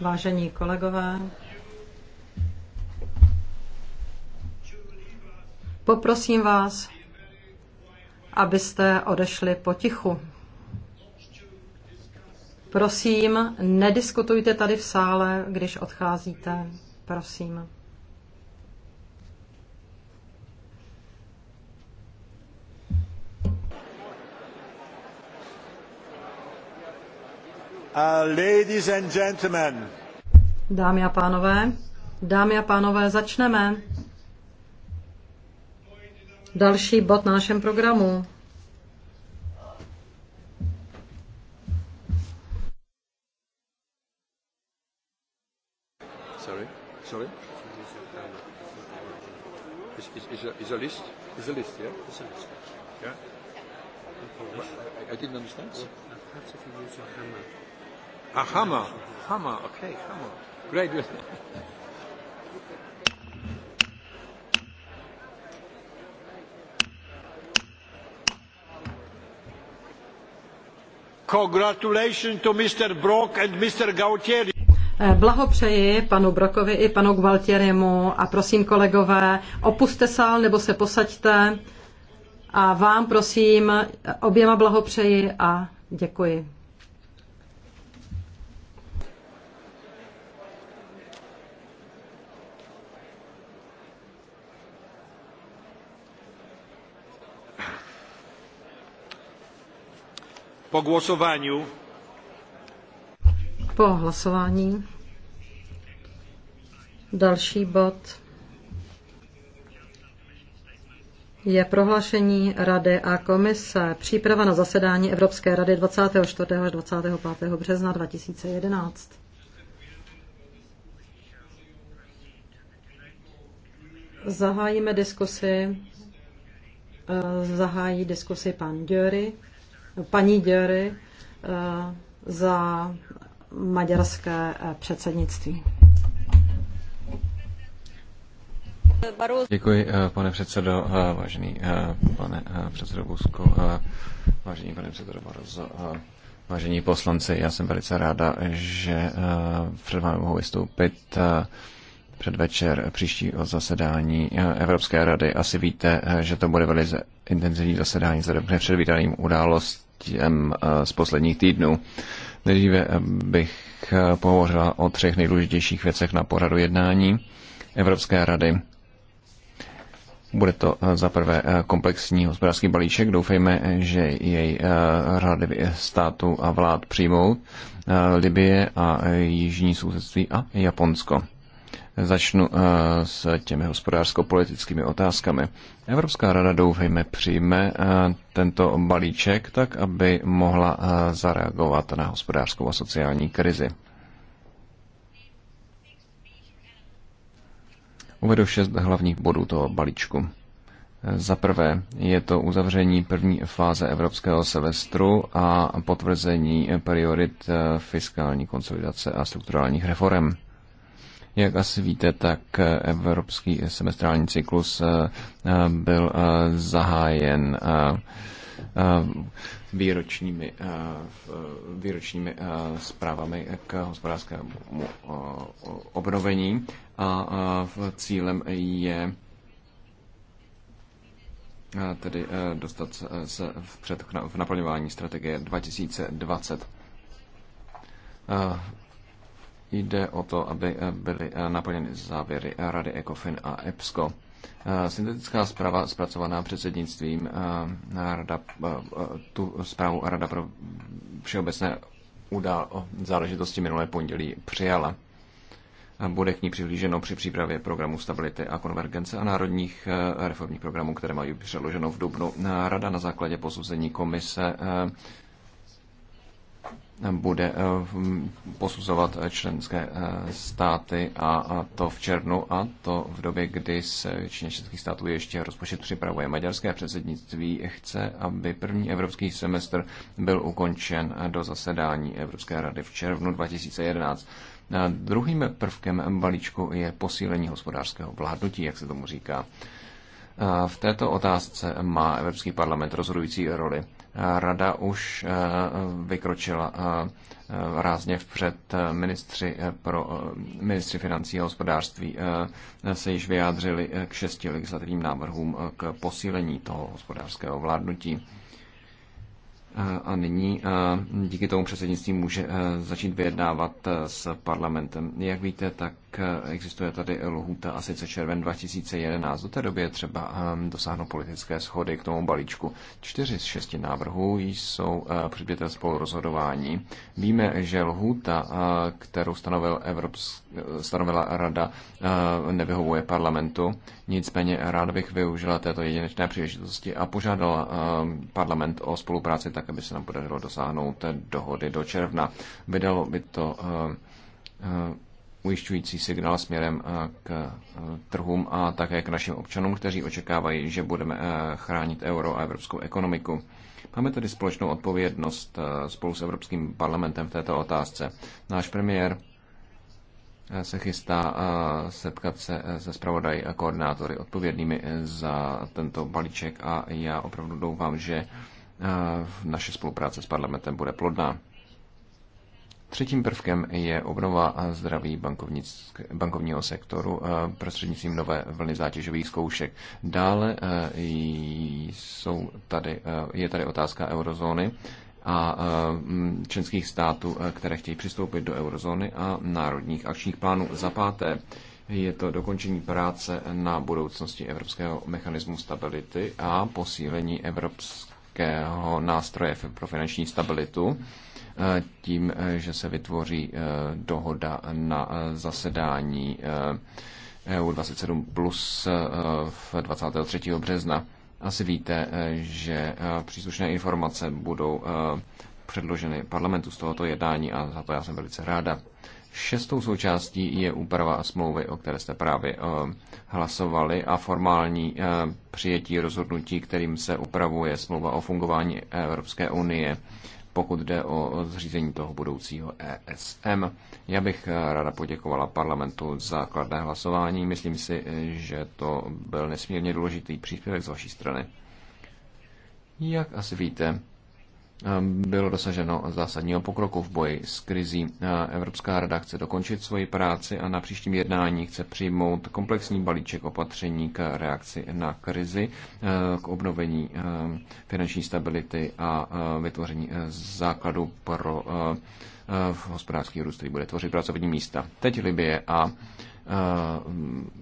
Vážení kolegové, poprosím vás, abyste odešli potichu. Prosím, nediskutujte tady v sále, když odcházíte. Prosím. Uh, ladies and gentlemen. Dámy a pánové, dámy a pánové, začneme. Další bod na našem programu. Sorry, sorry. Is, is, is, a, is a list? Is a list, yeah? It's a list. Yeah? I, I didn't understand. Well, perhaps if you use hammer. A hammer. Hammer, okay, hammer. Great. Congratulations to Mr. Brock and Mr. Gautieri. Eh, blahopřeji panu Brokovi i panu Gualtierimu a prosím kolegové, opuste sál nebo se posaďte a vám prosím eh, oběma blahopřeji a děkuji. Po głosowaniu. Po hlasování. Další bod je prohlášení Rady a komise příprava na zasedání Evropské rady 24. až 25. března 2011. Zahájíme diskusi, eh, zahájí diskusi pan Dury paní Děry eh, za maďarské eh, předsednictví. Děkuji, eh, pane předsedo, vážený pane předsedo Busko, vážený pane předsedo Barozo, vážení poslanci, já jsem velice ráda, že před vámi mohu vystoupit předvečer příštího zasedání Evropské rady. Asi víte, že to bude velice intenzivní zasedání vzhledem k nepředvídaným událost těm eh, z posledních týdnů. Nejdříve eh, bych eh, pohovořila o třech nejdůležitějších věcech na pořadu jednání Evropské rady. Bude to za prvé komplexní hospodářský balíček. Doufejme, že jej rady států a vlád přijmou Libie a jižní sousedství a Japonsko. Začnu eh, s těmi hospodářsko-politickými otázkami. Evropská rada doufejme přijme eh, tento balíček tak, aby mohla eh, zareagovat na hospodářskou a sociální krizi. Uvedu šest hlavních bodů toho balíčku. Za prvé je to uzavření první fáze evropského semestru a potvrzení priorit fiskální konsolidace a strukturálních reform. Jak asi víte, tak eh, evropský semestrální cyklus eh, eh, byl zahájen výročními, výročními zprávami k hospodářskému obnovení a cílem je tedy dostat se v, před, v naplňování strategie 2020. Jde o to, aby byly eh, naplněny závěry Rady ECOFIN a EPSCO. Eh, syntetická zpráva zpracovaná předsednictvím eh, rada, tu zprávu Rada pro všeobecné udál záležitosti minulé pondělí přijala. Bude k ní přihlíženo při přípravě programu stability a konvergence a národních reformních programů, které mají přeloženo v Dubnu. Rada na základě posouzení komise bude eh, posuzovat eh, členské eh, státy a to v červnu a to v době, kdy se většině českých států ještě rozpočet připravuje. Maďarské předsednictví chce, aby první evropský semestr byl ukončen do zasedání Evropské rady v červnu 2011. Druhým prvkem balíčku je posílení hospodářského vládnutí, jak se tomu říká. V této otázce má Evropský parlament rozhodující roli. Rada už eh, vykročila eh, eh, rázně vpřed. Ministři, pro, ministři financí a hospodářství se již vyjádřili k šesti legislativním návrhům k posílení toho hospodářského vládnutí. A nyní díky tomu předsednictví může začít vyjednávat s parlamentem. Jak víte, tak Eh, existuje tady lhůta a sice červen 2011. Do té doby je třeba ehm, dosáhnout politické schody k tomu balíčku. Čtyři z šesti návrhů jsou eh, předmětem spolurozhodování. Víme, že lhůta, eh, kterou stanovil Evropsk, stanovila Rada, nevyhovuje parlamentu. Nicméně rád bych využila této jedinečné příležitosti a požádala ehm, parlament o spolupráci tak, aby se nám podařilo dosáhnout dohody do června. Vydalo by to ehm, ujišťující signál směrem eh, k eh, trhům a také k našim občanům, kteří očekávají, že budeme eh, chránit euro a evropskou ekonomiku. Máme tedy společnou odpovědnost spolu s Evropským parlamentem v této otázce. Náš premiér se chystá setkat se se zpravodaji a koordinátory odpovědnými za tento balíček a já opravdu doufám, že naše spolupráce s parlamentem bude plodná. Třetím prvkem je obnova zdraví bankovního sektoru eh, prostřednictvím nové vlny zátěžových zkoušek. Dále eh, jsou tady, eh, je tady otázka eurozóny a členských států, které chtějí přistoupit do eurozóny a národních akčních plánů. Za páté je to dokončení práce na budoucnosti Evropského mechanismu stability a posílení Evropského nástroje pro finanční stabilitu tím, eh, že se vytvoří eh, dohoda na eh, zasedání EU e 27 plus 23. března. Asi víte, že příslušné informace budou předloženy parlamentu z tohoto jednání a za to já jsem velice ráda. Šestou součástí je úprava smlouvy, o které jste právě hlasovali, a formální přijetí rozhodnutí, kterým se upravuje smlouva o fungování Evropské unie pokud jde o zřízení toho budoucího ESM. Já bych eh, ráda poděkovala parlamentu za kladné hlasování. Myslím si, že to byl nesmírně důležitý příspěvek z vaší strany. Jak asi víte, Ehm, bylo dosaženo zásadního pokroku v boji s krizí. Ehm, Evropská rada chce dokončit svoji práci a na příštím jednání chce přijmout komplexní balíček opatření k reakci na krizi, ehm, k obnovení finanční stability a vytvoření základu pro hospodářský růst, který bude tvořit pracovní místa. Teď Libie a Eh,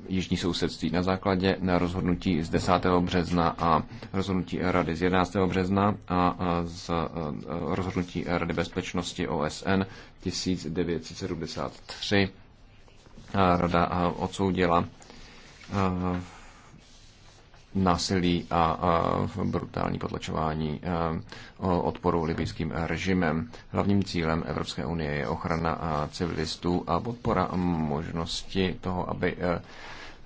jižní sousedství. Na základě na rozhodnutí z 10. března a rozhodnutí Rady z 11. března a z eh, rozhodnutí Rady bezpečnosti OSN 1973 eh, Rada odsoudila v násilí a brutální potlačování odporu libijským režimem. Hlavním cílem Evropské unie je ochrana civilistů a podpora možnosti toho, aby e,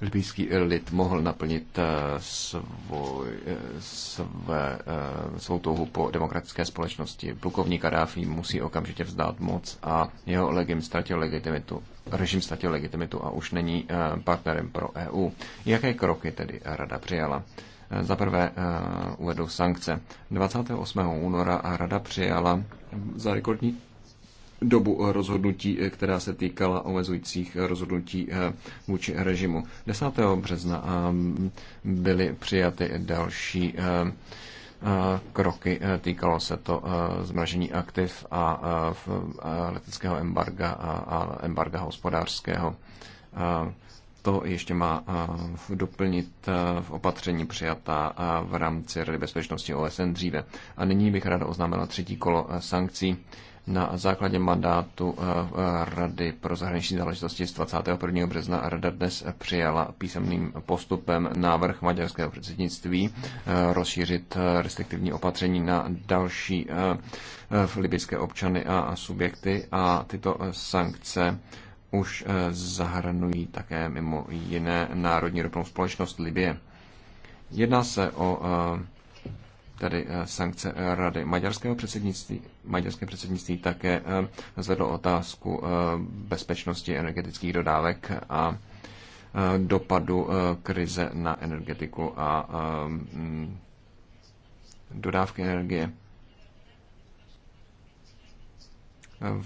libijský lid mohl naplnit eh, svůj, eh, své, eh, svou touhu po demokratické společnosti. Plukovník Kadáfi musí okamžitě vzdát moc a jeho legim ztratil legitimitu, režim ztratil legitimitu a už není partnerem pro EU. Jaké kroky tedy rada přijala? Za prvé uvedou sankce. 28. února rada přijala za rekordní dobu rozhodnutí, eh, která se týkala omezujících eh, rozhodnutí eh, vůči režimu. 10. března ehm, byly přijaty další ehm, kroky. Týkalo se to zmražení aktiv a letického embarga a embarga hospodářského. Ehm, to ještě má doplnit v opatření přijatá v rámci Rady bezpečnosti OSN dříve. A nyní bych ráda oznámila třetí kolo sankcí na základě mandátu Rady pro zahraniční záležitosti z 21. března Rada dnes přijala písemným postupem návrh maďarského předsednictví rozšířit restriktivní opatření na další libyské občany a subjekty a tyto sankce už eh, zahrnují také mimo jiné národní ropnou společnost Libie. Jedná se o eh, tedy eh, sankce rady maďarského předsednictví. Maďarské předsednictví také zvedlo otázku bezpečnosti energetických dodávek a dopadu krize na energetiku a dodávky energie.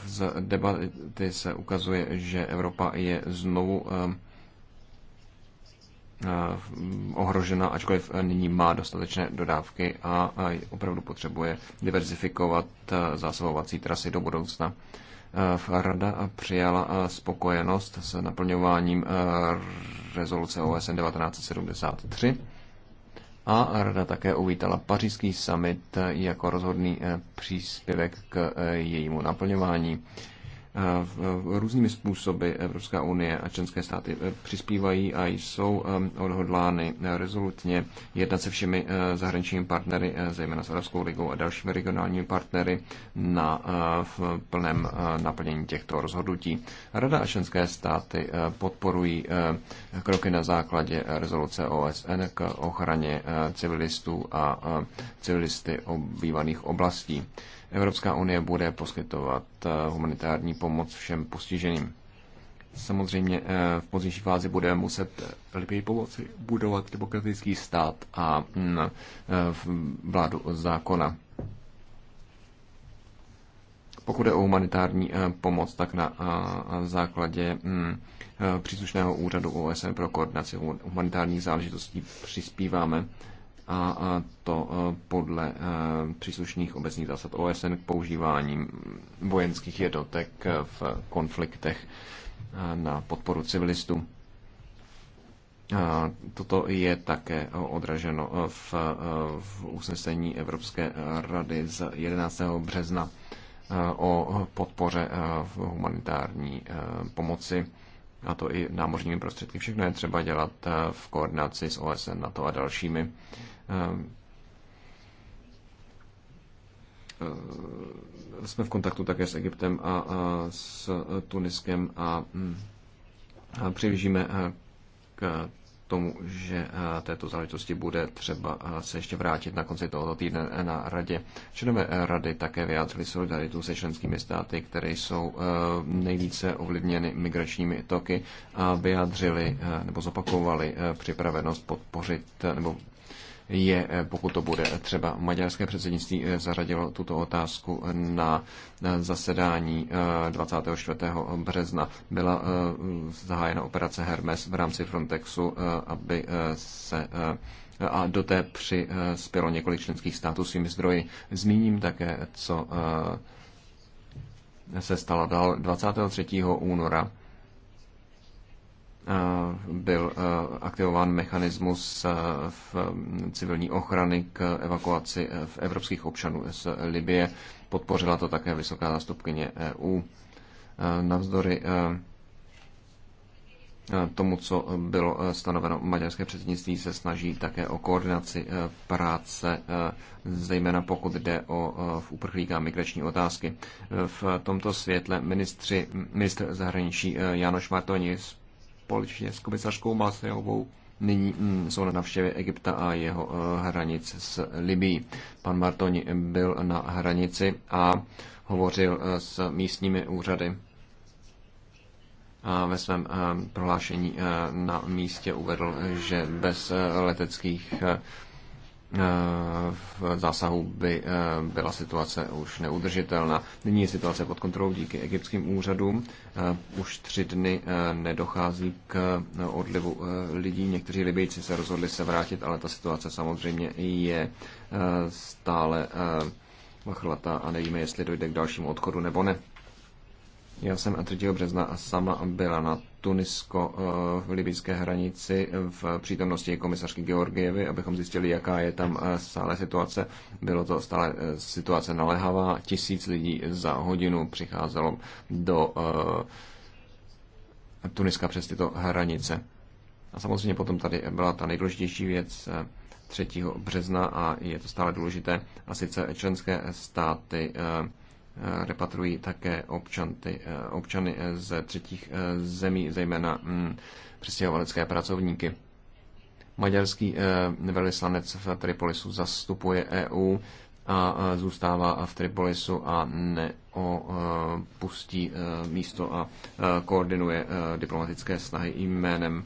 Z debaty se ukazuje, že Evropa je znovu ohrožena, ačkoliv nyní má dostatečné dodávky a opravdu potřebuje diverzifikovat eh, zásobovací trasy do budoucna. Eh, Rada přijala eh, spokojenost s naplňováním rezoluce OSN 1973 a rada také uvítala pařížský summit jako rozhodný eh, příspěvek k eh, jejímu naplňování. Různými způsoby Evropská unie a členské státy e, přispívají a jsou e, odhodlány rezolutně jednat se všemi e, zahraničními partnery, zejména s Evropskou ligou a dalšími regionálními partnery na plném naplnění těchto rozhodnutí. Rada a členské státy podporují kroky na základě rezoluce OSN k ochraně civilistů a civilisty obývaných oblastí. Evropská unie bude poskytovat eh, humanitární pomoc všem postiženým. Samozřejmě eh, v pozdější fázi budeme muset Libii pomoci budovat demokratický stát a mm, eh, vládu zákona. Pokud je o humanitární pomoc, tak na základě mm, příslušného úřadu OSN pro koordinaci humanitárních záležitostí přispíváme a to e, podle e, příslušných obecných zásad OSN k používání vojenských jednotek e, v konfliktech na podporu civilistů. Toto je také odraženo v, v usnesení Evropské rady z 11. března o podpoře humanitární pomoci, a to i námořními prostředky. Všechno je třeba dělat v koordinaci s OSN, NATO a dalšími. Ehm, jsme v kontaktu také s Egyptem a s Tuniskem a hm, přihlížíme eh, k tomu, že eh, této záležitosti bude třeba eh, se ještě vrátit na konci tohoto týdne na radě. Členové rady také vyjádřili solidaritu se členskými státy, které jsou nejvíce ovlivněny migračními toky a vyjádřili nebo zopakovali připravenost podpořit nebo je, eh, pokud to bude třeba maďarské předsednictví, eh, zařadilo tuto otázku na zasedání 24. Eh, března. Byla zahájena operace Hermes v rámci Frontexu, aby se a do té přispělo několik členských států svými zdroji. Zmíním také, co se stalo dál 23. února Eh, byl eh, aktivován mechanismus eh, v mm, civilní ochrany k evakuaci v evropských občanů z Libie. Podpořila to také vysoká zástupkyně EU. Navzdory tomu, co bylo stanoveno maďarské předsednictví, se snaží také o koordinaci práce, zejména pokud jde o v uprchlíka migrační otázky. V tomto světle ministři, ministr zahraničí Janoš Martoni společně s komisařkou Masejovou nyní mm, jsou na navštěvě Egypta a jeho eh, hranic s Libí. Pan Martoň byl na hranici a hovořil eh, s místními úřady. A ve svém eh, prohlášení na místě uvedl, že bez leteckých Eh, v zásahu by eh, byla situace už neudržitelná. Nyní je situace pod kontrolou díky egyptským úřadům. Eh, už tři dny nedochází k odlivu lidí. Někteří Libijci se rozhodli se vrátit, ale ta situace samozřejmě je stále vachlatá a nevíme, jestli dojde k dalšímu odchodu nebo ne. Já jsem 3. března a sama byla na Tunisko eh, v libijské hranici v přítomnosti komisařky Georgievy, abychom zjistili, jaká je tam eh, stále situace. Bylo to stále eh, situace naléhavá. Tisíc lidí za hodinu přicházelo do Tuniska přes tyto hranice. A samozřejmě potom tady byla ta nejdůležitější věc 3. března a je to stále důležité. A sice členské státy repatrují také občanty, eh, občany eh, z třetích eh, zemí, zejména mm, přistěhovalecké pracovníky. Maďarský velvyslanec v Tripolisu zastupuje EU a zůstává v Tripolisu a neopustí místo a koordinuje diplomatické snahy jménem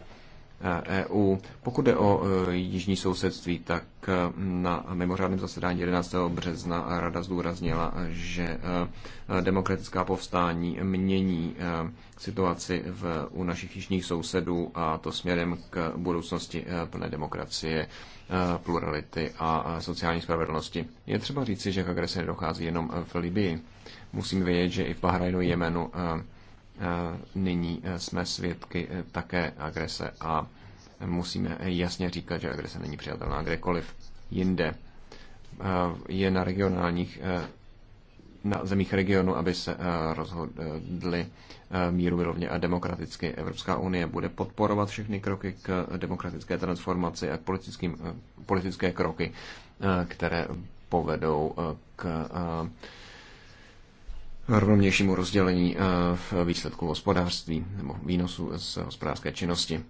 EU. E Pokud jde o e, jižní sousedství, tak e, na mimořádném zasedání 11. března Rada zdůraznila, že demokratická povstání mění situaci v, u našich jižních sousedů a to směrem k budoucnosti plné demokracie, plurality a sociální spravedlnosti. Je třeba říci, že k agresi nedochází jenom v Libii. Musím vědět, že i v Bahrajnu, Jemenu Eh, nyní eh, jsme svědky eh, také agrese a musíme jasně říkat, že agrese není přijatelná kdekoliv jinde. Je na regionálních na zemích regionu, aby se rozhodli míru vyrovně a demokraticky. Evropská unie bude podporovat všechny kroky k demokratické transformaci a k politickým, politické kroky, které povedou k rovnějšímu rozdělení eh, výsledku hospodářství nebo výnosu z hospodářské činnosti.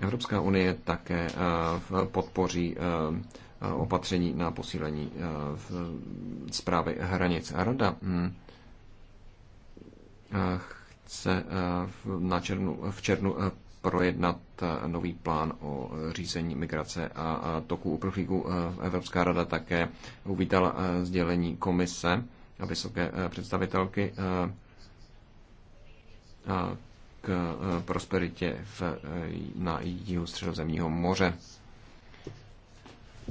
Evropská unie také eh, podpoří eh, opatření na posílení zprávy hranic. Rada hm, chce na černu v černu projednat nový plán o řízení migrace a toku uprchlíků. Evropská rada také uvítala sdělení komise a vysoké eh, představitelky eh, k eh, prosperitě v, na jihu středozemního moře.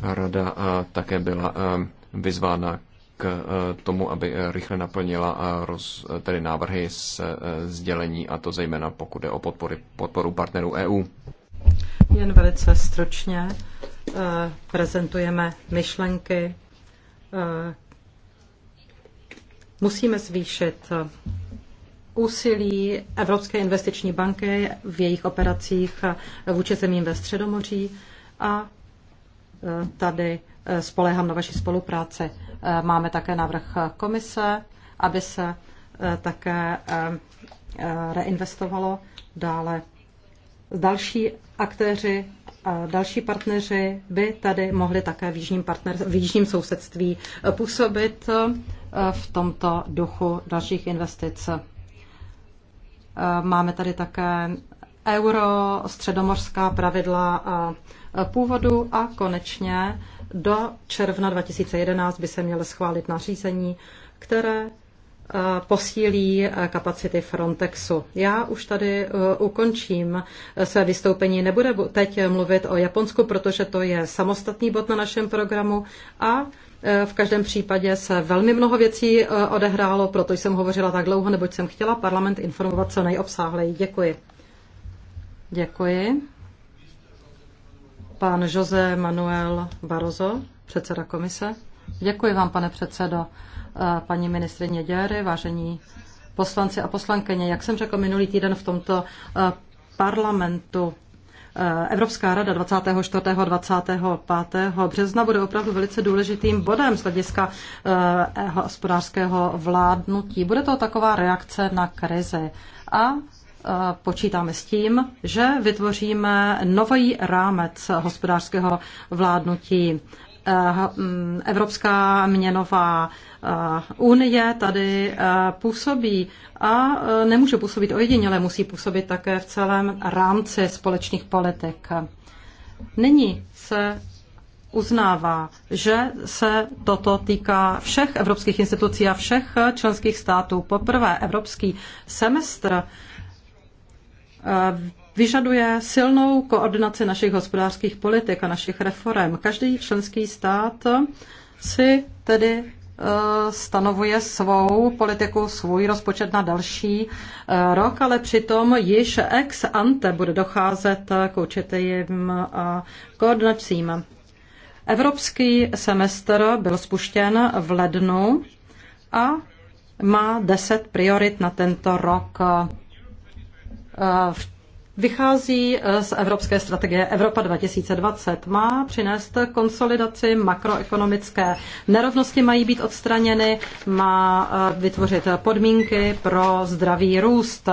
Rada také byla vyzvána k tomu, aby rychle naplnila roz, tedy návrhy z sdělení, a to zejména pokud je o podpory, podporu partnerů EU. Jen velice stručně prezentujeme myšlenky, Musíme zvýšit eh, úsilí Evropské investiční banky v jejich operacích eh, vůči zemím ve Středomoří a eh, tady spolehám na vaši spolupráci. Máme také návrh komise, aby se také reinvestovalo dále. Další aktéři, další partneři by tady mohli také v jižním, partner, v jižním sousedství působit v tomto duchu dalších investic. Eh, máme tady také euro, středomořská pravidla a eh, původu a konečně do června 2011 by se měly schválit nařízení, které eh, posílí kapacity Frontexu. Já už tady ukončím své vystoupení. Nebudu teď mluvit o Japonsku, protože to je samostatný bod na našem programu a v každém případě se velmi mnoho věcí eh, odehrálo, proto jsem hovořila tak dlouho, neboť jsem chtěla parlament informovat co nejobsáhleji. Děkuji. Děkuji. Pan Jose Manuel Barozo, předseda komise. Děkuji vám, pane předsedo, eh, paní ministrině Děry, vážení poslanci a poslankyně. Jak jsem řekl minulý týden v tomto eh, parlamentu, Eh, Evropská rada 24. 25. března bude opravdu velice důležitým bodem z hlediska eh, hospodářského vládnutí. Bude to taková reakce na krizi a eh, počítáme s tím, že vytvoříme nový rámec hospodářského vládnutí Eh, mm, Evropská měnová eh, unie tady eh, působí a nemůže působit ojediněle, musí působit také v celém rámci společných politik. Nyní se uznává, že se toto týká všech evropských institucí a všech členských států. Poprvé evropský semestr vyžaduje silnou koordinaci našich hospodářských politik a našich reform. Každý členský stát si tedy eh, stanovuje svou politiku, svůj rozpočet na další eh, rok, ale přitom již ex ante bude docházet eh, k určitým koordinacím. Evropský semestr byl spuštěn v lednu a má deset priorit na tento rok. V vychází eh, z evropské strategie Evropa 2020. Má přinést konsolidaci makroekonomické nerovnosti, mají být odstraněny, má eh, vytvořit podmínky pro zdravý růst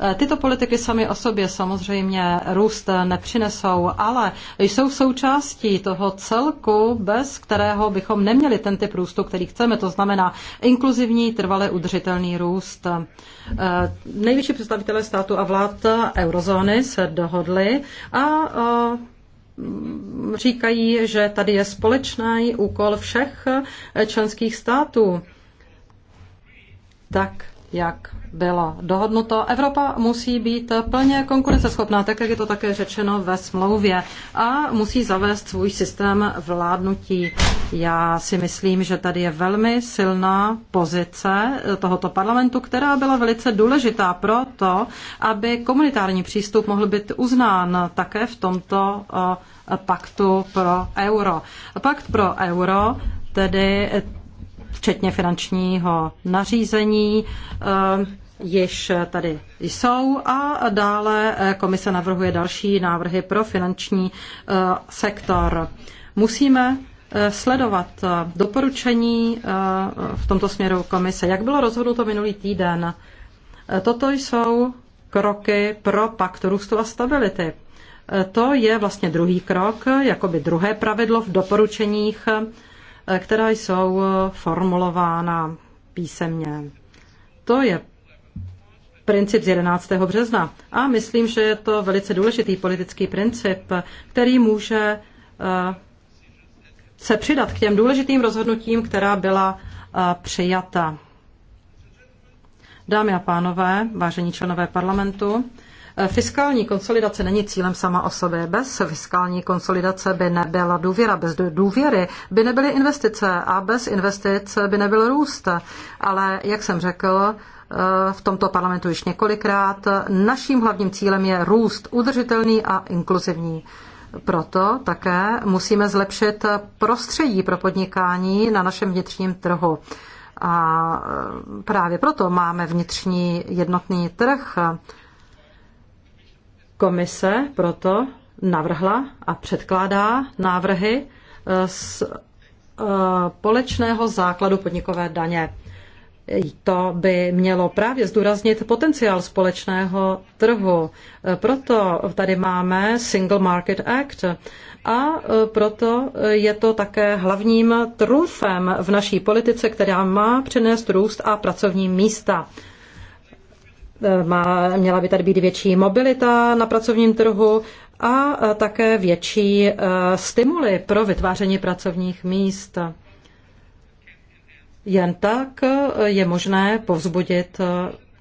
Eh, tyto politiky sami o sobě samozřejmě růst nepřinesou, ale jsou součástí toho celku, bez kterého bychom neměli ten typ růstu, který chceme, to znamená inkluzivní, trvale udržitelný růst. Eh, nejvyšší představitelé státu a vlád eurozóny se dohodli a eh, říkají, že tady je společný úkol všech členských států. Tak jak bylo dohodnuto, Evropa musí být plně konkurenceschopná, tak jak je to také řečeno ve smlouvě, a musí zavést svůj systém vládnutí. Já si myslím, že tady je velmi silná pozice tohoto parlamentu, která byla velice důležitá pro to, aby komunitární přístup mohl být uznán také v tomto eh, paktu pro euro. Pakt pro euro tedy včetně finančního nařízení, eh, již tady jsou a dále eh, komise navrhuje další návrhy pro finanční eh, sektor. Musíme sledovat doporučení v tomto směru komise. Jak bylo rozhodnuto minulý týden, toto jsou kroky pro pakt růstu a stability. To je vlastně druhý krok, jakoby druhé pravidlo v doporučeních která jsou eh, formulována písemně. To je princip z 11. března a myslím, že je to velice důležitý politický princip, který může eh, se přidat k těm důležitým rozhodnutím, která byla eh, přijata. Dámy a pánové, vážení členové parlamentu, Fiskální konsolidace není cílem sama o sobě. Bez fiskální konsolidace by nebyla důvěra. Bez důvěry by nebyly investice a bez investic by nebyl růst. Ale, jak jsem řekl, eh, v tomto parlamentu již několikrát, naším hlavním cílem je růst udržitelný a inkluzivní. Proto také musíme zlepšit prostředí pro podnikání na našem vnitřním trhu. A eh, právě proto máme vnitřní jednotný trh, Komise proto navrhla a předkládá návrhy eh, z eh, polečného základu podnikové daně. To by mělo právě zdůraznit potenciál společného trhu. Eh, proto tady máme Single Market Act a proto je to také hlavním trumfem v naší politice, která má přinést růst a pracovní místa. Má, měla by tady být větší mobilita na pracovním trhu a e, také větší e, stimuly pro vytváření pracovních míst. Jen tak e, je možné povzbudit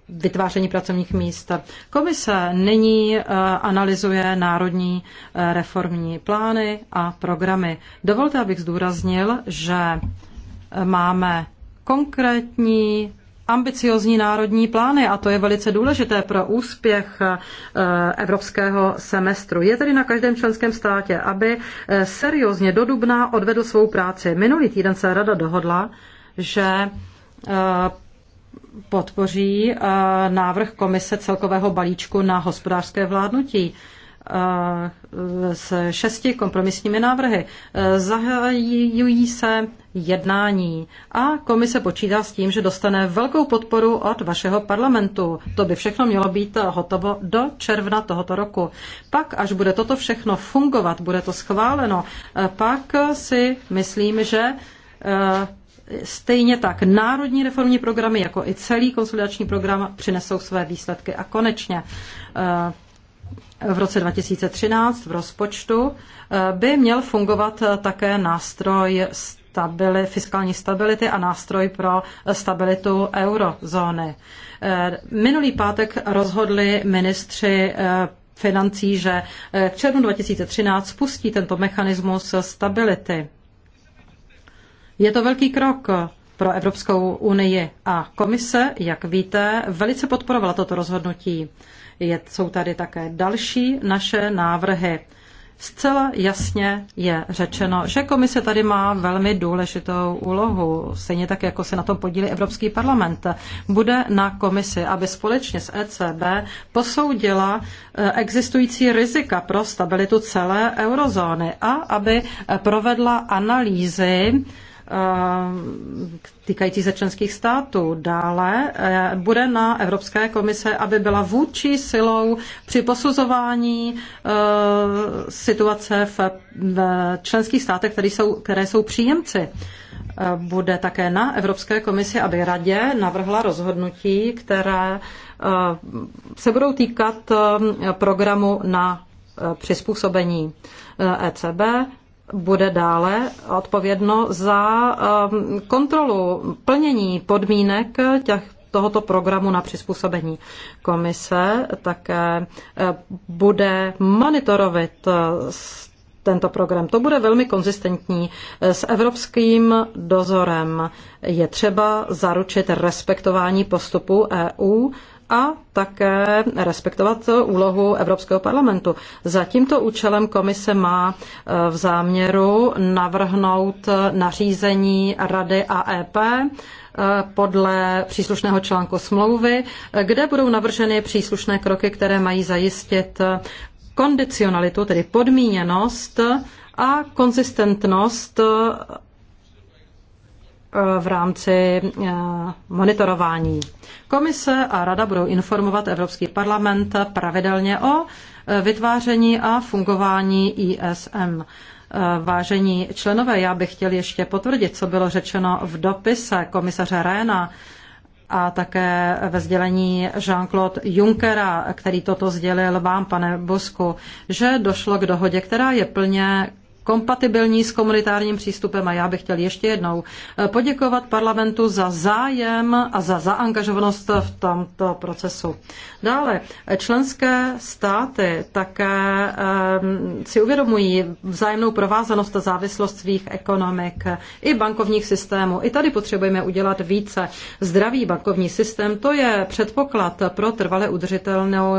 vytváření pracovních míst. Komise nyní analyzuje národní reformní plány a programy. Dovolte, abych zdůraznil, že máme konkrétní ambiciozní národní plány a to je velice důležité pro úspěch eh, evropského semestru. Je tedy na každém členském státě, aby eh, seriózně do dubna odvedl svou práci. Minulý týden se rada dohodla, že eh, podpoří návrh komise celkového balíčku na hospodářské vládnutí. E, s šesti kompromisními návrhy. E, zahajují se jednání a komise počítá s tím, že dostane velkou podporu od vašeho parlamentu. To by všechno mělo být hotovo do června tohoto roku. Pak, až bude toto všechno fungovat, bude to schváleno, e, pak si myslím, že Stejně tak národní reformní programy, jako i celý konsolidační program, přinesou své výsledky. A konečně v roce 2013 v rozpočtu eh, by měl fungovat eh, také nástroj stabili, fiskální stability a nástroj pro eh, stabilitu eurozóny. Minulý pátek rozhodli ministři financí, že k červnu 2013 spustí tento mechanismus stability. Je to velký krok pro Evropskou unii a komise, jak víte, velice podporovala toto rozhodnutí. Je, jsou tady také další naše návrhy. Zcela jasně je řečeno, že komise tady má velmi důležitou úlohu, stejně tak, jako se na tom podílí Evropský parlament. Bude na komisi, aby společně s ECB posoudila eh, existující rizika pro stabilitu celé eurozóny a aby provedla analýzy Eh, týkající se členských států. Dále eh, bude na Evropské komise, aby byla vůči silou při posuzování eh, situace v členských státech, které jsou, které jsou příjemci. Bude také na Evropské komisi, aby radě navrhla rozhodnutí, které se budou týkat programu na přizpůsobení ECB e bude dále odpovědno za um, kontrolu plnění podmínek těch tohoto programu na přizpůsobení. Komise také eh, bude monitorovat eh, tento program. To bude velmi konzistentní eh, s evropským dozorem. Je třeba zaručit respektování postupu EU a také respektovat úlohu Evropského parlamentu. Za tímto účelem komise má eh, v záměru navrhnout nařízení Rady a EP eh, podle příslušného článku smlouvy, eh, kde budou navrženy příslušné kroky, které mají zajistit kondicionalitu, tedy podmíněnost a konzistentnost Eh, v rámci eh, monitorování. Komise a rada budou informovat Evropský parlament pravidelně o eh, vytváření a fungování ISM. Vážení členové, já bych chtěl ještě potvrdit, co bylo řečeno v dopise komisaře Réna a také ve sdělení Jean-Claude Junckera, který toto sdělil vám, pane Bosku, že došlo k dohodě, která je plně kompatibilní s komunitárním přístupem a já bych chtěl ještě jednou eh, poděkovat parlamentu za zájem a za zaangažovanost v tomto procesu. Dále, eh, členské státy také eh, si uvědomují vzájemnou provázanost a závislost svých ekonomik i bankovních systémů. I tady potřebujeme udělat více. Zdravý bankovní systém, to je předpoklad pro trvale udržitelnou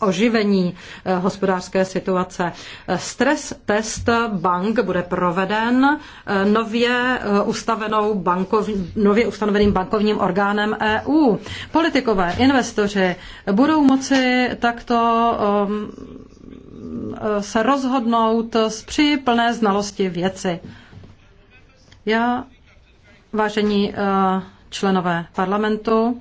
oživení hospodářské situace. Stres test bank bude proveden eh, nově, eh, ustavenou bankov, nově ustanoveným bankovním orgánem EU. Politikové, investoři budou moci takto ehm, eh, se rozhodnout při plné znalosti věci. Já, vážení členové parlamentu,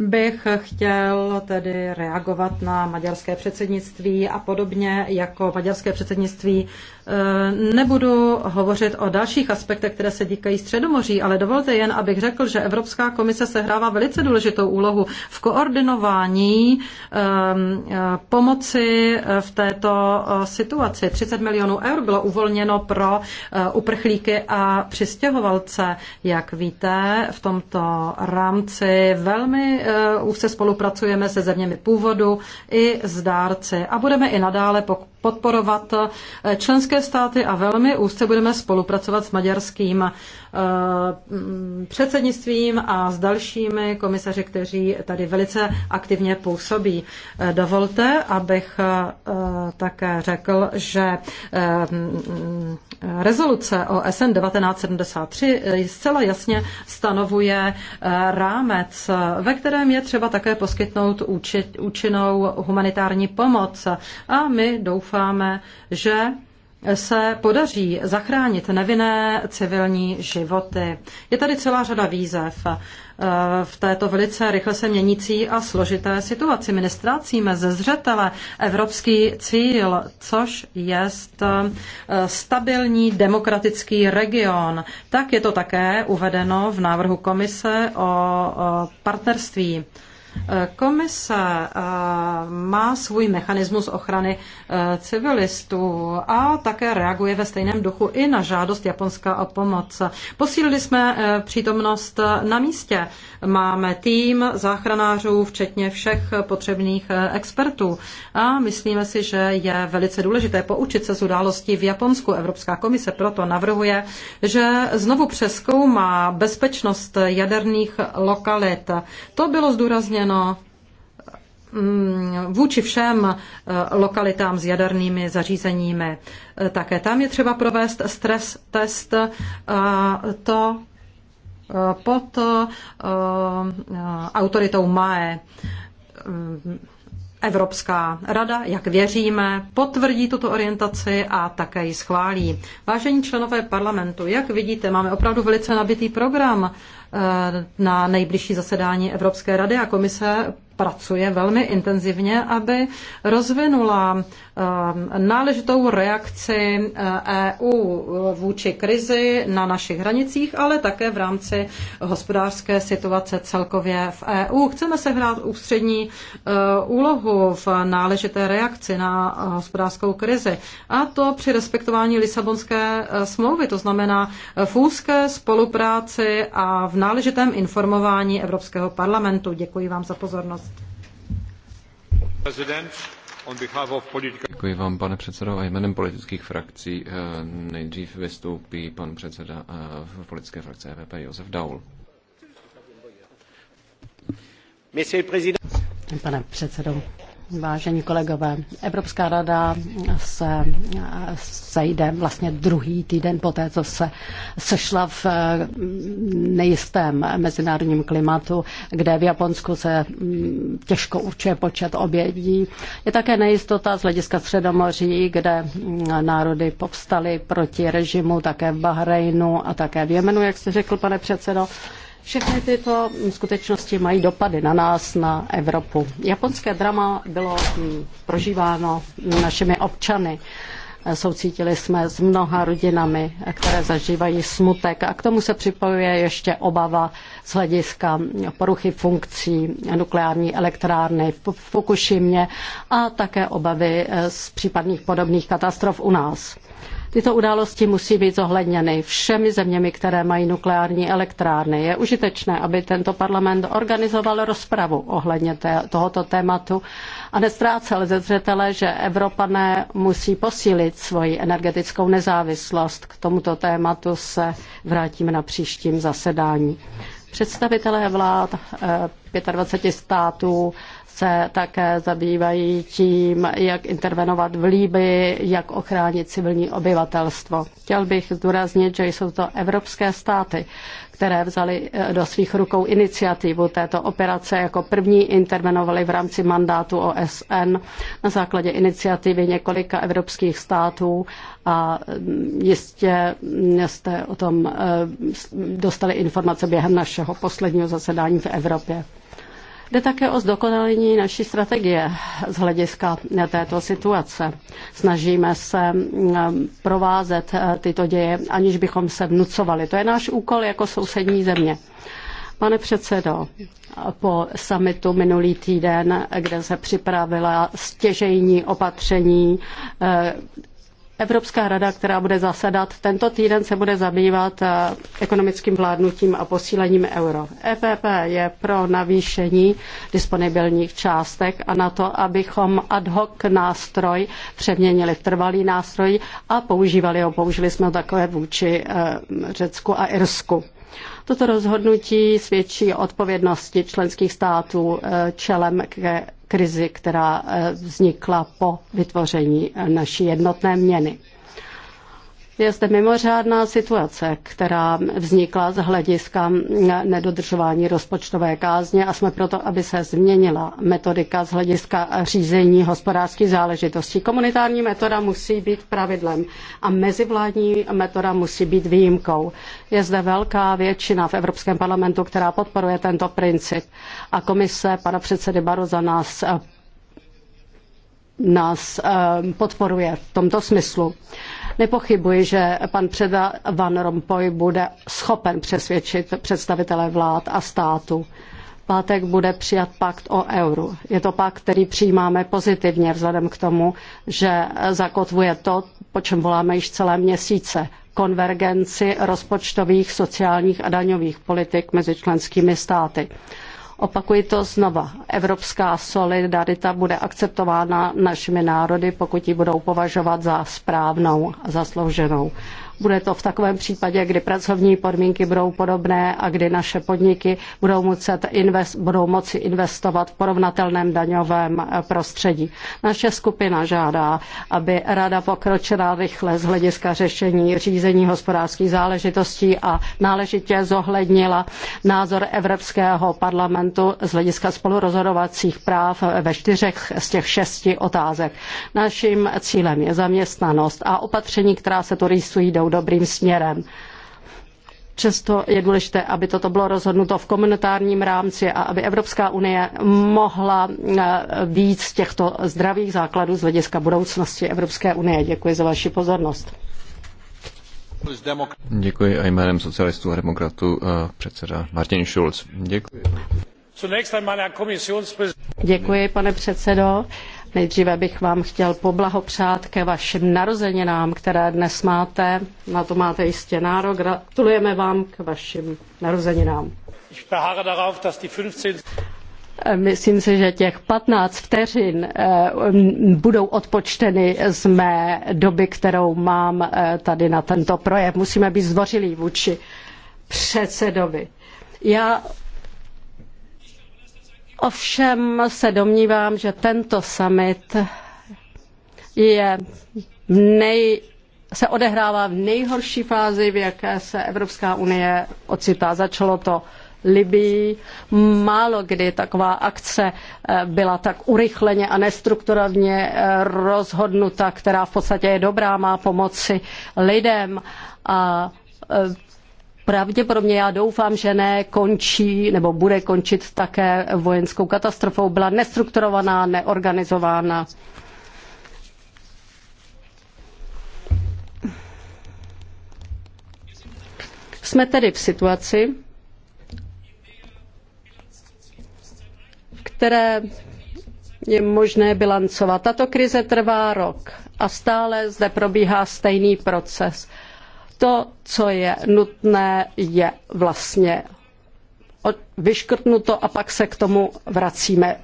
bych chtěl tedy reagovat na maďarské předsednictví a podobně jako maďarské předsednictví Eh, nebudu hovořit o dalších aspektech, které se týkají Středomoří, ale dovolte jen, abych řekl, že Evropská komise sehrává velice důležitou úlohu v koordinování ehm, eh, pomoci eh, v této situaci. 30 milionů eur bylo uvolněno pro uprchlíky a přistěhovalce. Jak víte, v tomto rámci velmi úzce spolupracujeme se zeměmi původu i s dárci a budeme i nadále podporovat členské státy a velmi úzce budeme spolupracovat s maďarským eh, mm, předsednictvím a s dalšími komisaři, kteří tady velice aktivně působí. Eh, dovolte, abych eh, také řekl, že mm, rezoluce o SN 1973 zcela jasně stanovuje rámec, ve kterém je třeba také poskytnout účinnou humanitární pomoc. A my doufáme, že se podaří zachránit nevinné civilní životy. Je tady celá řada výzev eh, v této velice rychle se měnící a složité situaci. My nestrácíme ze zřetele evropský cíl, což je eh, stabilní demokratický region. Tak je to také uvedeno v návrhu komise o partnerství Komise eh, má svůj mechanismus ochrany eh, civilistů a také reaguje ve stejném duchu i na žádost Japonska o pomoc. Posílili jsme eh, přítomnost na místě. Máme tým záchranářů, včetně všech potřebných expertů. A myslíme si, že je velice důležité poučit se z událostí v Japonsku. Evropská komise proto navrhuje, že znovu přeskoumá bezpečnost jaderných lokalit. To bylo zdůrazněno uplatněno mm, vůči všem eh, lokalitám s jadernými zařízeními. Eh, také tam je třeba provést stres test a to eh, pod autoritou MAE. Evropská rada, jak věříme, potvrdí tuto orientaci a také ji schválí. Vážení členové parlamentu, jak vidíte, máme opravdu velice nabitý program Eh, na nejbližší zasedání Evropské rady a komise pracuje velmi intenzivně, aby rozvinula eh, náležitou reakci EU eh, e vůči krizi na našich hranicích, ale také v rámci hospodářské situace celkově v EU. Chceme se hrát ústřední úlohu v náležité reakci na hospodářskou krizi a to při respektování Lisabonské smlouvy, to znamená v úzké spolupráci a v náležitém informování Evropského parlamentu. Děkuji vám za pozornost. Děkuji vám, pane předsedo. A jménem politických frakcí eh, nejdřív vystoupí pan předseda eh, v politické frakce EVP Josef Daul. Pane předsedo, Vážení kolegové, Evropská rada se sejde vlastně druhý týden po té, co se sešla v eh, nejistém mezinárodním klimatu, kde v Japonsku se mm, těžko určuje počet obědí. Je také nejistota z hlediska Středomoří, kde mm, národy povstaly proti režimu také v Bahrajnu a také v Jemenu, jak jste řekl, pane předsedo. Všechny tyto skutečnosti mají dopady na nás, na Evropu. Japonské drama bylo mm, prožíváno našimi občany. Soucítili jsme s mnoha rodinami, které zažívají smutek a k tomu se připojuje ještě obava z hlediska poruchy funkcí nukleární elektrárny v Fukushimě a také obavy z případných podobných katastrof u nás. Tyto události musí být zohledněny všemi zeměmi, které mají nukleární elektrárny. Je užitečné, aby tento parlament organizoval rozpravu ohledně té, tohoto tématu a nestrácel ze zřetele, že Evropané musí posílit svoji energetickou nezávislost. K tomuto tématu se vrátíme na příštím zasedání. Představitelé vlád eh, 25 států se také zabývají tím, jak intervenovat v Líbii, jak ochránit civilní obyvatelstvo. Chtěl bych zdůraznit, že jsou to evropské státy, které vzali eh, do svých rukou iniciativu této operace. Jako první intervenovali v rámci mandátu OSN na základě iniciativy několika evropských států a mm, jistě mm, jste o tom eh, dostali informace během našeho posledního zasedání v Evropě. Jde také o zdokonalení naší strategie z hlediska této situace. Snažíme se provázet e, tyto děje, aniž bychom se vnucovali. To je náš úkol jako sousední země. Pane předsedo, po summitu minulý týden, kde se připravila stěžejní opatření e, Evropská rada, která bude zasedat, tento týden se bude zabývat eh, ekonomickým vládnutím a posílením euro. EPP je pro navýšení disponibilních částek a na to, abychom ad hoc nástroj přeměnili v trvalý nástroj a používali ho. Použili jsme ho takové vůči eh, Řecku a Irsku. Toto rozhodnutí svědčí o odpovědnosti členských států eh, čelem ke krizi, která eh, vznikla po vytvoření eh, naší jednotné měny. Je zde mimořádná situace, která vznikla z hlediska nedodržování rozpočtové kázně a jsme proto, aby se změnila metodika z hlediska řízení hospodářských záležitostí. Komunitární metoda musí být pravidlem a mezivládní metoda musí být výjimkou. Je zde velká většina v Evropském parlamentu, která podporuje tento princip a komise pana předsedy Baroza nás eh, nás eh, podporuje v tomto smyslu. Nepochybuji, že pan předseda Van Rompuy bude schopen přesvědčit představitele vlád a států pátek bude přijat pakt o euru. Je to pakt, který přijímáme pozitivně vzhledem k tomu, že zakotvuje to, po čem voláme již celé měsíce konvergenci rozpočtových, sociálních a daňových politik mezi členskými státy. Opakuji to znova. Evropská solidarita bude akceptována našimi národy, pokud ji budou považovat za správnou a zaslouženou. Bude to v takovém případě, kdy pracovní podmínky budou podobné a kdy naše podniky budou, muset invest, budou moci investovat v porovnatelném daňovém eh, prostředí. Naše skupina žádá, aby rada pokročila rychle z hlediska řešení řízení hospodářských záležitostí a náležitě zohlednila názor Evropského parlamentu z hlediska spolurozhodovacích práv eh, ve čtyřech z těch šesti otázek. Naším cílem je zaměstnanost a opatření, která se tu rýsují, jdou dobrým směrem. Přesto je důležité, aby toto bylo rozhodnuto v komunitárním rámci a aby Evropská unie mohla eh, víc těchto zdravých základů z hlediska budoucnosti Evropské unie. Děkuji za vaši pozornost. Děkuji a jménem socialistů a demokratů eh, předseda Martin Schulz. Děkuji. Děkuji, pane předsedo. Nejdříve bych vám chtěl poblahopřát ke vašim narozeninám, které dnes máte. Na to máte jistě nárok. Gratulujeme vám k vašim narozeninám. Myslím si, že těch 15 vteřin eh, budou odpočteny z mé doby, kterou mám eh, tady na tento projev. Musíme být zdvořilí vůči předsedovi. Já Ovšem se domnívám, že tento summit je nej, se odehrává v nejhorší fázi, v jaké se Evropská unie ocitá. Začalo to Libii. Málo kdy taková akce eh, byla tak urychleně a nestrukturovně eh, rozhodnuta, která v podstatě je dobrá, má pomoci lidem a eh, pravděpodobně, já doufám, že ne, končí nebo bude končit také vojenskou katastrofou. Byla nestrukturovaná, neorganizována. Jsme tedy v situaci, v které je možné bilancovat. Tato krize trvá rok a stále zde probíhá stejný proces. To, co je nutné, je vlastně vyškrtnuto a pak se k tomu vracíme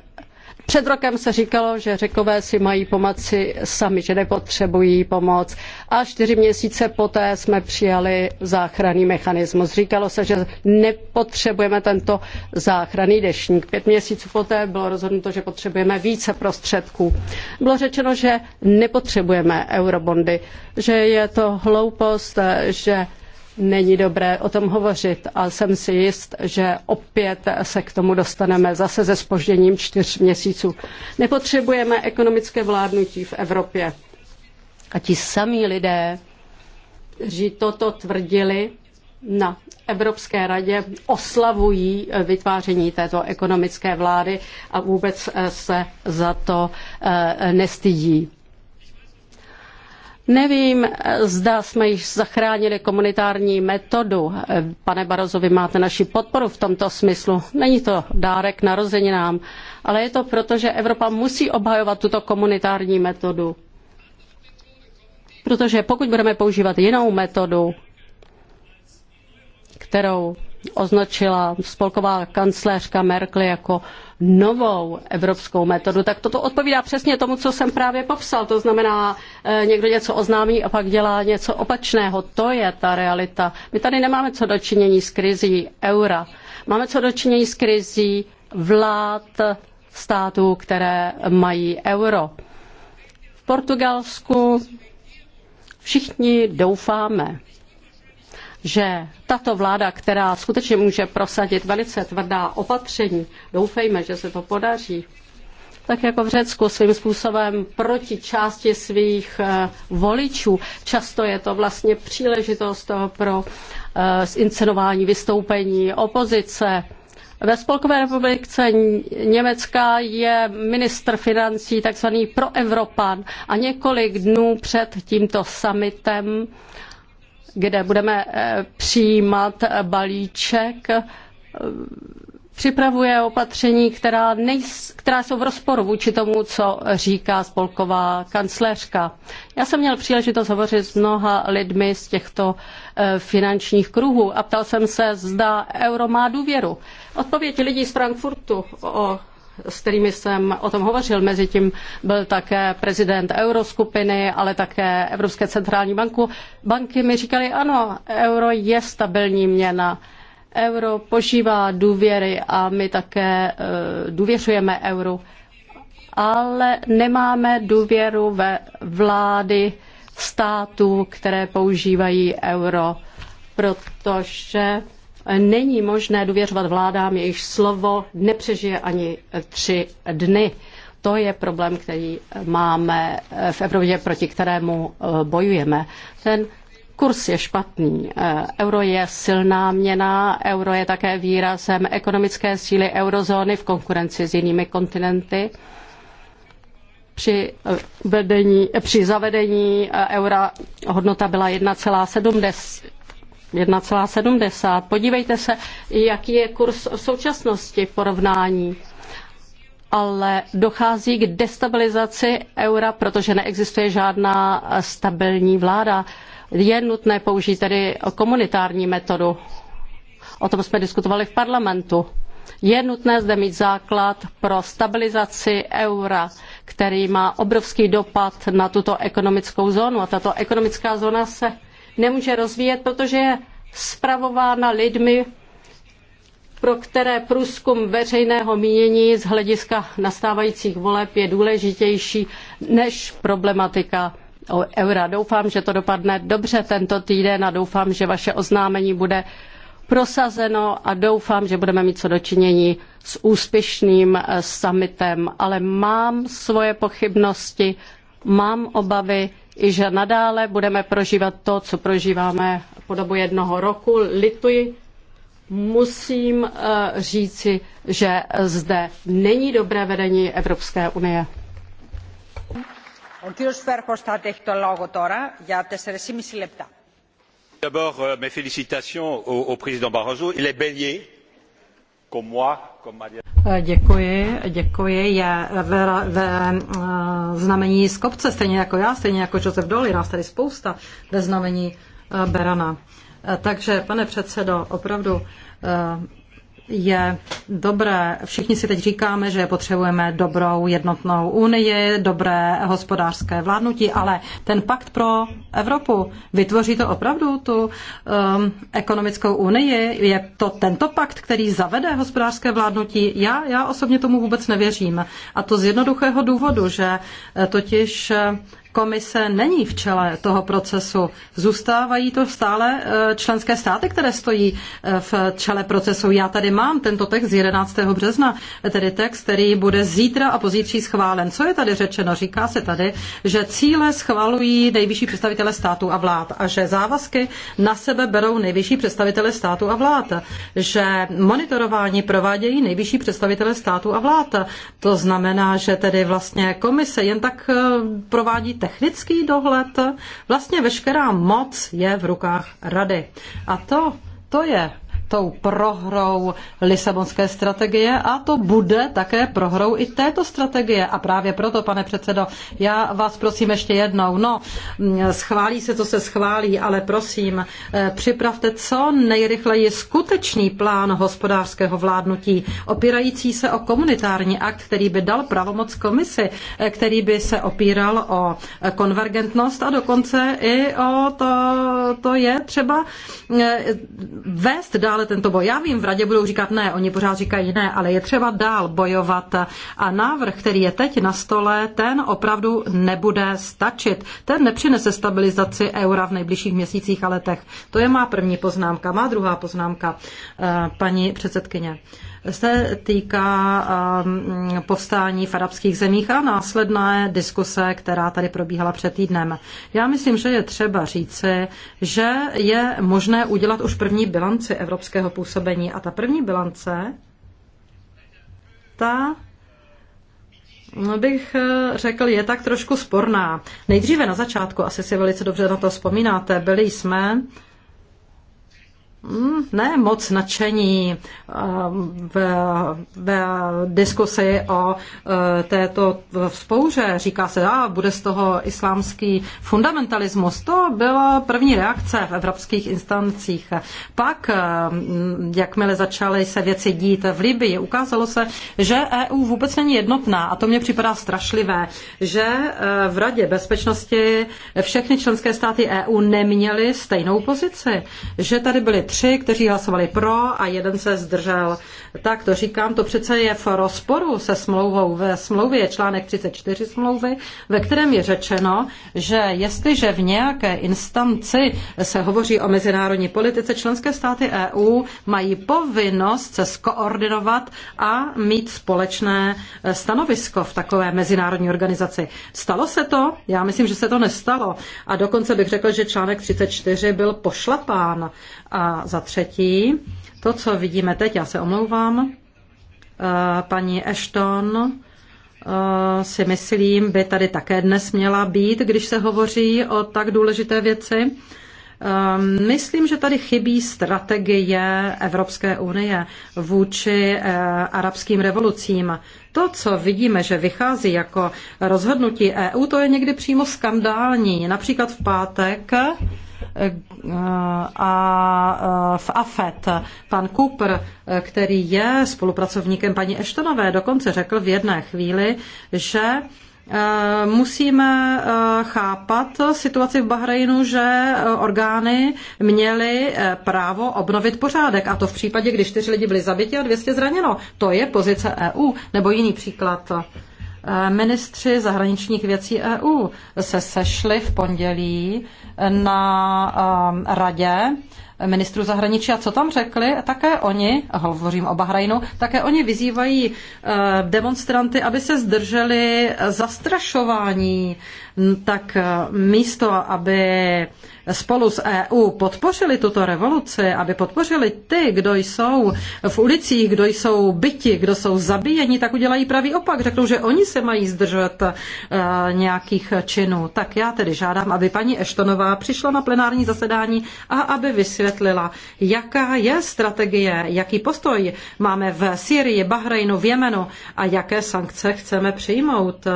před rokem se říkalo, že řekové si mají pomoci sami, že nepotřebují pomoc. A čtyři měsíce poté jsme přijali záchranný mechanismus. Říkalo se, že nepotřebujeme tento záchranný dešník. Pět měsíců poté bylo rozhodnuto, že potřebujeme více prostředků. Bylo řečeno, že nepotřebujeme eurobondy, že je to hloupost, že není dobré o tom hovořit a jsem si jist, že opět se k tomu dostaneme zase se spožděním čtyř měsíců. Nepotřebujeme ekonomické vládnutí v Evropě. A ti samí lidé, kteří toto tvrdili na Evropské radě, oslavují vytváření této ekonomické vlády a vůbec se za to eh, nestydí. Nevím, zda jsme již zachránili komunitární metodu. Pane Barozo, vy máte naši podporu v tomto smyslu. Není to dárek narozeninám, ale je to proto, že Evropa musí obhajovat tuto komunitární metodu. Protože pokud budeme používat jinou metodu, kterou označila spolková kancléřka Merkel jako novou evropskou metodu, tak toto odpovídá přesně tomu, co jsem právě popsal. To znamená, eh, někdo něco oznámí a pak dělá něco opačného. To je ta realita. My tady nemáme co dočinění s krizí eura. Máme co dočinění s krizí vlád států, které mají euro. V Portugalsku všichni doufáme, že tato vláda, která skutečně může prosadit velice tvrdá opatření, doufejme, že se to podaří, tak jako v Řecku svým způsobem proti části svých eh, voličů. Často je to vlastně příležitost eh, pro eh, inscenování vystoupení opozice. Ve Spolkové republice Německa je ministr financí takzvaný proevropan a několik dnů před tímto summitem kde budeme eh, přijímat eh, balíček, eh, připravuje opatření, která, nejs, která jsou v rozporu vůči tomu, co říká spolková kancléřka. Já jsem měl příležitost hovořit s mnoha lidmi z těchto finančních kruhů a ptal jsem se, zda euro má důvěru. Odpověď lidí z Frankfurtu o s kterými jsem o tom hovořil. Mezitím byl také prezident euroskupiny, ale také Evropské centrální banku. Banky mi říkali, ano, euro je stabilní měna. Euro požívá důvěry a my také e, důvěřujeme euru. Ale nemáme důvěru ve vlády států, které používají euro, protože Není možné důvěřovat vládám, jejichž slovo nepřežije ani tři dny. To je problém, který máme v Evropě, proti kterému eh, bojujeme. Ten kurz je špatný. Eh, euro je silná měna, euro je také výrazem ekonomické síly eurozóny v konkurenci s jinými kontinenty. Při, vedení, eh, při zavedení eura hodnota byla 1,70. Podívejte se, jaký je kurz v současnosti v porovnání ale dochází k destabilizaci eura, protože neexistuje žádná stabilní vláda. Je nutné použít tedy komunitární metodu. O tom jsme diskutovali v parlamentu. Je nutné zde mít základ pro stabilizaci eura, který má obrovský dopad na tuto ekonomickou zónu. A tato ekonomická zóna se nemůže rozvíjet, protože je spravována lidmi, pro které průzkum veřejného mínění z hlediska nastávajících voleb je důležitější než problematika eura. Doufám, že to dopadne dobře tento týden a doufám, že vaše oznámení bude prosazeno a doufám, že budeme mít co dočinění s úspěšným eh, summitem, ale mám svoje pochybnosti, mám obavy, i že nadále budeme prožívat to, co prožíváme po dobu jednoho roku. Lituji, musím eh, říci, že zde není dobré vedení Evropské unie. D'abord, euh, mes félicitations au, au président Barroso. Il est bélier Eh, děkuji, děkuji. Je ve, ve eh, znamení z kopce, stejně jako já, stejně jako Josef Doli, nás tady spousta ve znamení eh, Berana. Takže, pane předsedo, opravdu je dobré, všichni si teď říkáme, že potřebujeme dobrou jednotnou unii, dobré hospodářské vládnutí, ale ten pakt pro Evropu vytvoří to opravdu tu um, ekonomickou unii? Je to tento pakt, který zavede hospodářské vládnutí? Já, já osobně tomu vůbec nevěřím. A to z jednoduchého důvodu, že eh, totiž eh, komise není v čele toho procesu. Zůstávají to stále eh, členské státy, které stojí eh, v čele procesu. Já tady mám tento text z 11. března, eh, tedy text, který bude zítra a pozítří schválen. Co je tady řečeno? Říká se tady, že cíle schvalují nejvyšší představitele států a vlád a že závazky na sebe berou nejvyšší představitele států a vlád, že monitorování provádějí nejvyšší představitele států a vlád. To znamená, že tedy vlastně komise jen tak provádí technický dohled. Vlastně veškerá moc je v rukách rady. A to, to je tou prohrou Lisabonské strategie a to bude také prohrou i této strategie. A právě proto, pane předsedo, já vás prosím ještě jednou, no, mm, schválí se, co se schválí, ale prosím, eh, připravte co nejrychleji skutečný plán hospodářského vládnutí, opírající se o komunitární akt, který by dal pravomoc komisi, eh, který by se opíral o konvergentnost a dokonce i o to, to je třeba eh, vést dál dále tento boj. Já vím, v radě budou říkat ne, oni pořád říkají ne, ale je třeba dál bojovat. A návrh, který je teď na stole, ten opravdu nebude stačit. Ten nepřinese stabilizaci eura v nejbližších měsících a letech. To je má první poznámka. Má druhá poznámka, eh, paní předsedkyně se týká um, povstání v arabských zemích a následné diskuse, která tady probíhala před týdnem. Já myslím, že je třeba říci, že je možné udělat už první bilanci evropského působení. A ta první bilance, ta no, bych eh, řekl, je tak trošku sporná. Nejdříve na začátku, asi si velice dobře na to vzpomínáte, byli jsme Mm, ne moc nadšení v, eh, v diskusi o eh, této spouře. Říká se, a bude z toho islámský fundamentalismus. To byla první reakce v evropských instancích. Pak, eh, mm, jakmile začaly se věci dít v Libii, ukázalo se, že EU vůbec není jednotná a to mně připadá strašlivé, že v Radě bezpečnosti všechny členské státy EU neměly stejnou pozici, že tady byly tři tři, kteří hlasovali pro a jeden se zdržel. Tak to říkám, to přece je v rozporu se smlouvou. Ve smlouvě je článek 34 smlouvy, ve kterém je řečeno, že jestliže v nějaké instanci se hovoří o mezinárodní politice, členské státy EU mají povinnost se skoordinovat a mít společné eh, stanovisko v takové mezinárodní organizaci. Stalo se to? Já myslím, že se to nestalo. A dokonce bych řekl, že článek 34 byl pošlapán. A za třetí, to, co vidíme teď, já se omlouvám, eh, paní Ashton eh, si myslím, by tady také dnes měla být, když se hovoří o tak důležité věci. Eh, myslím, že tady chybí strategie Evropské unie vůči arabským revolucím. To, co vidíme, že vychází jako rozhodnutí EU, to je někdy přímo skandální. Například v pátek a v AFET pan Cooper, který je spolupracovníkem paní Eštonové, dokonce řekl v jedné chvíli, že e, Musíme e, chápat situaci v Bahrajnu, že e, orgány měly právo obnovit pořádek, a to v případě, kdy čtyři lidi byli zabiti a 200 zraněno. To je pozice EU, nebo jiný příklad. Eh, ministři zahraničních věcí EU se sešli v pondělí na eh, radě ministrů zahraničí. A co tam řekli? Také oni, hovořím o Bahrajnu, také oni vyzývají eh, demonstranty, aby se zdrželi zastrašování tak eh, místo, aby spolu s EU podpořili tuto revoluci, aby podpořili ty, kdo jsou v ulicích, kdo jsou byti, kdo jsou zabíjeni, tak udělají pravý opak. Řeknou, že oni se mají zdržet eh, nějakých činů. Tak já tedy žádám, aby paní Eštonová přišla na plenární zasedání a aby vysvětlila, jaká je strategie, jaký postoj máme v Syrii, Bahrajnu, v Jemenu a jaké sankce chceme přijmout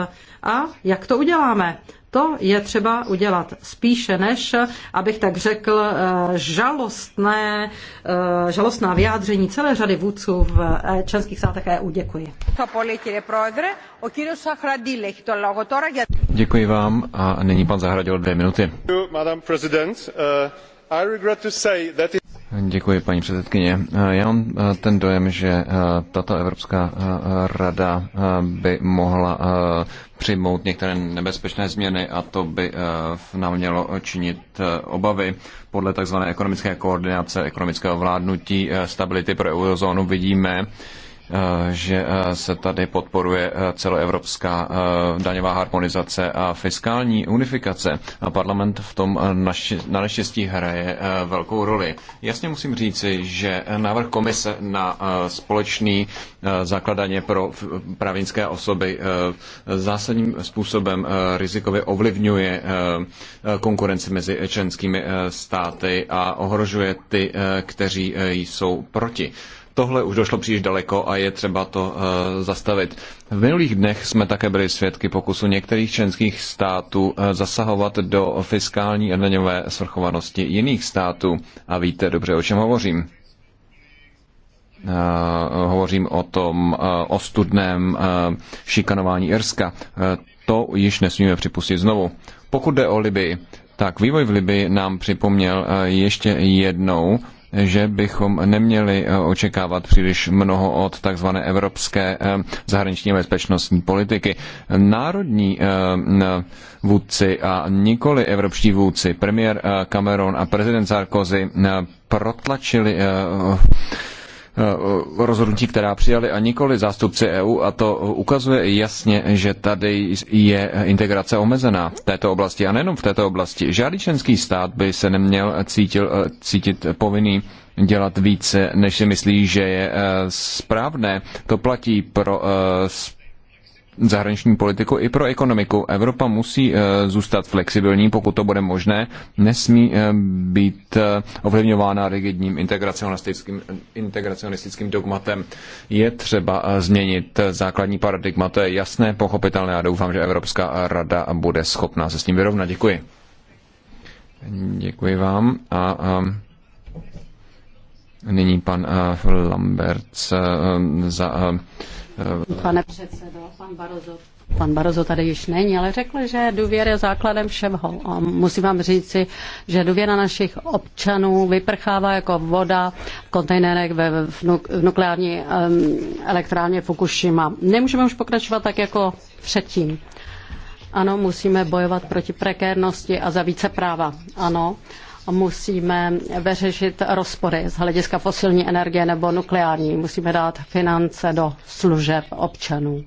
a jak to uděláme to je třeba udělat spíše než, abych tak řekl, eh, žalostné, eh, žalostná vyjádření celé řady vůdců v eh, členských státech EU. Děkuji. Děkuji vám a nyní pan Zahradil dvě minuty. Děkuji, paní předsedkyně. Eh, já mám eh, ten dojem, že eh, tato Evropská rada by mohla přijmout některé nebezpečné změny a to by nám mělo činit obavy. Podle tzv. ekonomické koordinace, ekonomického vládnutí, stability pro eurozónu vidíme, Eh, že eh, se tady podporuje eh, celoevropská daňová harmonizace a fiskální unifikace. A parlament v tom na neštěstí hraje velkou roli. Jasně musím říci, že návrh komise na společný základaně pro právnické osoby zásadním způsobem rizikově ovlivňuje konkurenci mezi členskými státy a ohrožuje ty, kteří jsou proti. Tohle už došlo příliš daleko a je třeba to eh, zastavit. V minulých dnech jsme také byli svědky pokusu některých členských států eh, zasahovat do fiskální a daňové svrchovanosti jiných států. A víte dobře, o čem hovořím. Uh, hovořím o tom uh, ostudném uh, šikanování Irska. Uh, to již nesmíme připustit znovu. Pokud jde o Libii, tak vývoj v Libii nám připomněl ještě jednou, že bychom neměli eh, očekávat příliš mnoho od takzvané evropské eh, zahraniční bezpečnostní politiky. Národní eh, vůdci a nikoli evropští vůdci, premiér Cameron a prezident Sarkozy protlačili Eh, rozhodnutí, která přijali a nikoli zástupci EU a to ukazuje jasně, že tady je integrace omezená v této oblasti a nejenom v této oblasti. Žádný členský stát by se neměl cítil, eh, cítit povinný dělat více, než si myslí, že je eh, správné. To platí pro zahraniční politiku i pro ekonomiku. Evropa musí eh, zůstat flexibilní, pokud to bude možné. Nesmí eh, být eh, ovlivňována rigidním integracionistickým, integracionistickým dogmatem. Je třeba změnit základní paradigma. To je jasné, pochopitelné a doufám, že Evropská rada bude schopná se s tím vyrovnat. Děkuji. Děkuji vám. A, a nyní pan uh, Lambert uh, za. Uh, Pane předsedo, pan Barozo, pan Barozo tady již není, ale řekl, že důvěra je základem všeho. A musím vám říci, že důvěra našich občanů vyprchává jako voda v kontejnerech ve v nukleární um, elektrárně Fukushima. Nemůžeme už pokračovat tak jako předtím. Ano, musíme bojovat proti prekérnosti a za více práva. Ano, musíme vyřešit rozpory z hlediska fosilní energie nebo nukleární. Musíme dát finance do služeb občanů.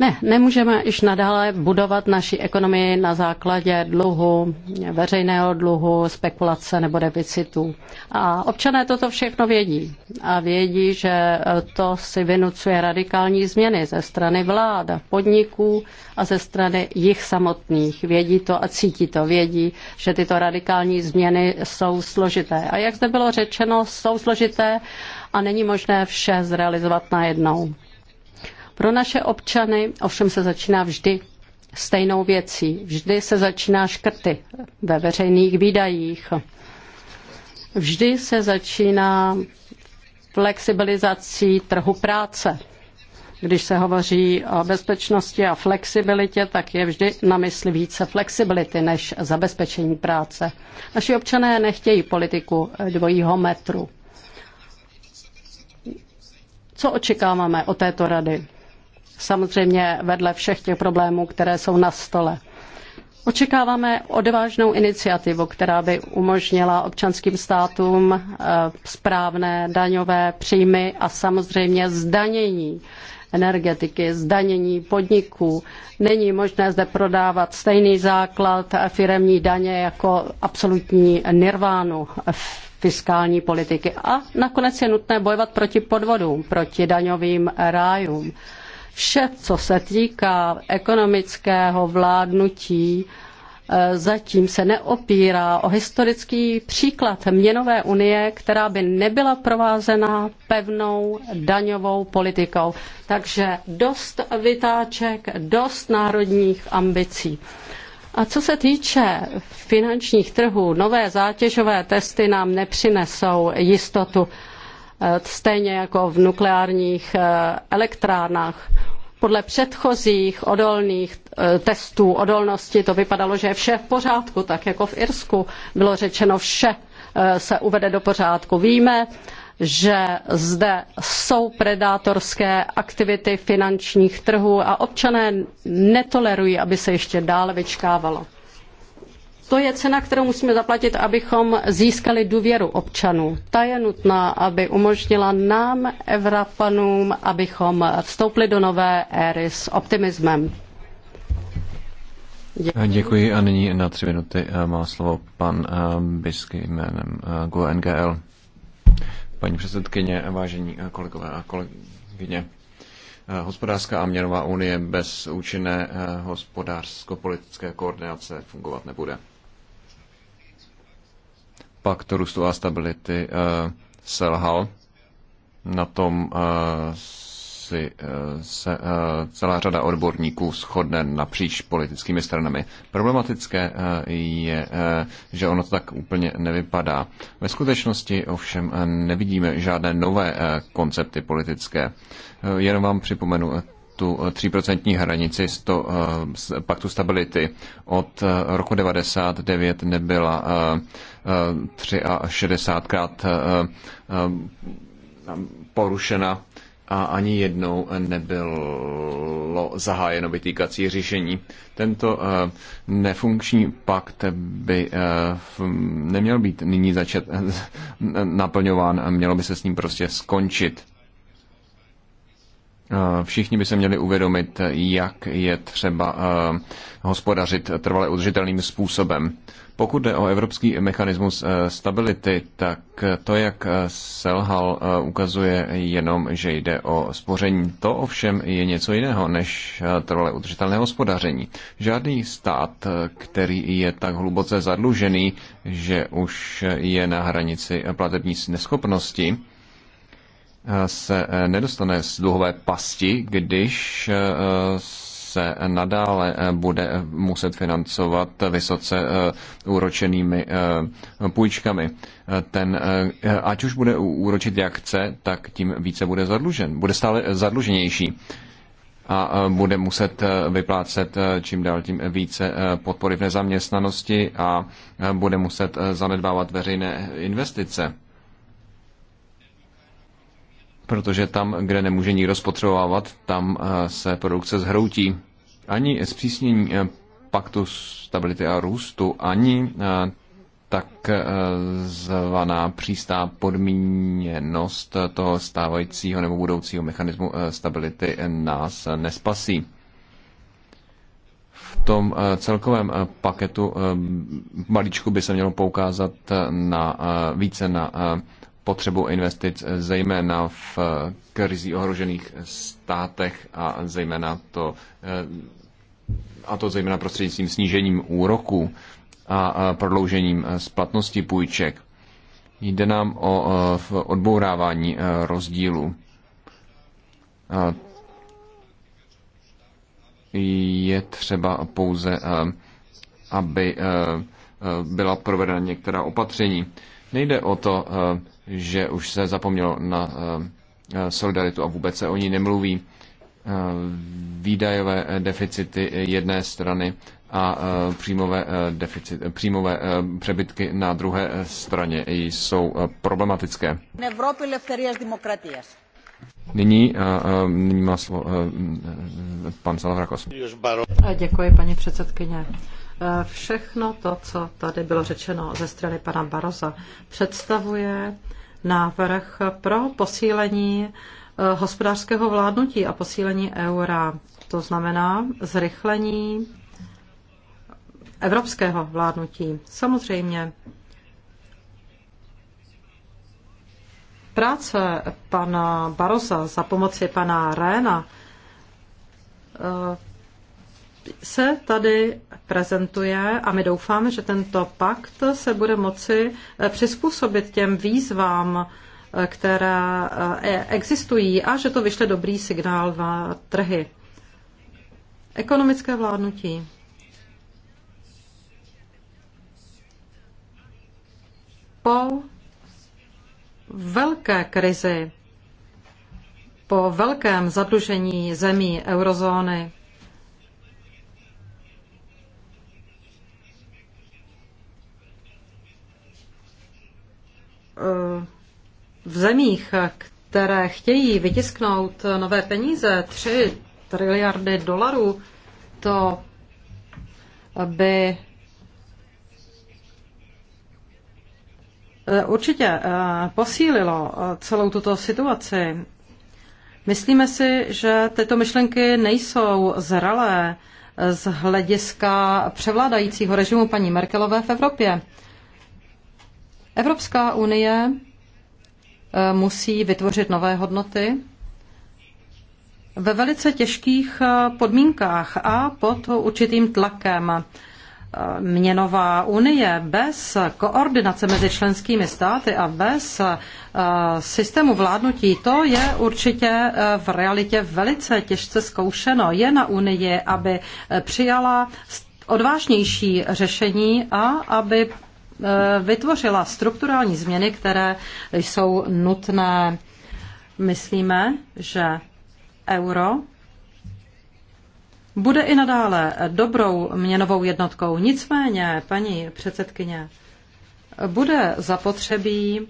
Ne, nemůžeme již nadále budovat naši ekonomii na základě dluhu, veřejného dluhu, spekulace nebo deficitu. A občané toto všechno vědí. A vědí, že to si vynucuje radikální změny ze strany vlád, podniků a ze strany jich samotných. Vědí to a cítí to. Vědí, že tyto radikální změny jsou složité. A jak zde bylo řečeno, jsou složité a není možné vše zrealizovat najednou. Pro naše občany ovšem se začíná vždy stejnou věcí. Vždy se začíná škrty ve veřejných výdajích. Vždy se začíná flexibilizací trhu práce. Když se hovoří o bezpečnosti a flexibilitě, tak je vždy na mysli více flexibility než zabezpečení práce. Naši občané nechtějí politiku dvojího metru. Co očekáváme od této rady? samozřejmě vedle všech těch problémů, které jsou na stole. Očekáváme odvážnou iniciativu, která by umožnila občanským státům eh, správné daňové příjmy a samozřejmě zdanění energetiky, zdanění podniků. Není možné zde prodávat stejný základ firemní daně jako absolutní nirvánu fiskální politiky. A nakonec je nutné bojovat proti podvodům, proti daňovým rájům. Vše, co se týká ekonomického vládnutí, eh, zatím se neopírá o historický příklad měnové unie, která by nebyla provázena pevnou daňovou politikou. Takže dost vytáček, dost národních ambicí. A co se týče finančních trhů, nové zátěžové testy nám nepřinesou jistotu. Eh, stejně jako v nukleárních eh, elektrárnách. Podle předchozích odolných eh, testů odolnosti to vypadalo, že je vše v pořádku, tak jako v Irsku bylo řečeno vše se uvede do pořádku. Víme, že zde jsou predátorské aktivity finančních trhů a občané netolerují, aby se ještě dále vyčkávalo. To je cena, kterou musíme zaplatit, abychom získali důvěru občanů. Ta je nutná, aby umožnila nám, Evropanům, abychom vstoupili do nové éry s optimismem. Děkuji. Děkuji a nyní na tři minuty eh, má slovo pan eh, Bisky jménem eh, GUNGL. Paní předsedkyně, vážení kolegové a kolegyně, hospodářská a měnová unie bez účinné hospodářsko-politické koordinace fungovat nebude paktu růstu a stability eh, selhal. Na tom eh, si eh, se celá řada odborníků shodne napříč politickými stranami. Problematické je, že ono to tak úplně nevypadá. Ve skutečnosti ovšem nevidíme žádné nové koncepty politické. Jenom vám připomenu tu 3% eh, hranici z, to, z paktu stability. Od eh, roku 99 nebyla 63krát eh, porušena a ani jednou nebylo zahájeno vytýkací řešení. Tento nefunkční pakt by neměl být nyní začet naplňován a mělo by se s ním prostě skončit. Eh, všichni by se měli uvědomit, jak je třeba eh, hospodařit trvale udržitelným způsobem. Pokud jde o evropský mechanismus eh, stability, tak to, jak selhal, ukazuje jenom, že jde o spoření. To ovšem je něco jiného než trvale udržitelné hospodaření. Žádný stát, který je tak hluboce zadlužený, že už je na hranici platební neschopnosti, se eh, nedostane z dluhové pasti, když eh, se nadále eh, bude muset financovat vysoce úročenými půjčkami. Ten, ať už bude úročit jak chce, tak tím více bude zadlužen. Bude stále zadluženější a bude muset vyplácet čím dál tím více podpory v nezaměstnanosti a bude muset zanedbávat veřejné investice protože tam, kde nemůže nikdo spotřebovávat, tam eh, se produkce zhroutí. Ani zpřísnění eh, paktu stability a růstu, ani eh, tak zvaná přístá podmíněnost toho stávajícího nebo budoucího mechanismu stability nás nespasí. V tom celkovém paketu balíčku by se mělo poukázat na více na potřebu investic, eh, zejména v eh, krizí ohrožených státech a zejména to, eh, a to zejména prostřednictvím snížením úroků a prodloužením splatnosti půjček. Jde nám o odbourávání rozdílu Je třeba pouze, aby byla provedena některá opatření. Nejde o to že už se zapomnělo na eh, eh, solidaritu a vůbec se o ní nemluví. Eh, výdajové deficity jedné strany a příjmové, deficit, příjmové přebytky na druhé straně jsou problematické. Nyní, nyní má slovo pan Salavrakos. Děkuji, paní předsedkyně. Všechno to, co tady bylo řečeno ze strany pana Baroza, představuje návrh pro posílení eh, hospodářského vládnutí a posílení eura. To znamená zrychlení evropského vládnutí. Samozřejmě práce pana Barosa za pomoci pana Réna eh, se tady prezentuje a my doufáme, že tento pakt se bude moci eh, přizpůsobit těm výzvám, eh, která eh, existují a že to vyšle dobrý signál na trhy. Ekonomické vládnutí. Po velké krizi, po velkém zadlužení zemí eurozóny, v zemích, které chtějí vytisknout nové peníze, 3 triliardy dolarů, to by eh, určitě eh, posílilo eh, celou tuto situaci. Myslíme si, že tyto myšlenky nejsou zralé z hlediska převládajícího režimu paní Merkelové v Evropě. Evropská unie eh, musí vytvořit nové hodnoty ve velice těžkých eh, podmínkách a pod určitým tlakem. Eh, měnová unie bez koordinace mezi členskými státy a bez systému vládnutí, to je určitě v realitě velice těžce zkoušeno. Je na unii, aby přijala odvážnější řešení a aby Eh, vytvořila strukturální změny, které jsou nutné. Myslíme, že euro bude i nadále dobrou měnovou jednotkou. Nicméně, paní předsedkyně, bude zapotřebí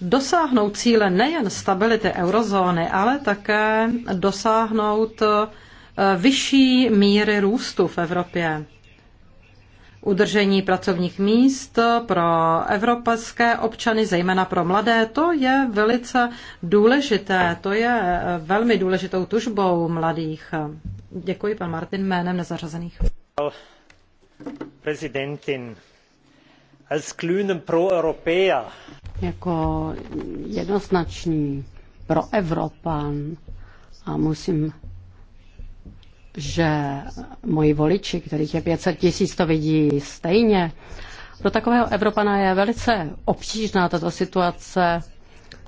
dosáhnout cíle nejen stability eurozóny, ale také dosáhnout eh, vyšší míry růstu v Evropě udržení pracovních míst pro evropské občany, zejména pro mladé, to je velice důležité, to je eh, velmi důležitou tužbou mladých. Děkuji, pan Martin, jménem nezařazených. Prezidentin, als glühenden Pro-Europäer. Jako jednoznačný proevropan a musím že moji voliči, kterých je 500 tisíc, to vidí stejně. Pro takového Evropana je velice obtížná tato situace,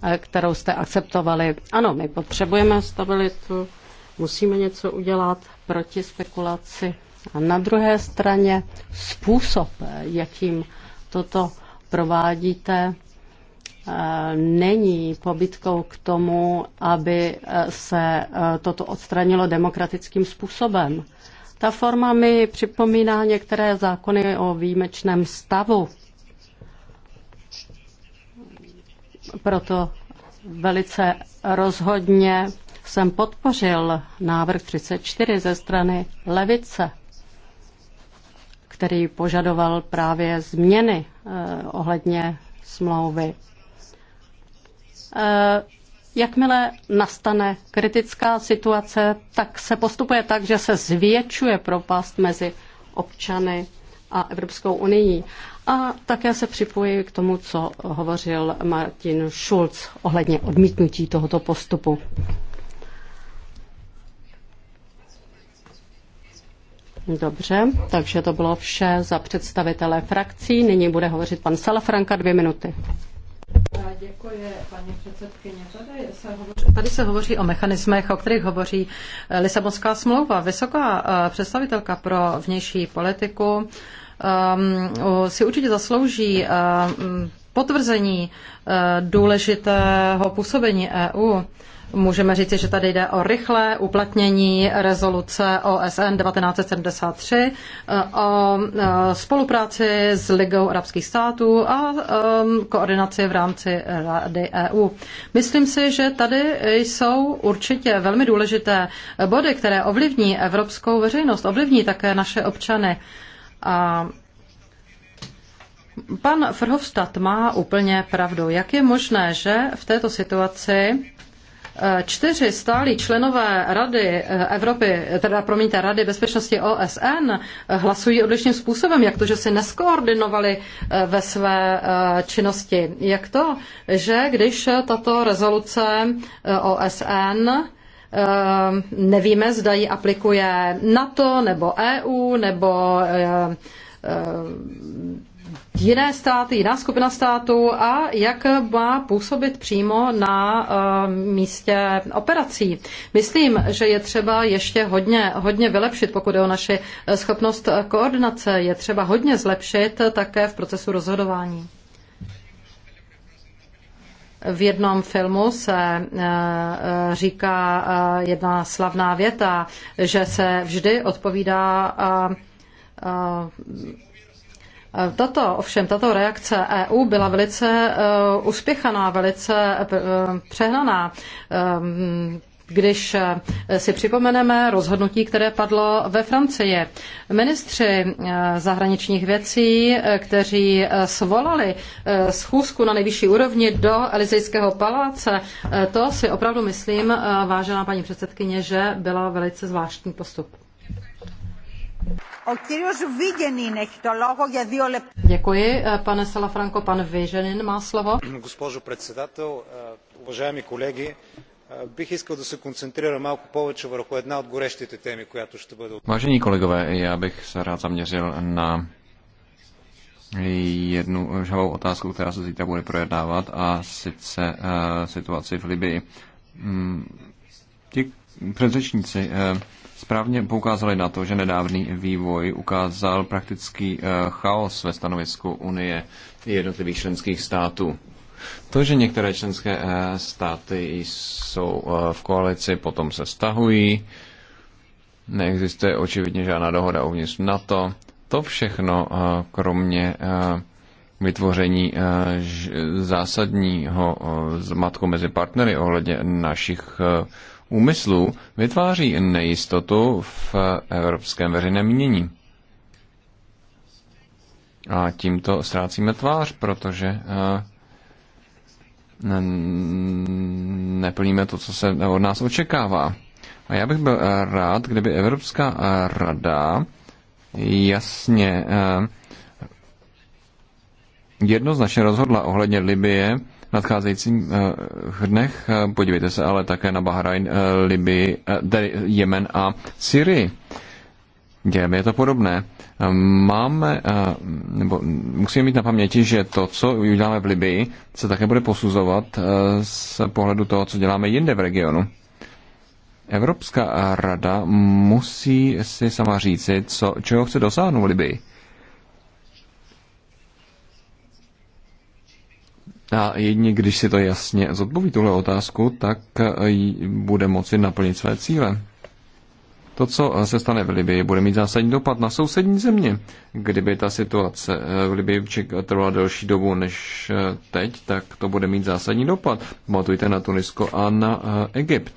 eh, kterou jste akceptovali. Ano, my potřebujeme stabilitu, musíme něco udělat proti spekulaci. A na druhé straně způsob, eh, jakým toto provádíte, E, není pobytkou k tomu, aby e, se e, toto odstranilo demokratickým způsobem. Ta forma mi připomíná některé zákony o výjimečném stavu. Proto velice rozhodně jsem podpořil návrh 34 ze strany levice, který požadoval právě změny ohledně smlouvy. Eh, jakmile nastane kritická situace, tak se postupuje tak, že se zvětšuje propast mezi občany a Evropskou unii. A také se připojí k tomu, co hovořil Martin Schulz ohledně odmítnutí tohoto postupu. Dobře, takže to bylo vše za představitele frakcí. Nyní bude hovořit pan Salafranka dvě minuty tady se hovoří o mechanismech, o kterých hovoří eh, Lisabonská smlouva. Vysoká eh, představitelka pro vnější politiku ehm, si určitě zaslouží eh, potvrzení důležitého působení EU. Můžeme říci, že tady jde o rychlé uplatnění rezoluce OSN 1973 o eh, eh, spolupráci s Ligou arabských států a ehm, koordinaci v rámci Rady EU. Myslím si, že tady jsou určitě velmi důležité body, které ovlivní evropskou veřejnost, ovlivní také naše občany. A Pan Frhofstadt má úplně pravdu. Jak je možné, že v této situaci čtyři stálí členové Rady eh, Evropy, teda promiňte, Rady bezpečnosti OSN, eh, hlasují odlišným způsobem. Jak to, že si neskoordinovali eh, ve své činnosti? Jak to, že když tato rezoluce OSN nevíme, zda ji aplikuje NATO nebo EU nebo jiné státy, jiná skupina států a jak má působit přímo na eh, místě operací. Myslím, že je třeba ještě hodně, hodně vylepšit, pokud je o naši eh, schopnost eh, koordinace. Je třeba hodně zlepšit také v procesu rozhodování. V jednom filmu se říká jedna slavná věta, že se vždy odpovídá tato, ovšem, tato reakce EU byla velice uh, uspěchaná, velice uh, přehnaná. Um, když eh, si připomeneme rozhodnutí, které padlo ve Francii. Ministři zahraničních věcí, kteří svolali schůzku na nejvyšší úrovni do Elizejského paláce, to si opravdu myslím, vážená paní předsedkyně, že byla velice zvláštní postup. Děkuji, eh, pane Salafranko. Pan Vyženin má slovo. Госпожо председател, eh, уважаеми колеги, bych eh, искал да се концентрирам малко повече jedna една от горещите která tu, ще бъде... Vážení kolegové, já bych se rád zaměřil na jednu žhavou otázku, která se zítra bude projednávat, a sice uh, situaci v Libii. Mm, ti předřečníci uh, správně poukázali na to, že nedávný vývoj ukázal praktický eh, chaos ve stanovisku Unie jednotlivých členských států. To, že některé členské eh, státy jsou eh, v koalici, potom se stahují, neexistuje očividně žádná dohoda uvnitř NATO, to všechno, kromě vytvoření zásadního zmatku mezi partnery ohledně našich úmyslů vytváří nejistotu v evropském veřejném mínění. A tímto ztrácíme tvář, protože eh, neplníme to, co se od nás očekává. A já bych byl eh, rád, kdyby Evropská eh, rada jasně jednoznačně rozhodla ohledně Libie nadcházejících eh, dnech. Eh, podívejte se ale také na Bahrajn, eh, Liby, tedy Jemen a Syrii. Dějeme je to podobné. Máme, nebo musíme mít na paměti, že to, co uděláme v Libii, se také bude posuzovat z pohledu toho, co děláme jinde v regionu. Evropská rada musí si sama říci, co, čeho chce dosáhnout v Libii. A jedině, když si to jasně zodpoví tuhle otázku, tak e, bude moci naplnit své cíle. To, co se stane v Libii, bude mít zásadní dopad na sousední země. Kdyby ta situace e, v Libii trvala delší dobu než e, teď, tak to bude mít zásadní dopad. Pamatujte na Tunisko a na Egypt.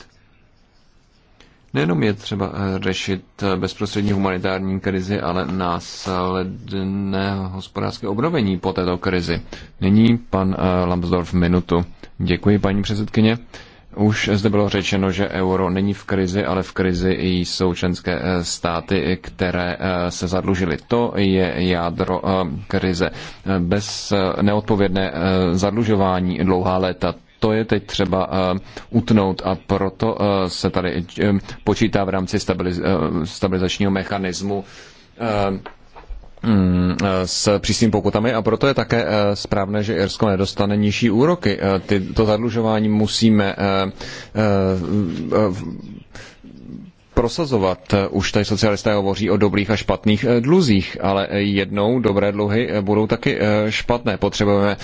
Nejenom je třeba eh, řešit eh, bezprostřední humanitární krizi, ale následné hospodářské obnovení po této krizi. Nyní pan eh, Lambsdorff minutu. Děkuji, paní předsedkyně. Už zde bylo řečeno, že euro není v krizi, ale v krizi jsou členské státy, které se zadlužily. To je jádro krize. Bez neodpovědné zadlužování dlouhá léta to je teď třeba eh, utnout a proto eh, se tady eh, počítá v rámci stabilizačního mechanismu mm, s přísným pokutami a proto je také správné, že Irsko nedostane nižší úroky. Ty, to zadlužování musíme prosazovat. Už tady socialisté hovoří o dobrých a špatných eh, dluzích, ale eh, jednou dobré dluhy eh, budou taky špatné. Potřebujeme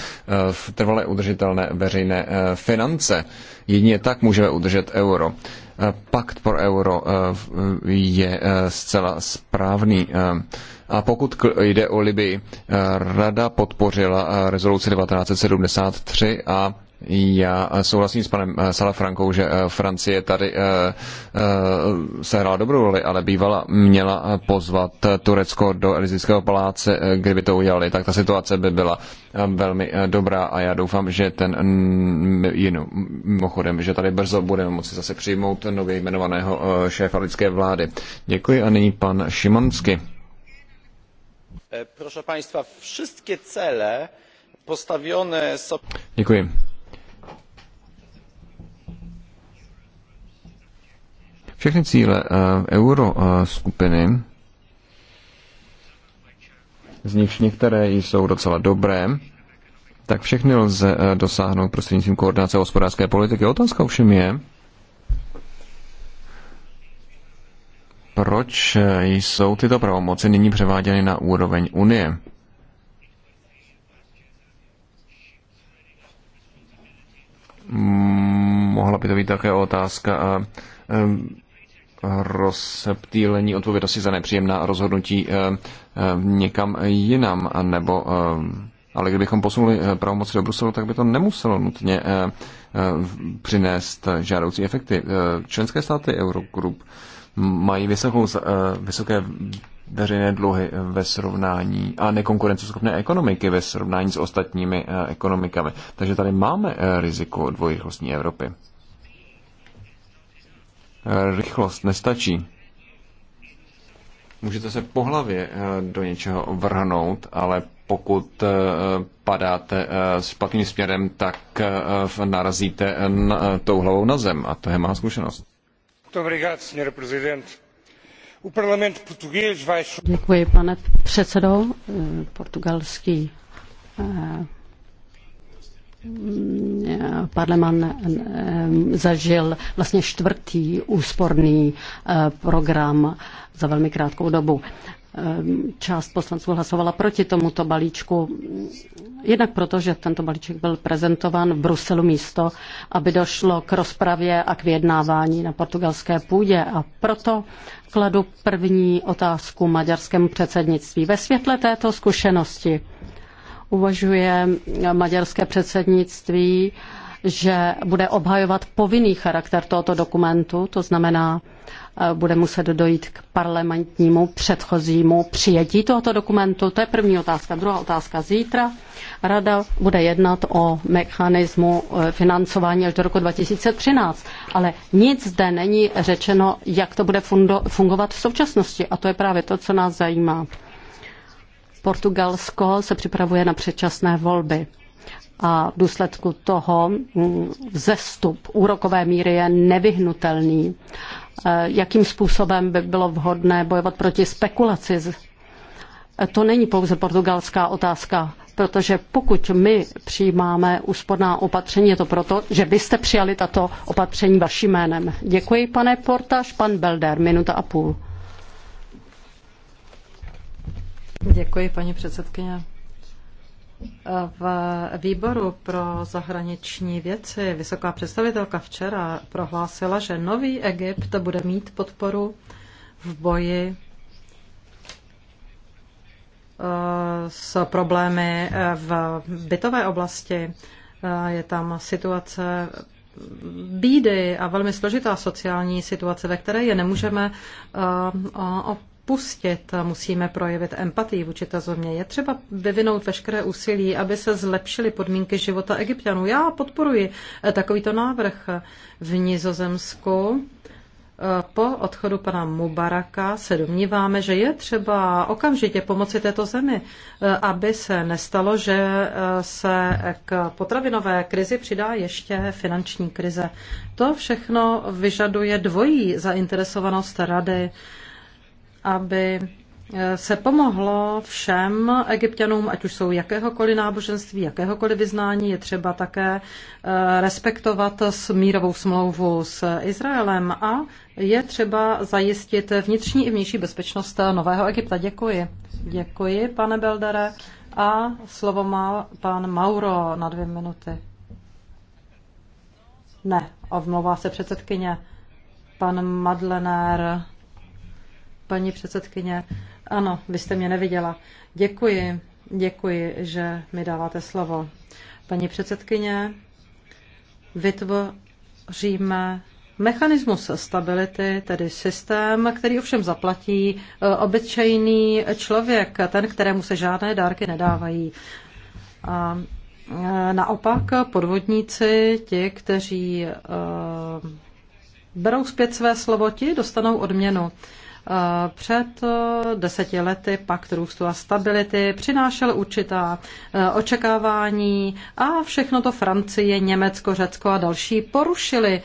trvale udržitelné veřejné finance. Jedině tak můžeme udržet euro. Pakt pro euro je zcela správný. A pokud jde o Libii, Rada podpořila rezoluci 1973 a já eh, souhlasím s panem eh, Salafrankou, že eh, Francie tady sehrála dobrou roli, ale bývala měla pozvat Turecko do Elizijského paláce, kdyby to udělali, tak ta situace by byla velmi dobrá a já doufám, že ten jinou, mimochodem, že tady brzo budeme moci zase přijmout nově jmenovaného šéfa lidské vlády. Děkuji a nyní pan Šimanský. Proszę Państwa, wszystkie cele postawione są. Děkuji Všechny cíle eh, euro eh, skupiny, z nichž některé jsou docela dobré, tak všechny lze eh, dosáhnout prostřednictvím koordinace hospodářské politiky. Otázka ovšem je, proč jsou tyto pravomoci nyní převáděny na úroveň Unie? Mohla by to být také otázka rozptýlení odpovědnosti za nepříjemná rozhodnutí eh, eh, někam jinam, nebo eh, ale kdybychom posunuli pravomoci do Bruselu, tak by to nemuselo nutně přinést žádoucí efekty. Členské státy Eurogroup mají vysokou, vysoké veřejné dluhy ve srovnání a nekonkurenceschopné ekonomiky ve srovnání s ostatními ekonomikami. Takže tady máme riziko dvojrychlostní Evropy. Eh, rychlost nestačí. Můžete se po hlavě eh, do něčeho vrhnout, ale pokud eh, padáte špatným směrem, tak narazíte tou hlavou na zem. A to je má zkušenost. Děkuji, pane předsedo. Portugalský parlament eh, zažil vlastně čtvrtý úsporný eh, program za velmi krátkou dobu. Eh, část poslanců hlasovala proti tomuto balíčku, jednak proto, že tento balíček byl prezentován v Bruselu místo, aby došlo k rozpravě a k vyjednávání na portugalské půdě. A proto kladu první otázku maďarskému předsednictví. Ve světle této zkušenosti uvažuje maďarské předsednictví, že bude obhajovat povinný charakter tohoto dokumentu, to znamená, eh, bude muset dojít k parlamentnímu předchozímu přijetí tohoto dokumentu. To je první otázka. Druhá otázka zítra. Rada bude jednat o mechanismu eh, financování až do roku 2013, ale nic zde není řečeno, jak to bude fungovat v současnosti a to je právě to, co nás zajímá. Portugalsko se připravuje na předčasné volby a v důsledku toho mm, zestup úrokové míry je nevyhnutelný. E, jakým způsobem by bylo vhodné bojovat proti spekulaci? E, to není pouze portugalská otázka, protože pokud my přijímáme úsporná opatření, je to proto, že vy jste přijali tato opatření vaším jménem. Děkuji, pane Portaž, pan Belder, minuta a půl. Děkuji, paní předsedkyně. V výboru pro zahraniční věci vysoká představitelka včera prohlásila, že nový Egypt bude mít podporu v boji eh, s problémy eh, v bytové oblasti. Eh, je tam situace bídy a velmi složitá sociální situace, ve které je nemůžeme pustit, musíme projevit empatii vůči té země. Je třeba vyvinout veškeré úsilí, aby se zlepšily podmínky života egyptianů. Já podporuji eh, takovýto návrh v Nizozemsku. Eh, po odchodu pana Mubaraka se domníváme, že je třeba okamžitě pomoci této zemi, eh, aby se nestalo, že se k potravinové krizi přidá ještě finanční krize. To všechno vyžaduje dvojí zainteresovanost rady aby eh, se pomohlo všem egyptianům, ať už jsou jakéhokoliv náboženství, jakéhokoliv vyznání, je třeba také eh, respektovat mírovou smlouvu s Izraelem a je třeba zajistit vnitřní i vnější bezpečnost eh, Nového Egypta. Děkuji. Děkuji, pane Beldere. A slovo má pan Mauro na dvě minuty. Ne, omlouvá se předsedkyně. Pan Madlenér paní předsedkyně. Ano, vy jste mě neviděla. Děkuji, děkuji, že mi dáváte slovo. Paní předsedkyně, vytvoříme mechanismus stability, tedy systém, který ovšem zaplatí e, obyčejný člověk, ten, kterému se žádné dárky nedávají. A e, naopak podvodníci, ti, kteří e, berou zpět své slovo, ti dostanou odměnu. Eh, před eh, deseti lety pakt růstu a stability přinášel určitá eh, očekávání a všechno to Francie, Německo, Řecko a další porušili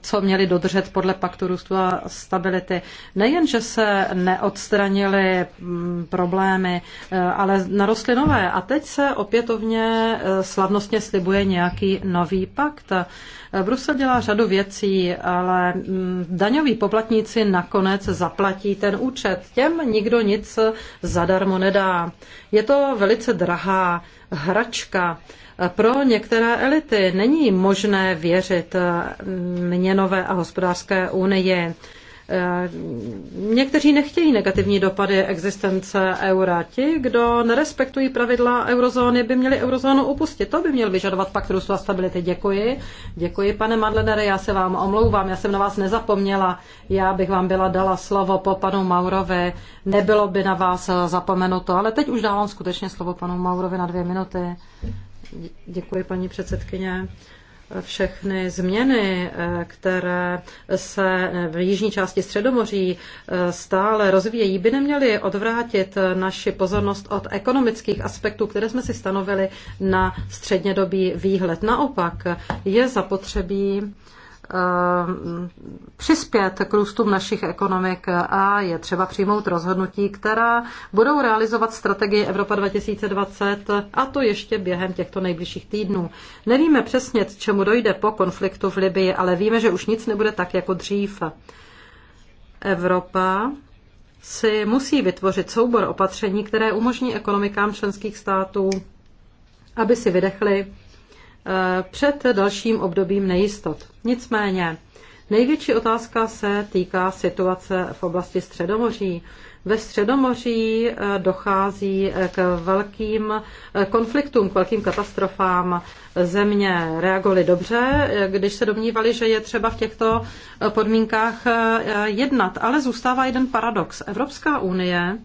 co měli dodržet podle paktu růstu a stability. Nejen, že se neodstranily mm, problémy, eh, ale narostly nové. A teď se opětovně eh, slavnostně slibuje nějaký nový pakt. Eh, Brusel dělá řadu věcí, ale mm, daňoví poplatníci nakonec zaplatí ten účet. Těm nikdo nic zadarmo nedá. Je to velice drahá hračka pro některé elity není možné věřit eh, měnové a hospodářské unii. Eh, někteří nechtějí negativní dopady existence eura. Ti, kdo nerespektují pravidla eurozóny, by měli eurozónu upustit. To by měl vyžadovat pakt růstu a stability. Děkuji. Děkuji, pane Madlenere, já se vám omlouvám, já jsem na vás nezapomněla. Já bych vám byla dala slovo po panu Maurovi. Nebylo by na vás eh, zapomenuto, ale teď už dávám skutečně slovo panu Maurovi na dvě minuty. Děkuji, paní předsedkyně všechny změny, eh, které se v jižní části Středomoří eh, stále rozvíjejí, by neměly odvrátit eh, naši pozornost od ekonomických aspektů, které jsme si stanovili na střednědobý výhled. Naopak je zapotřebí Eh, přispět k růstu našich ekonomik a je třeba přijmout rozhodnutí, která budou realizovat strategii Evropa 2020 a to ještě během těchto nejbližších týdnů. Nevíme přesně, čemu dojde po konfliktu v Libii, ale víme, že už nic nebude tak jako dřív. Evropa si musí vytvořit soubor opatření, které umožní ekonomikám členských států, aby si vydechly Eh, před dalším obdobím nejistot. Nicméně, největší otázka se týká situace v oblasti Středomoří. Ve Středomoří eh, dochází eh, k velkým konfliktům, k velkým katastrofám. Země reagovaly dobře, když se domnívali, že je třeba v těchto podmínkách jednat. Ale zůstává jeden paradox. Evropská unie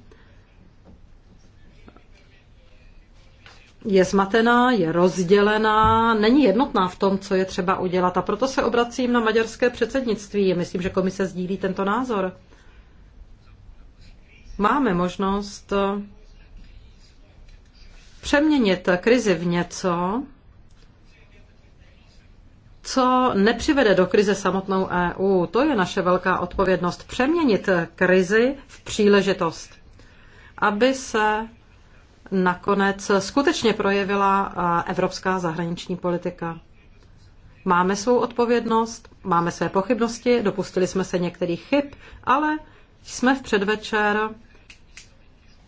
je zmatená, je rozdělená, není jednotná v tom, co je třeba udělat. A proto se obracím na maďarské předsednictví. Myslím, že komise sdílí tento názor. Máme možnost eh, přeměnit krizi v něco, co nepřivede do krize samotnou EU. To je naše velká odpovědnost. Přeměnit krizi v příležitost, aby se nakonec skutečně projevila evropská zahraniční politika. Máme svou odpovědnost, máme své pochybnosti, dopustili jsme se některých chyb, ale jsme v předvečer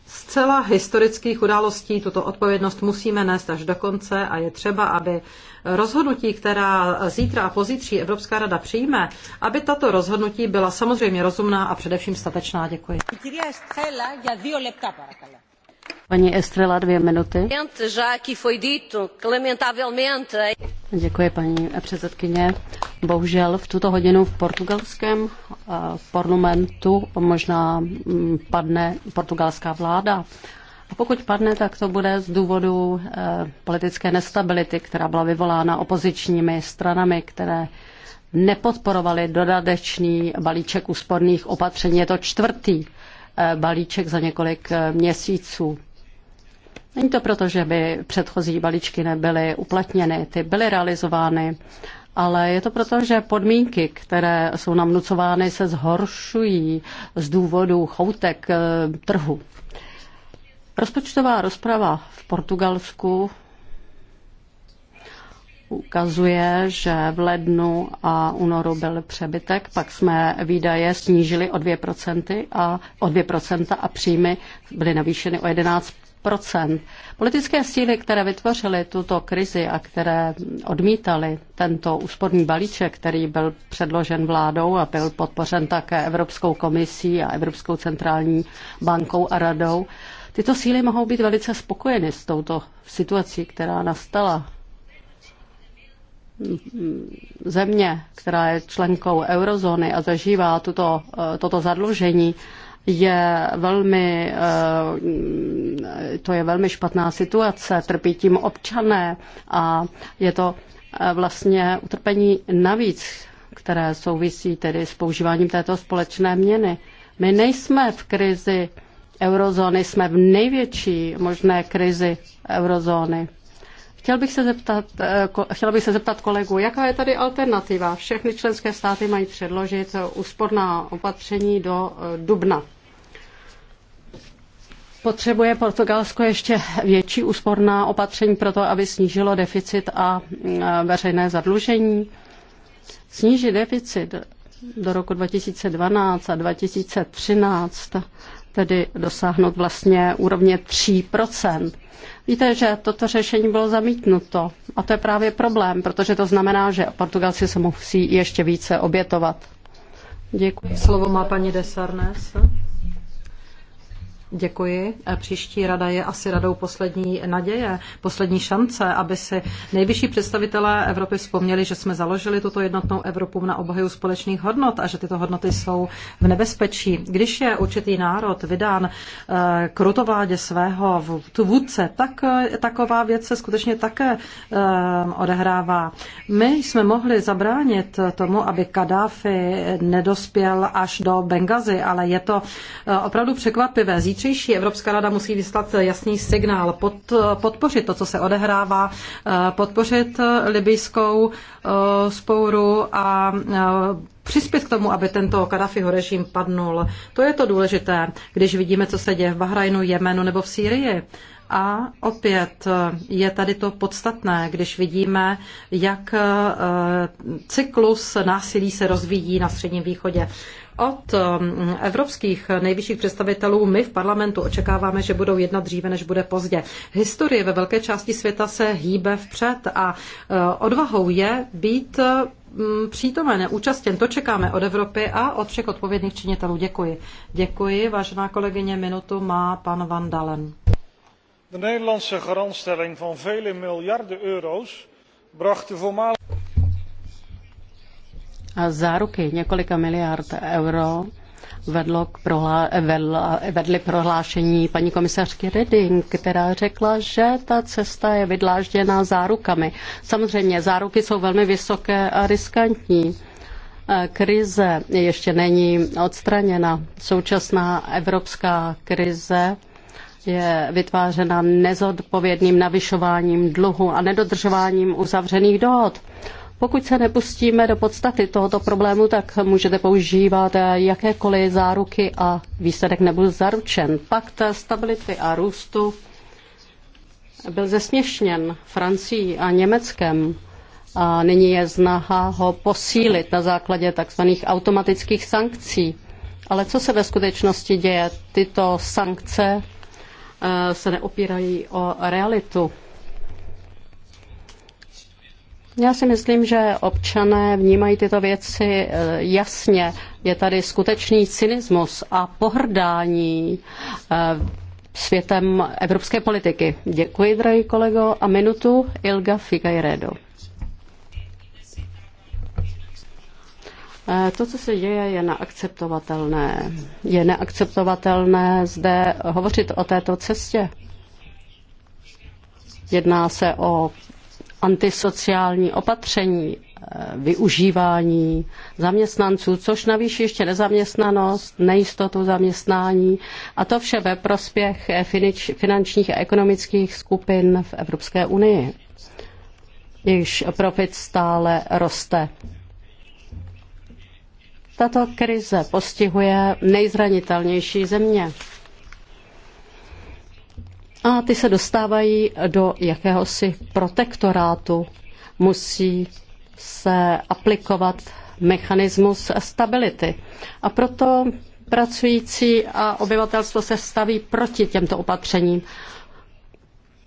zcela historických událostí. Tuto odpovědnost musíme nést až do konce a je třeba, aby rozhodnutí, která zítra a pozítří Evropská rada přijme, aby tato rozhodnutí byla samozřejmě rozumná a především statečná. Děkuji. Paní Estrela, dvě minuty. Děkuji, paní předsedkyně. Bohužel v tuto hodinu v portugalském eh, parlamentu možná mm, padne portugalská vláda. A pokud padne, tak to bude z důvodu eh, politické nestability, která byla vyvolána opozičními stranami, které nepodporovaly dodatečný balíček úsporných opatření. Je to čtvrtý eh, balíček za několik měsíců. Není to proto, že by předchozí balíčky nebyly uplatněny, ty byly realizovány, ale je to proto, že podmínky, které jsou nám nucovány, se zhoršují z důvodu choutek eh, trhu. Rozpočtová rozprava v Portugalsku ukazuje, že v lednu a únoru byl přebytek, pak jsme výdaje snížili o 2% a, o 2% a příjmy byly navýšeny o 11 Politické síly, které vytvořily tuto krizi a které odmítali tento úsporný balíček, který byl předložen vládou a byl podpořen také Evropskou komisí a Evropskou centrální bankou a radou, tyto síly mohou být velice spokojeny s touto situací, která nastala země, která je členkou eurozóny a zažívá tuto, toto zadlužení, je velmi, eh, to je velmi špatná situace, trpí tím občané a je to eh, vlastně utrpení navíc, které souvisí tedy s používáním této společné měny. My nejsme v krizi eurozóny, jsme v největší možné krizi eurozóny. Chtěl bych se zeptat, eh, chtěl bych se zeptat kolegu, jaká je tady alternativa? Všechny členské státy mají předložit úsporná opatření do dubna. Potřebuje Portugalsko ještě větší úsporná opatření pro to, aby snížilo deficit a e, veřejné zadlužení? Snížit deficit do roku 2012 a 2013, tedy dosáhnout vlastně úrovně 3 Víte, že toto řešení bylo zamítnuto a to je právě problém, protože to znamená, že Portugalci se musí ještě více obětovat. Děkuji. Slovo má paní Desarnes. Děkuji. E, příští rada je asi radou poslední naděje, poslední šance, aby si nejvyšší představitelé Evropy vzpomněli, že jsme založili tuto jednotnou Evropu na obhaju společných hodnot a že tyto hodnoty jsou v nebezpečí. Když je určitý národ vydán e, krutovládě svého vůdce, tak e, taková věc se skutečně také odehrává. My jsme mohli zabránit tomu, aby Kadáfi nedospěl až do Bengazy, ale je to opravdu překvapivé. Zítře příští Evropská rada musí vyslat jasný signál, pod, podpořit to, co se odehrává, eh, podpořit libijskou eh, spouru a eh, přispět k tomu, aby tento Kadafiho režim padnul. To je to důležité, když vidíme, co se děje v Bahrajnu, Jemenu nebo v Sýrii. A opět je tady to podstatné, když vidíme, jak cyklus násilí se rozvíjí na Středním východě od um, evropských nejvyšších představitelů my v parlamentu očekáváme, že budou jednat dříve, než bude pozdě. Historie ve velké části světa se hýbe vpřed a uh, odvahou je být um, přítomen, účastěn. To čekáme od Evropy a od všech odpovědných činitelů. Děkuji. Děkuji, vážená kolegyně. Minutu má pan Van Dalen. De Nederlandse garantstelling van vele miljarden euro's bracht de voormalige záruky několika miliard euro vedlo k prohlá, vedly prohlášení paní komisařky Reding, která řekla, že ta cesta je vydlážděná zárukami. Samozřejmě záruky jsou velmi vysoké a riskantní. Krize ještě není odstraněna. Současná evropská krize je vytvářena nezodpovědným navyšováním dluhu a nedodržováním uzavřených dohod. Pokud se nepustíme do podstaty tohoto problému, tak můžete používat jakékoliv záruky a výsledek nebude zaručen. Pakt stability a růstu byl zesměšněn Francií a Německem a nyní je snaha ho posílit na základě tzv. automatických sankcí. Ale co se ve skutečnosti děje? Tyto sankce eh, se neopírají o realitu. Já si myslím, že občané vnímají tyto věci eh, jasně. Je tady skutečný cynismus a pohrdání eh, světem evropské politiky. Děkuji, drahý kolego, a minutu Ilga Figueiredo. Eh, to, co se děje, je neakceptovatelné. Je neakceptovatelné zde hovořit o této cestě. Jedná se o antisociální opatření, eh, využívání zaměstnanců, což navýší ještě nezaměstnanost, nejistotu zaměstnání a to vše ve prospěch eh, finančních a ekonomických skupin v Evropské unii. Jejichž profit stále roste. Tato krize postihuje nejzranitelnější země a ty se dostávají do jakéhosi protektorátu. Musí se aplikovat mechanismus stability. A proto pracující a obyvatelstvo se staví proti těmto opatřením.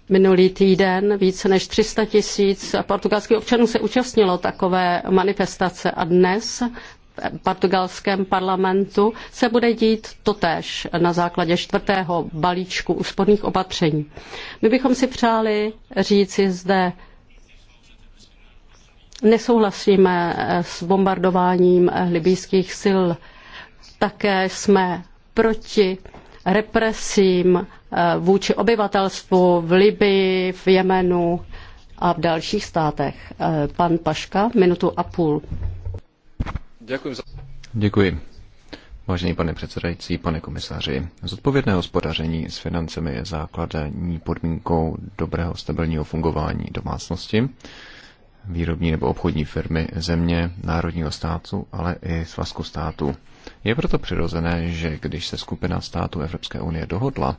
Minulý týden více než 300 tisíc portugalských občanů se účastnilo takové manifestace a dnes portugalském parlamentu se bude dít totéž na základě čtvrtého balíčku úsporných opatření. My bychom si přáli říci zde, nesouhlasíme s bombardováním libýských sil, také jsme proti represím eh, vůči obyvatelstvu v Libii, v Jemenu a v dalších státech. Eh, pan Paška, minutu a půl. Děkuji. Děkuji. Vážený pane předsedající, pane komisaři, zodpovědné hospodaření s financemi je základní podmínkou dobrého stabilního fungování domácnosti, výrobní nebo obchodní firmy země, národního státu, ale i svazku států. Je proto přirozené, že když se skupina států Evropské unie dohodla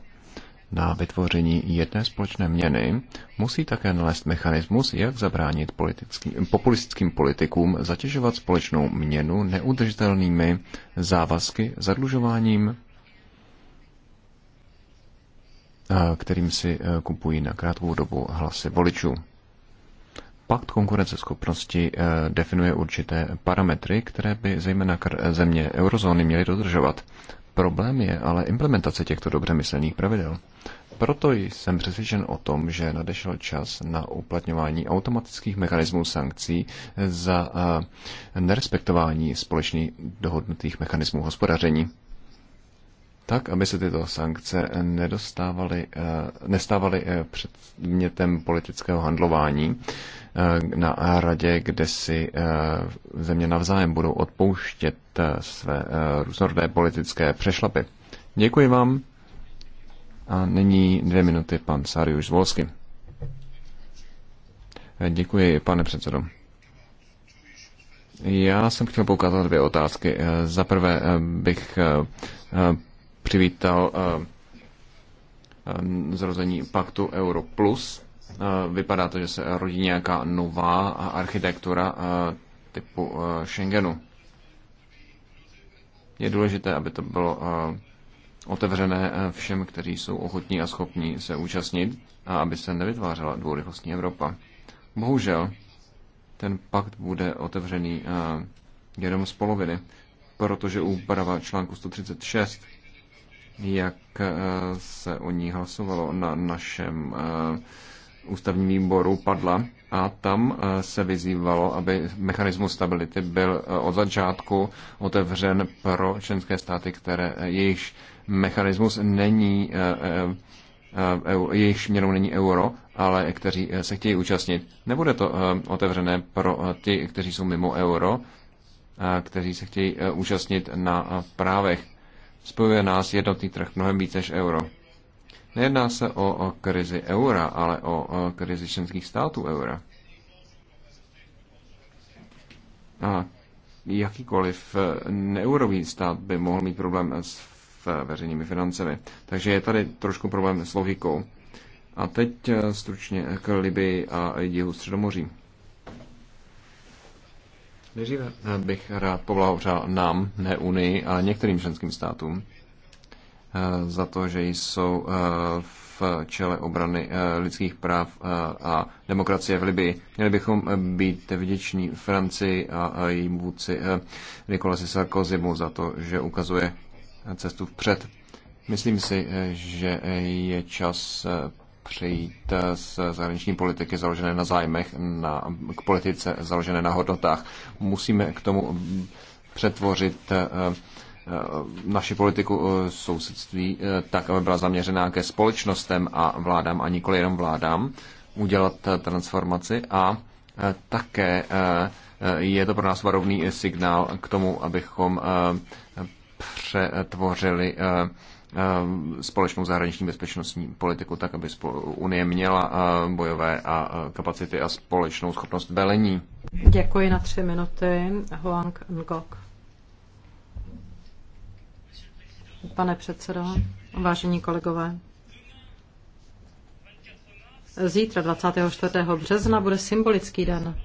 na vytvoření jedné společné měny, musí také nalézt mechanismus, jak zabránit politickým, populistickým politikům zatěžovat společnou měnu neudržitelnými závazky, zadlužováním, eh, kterým si eh, kupují na krátkou dobu hlasy voličů. Pakt konkurenceschopnosti eh, definuje určité parametry, které by zejména země eurozóny měly dodržovat. Problém je ale implementace těchto dobře myslených pravidel. Proto jsem přesvědčen o tom, že nadešel čas na uplatňování automatických mechanismů sankcí za eh, nerespektování společně dohodnutých mechanismů hospodaření. Tak, aby se tyto sankce nedostávaly, eh, nestávaly eh, předmětem politického handlování, Eh, na radě, kde si eh, země navzájem budou odpouštět eh, své různorodé politické přešlapy. Děkuji vám. A nyní dvě minuty pan Sariuš Zvolsky. Děkuji, pane předsedo. Já jsem chtěl poukázat dvě otázky. Za prvé bych přivítal zrození paktu Euro Plus Eh, vypadá to, že se rodí nějaká nová architektura eh, typu eh, Schengenu. Je důležité, aby to bylo otevřené všem, kteří jsou ochotní a schopní se účastnit a aby se nevytvářela dvourychlostní Evropa. Bohužel, ten pakt bude otevřený jenom z poloviny, protože úprava článku 136, jak se o ní hlasovalo na našem ústavní výboru padla a tam eh, se vyzývalo, aby mechanismus stability byl eh, od začátku otevřen pro členské státy, které eh, jejich mechanismus není jejichž měnou není euro, ale kteří se chtějí účastnit. Nebude to otevřené pro ty, kteří jsou mimo euro, kteří se chtějí účastnit na právech. Spojuje nás jednotný trh mnohem více než euro. Nejedná se o, krizi eura, ale o, krizi členských států eura. A jakýkoliv e, neurový stát by mohl mít problém s veřejnými financemi. Takže je tady trošku problém s logikou. A teď e, stručně k Libii a jihu Středomoří. Nejdříve e, bych rád poblahopřál nám, ne Unii, ale některým členským státům Eh, za to, že jsou eh, v čele obrany eh, lidských práv a demokracie v Libii. Měli bychom být vděční Francii a jejím vůdci Nikolasi Sarkozymu za to, že ukazuje cestu vpřed. Myslím si, že je čas přejít z zahraniční politiky založené na zájmech na, k politice založené na hodnotách. Musíme k tomu mm, přetvořit Eh, naši politiku eh, sousedství eh, tak, aby byla zaměřená ke společnostem a vládám a nikoli jenom vládám, udělat transformaci a také je to pro nás varovný signál k tomu, abychom přetvořili společnou zahraniční bezpečnostní politiku tak, aby Unie měla bojové a kapacity a společnou schopnost velení. Děkuji na tři minuty. Hoang Ngoc. pane předsedo, vážení kolegové. Zítra 24. března bude symbolický den.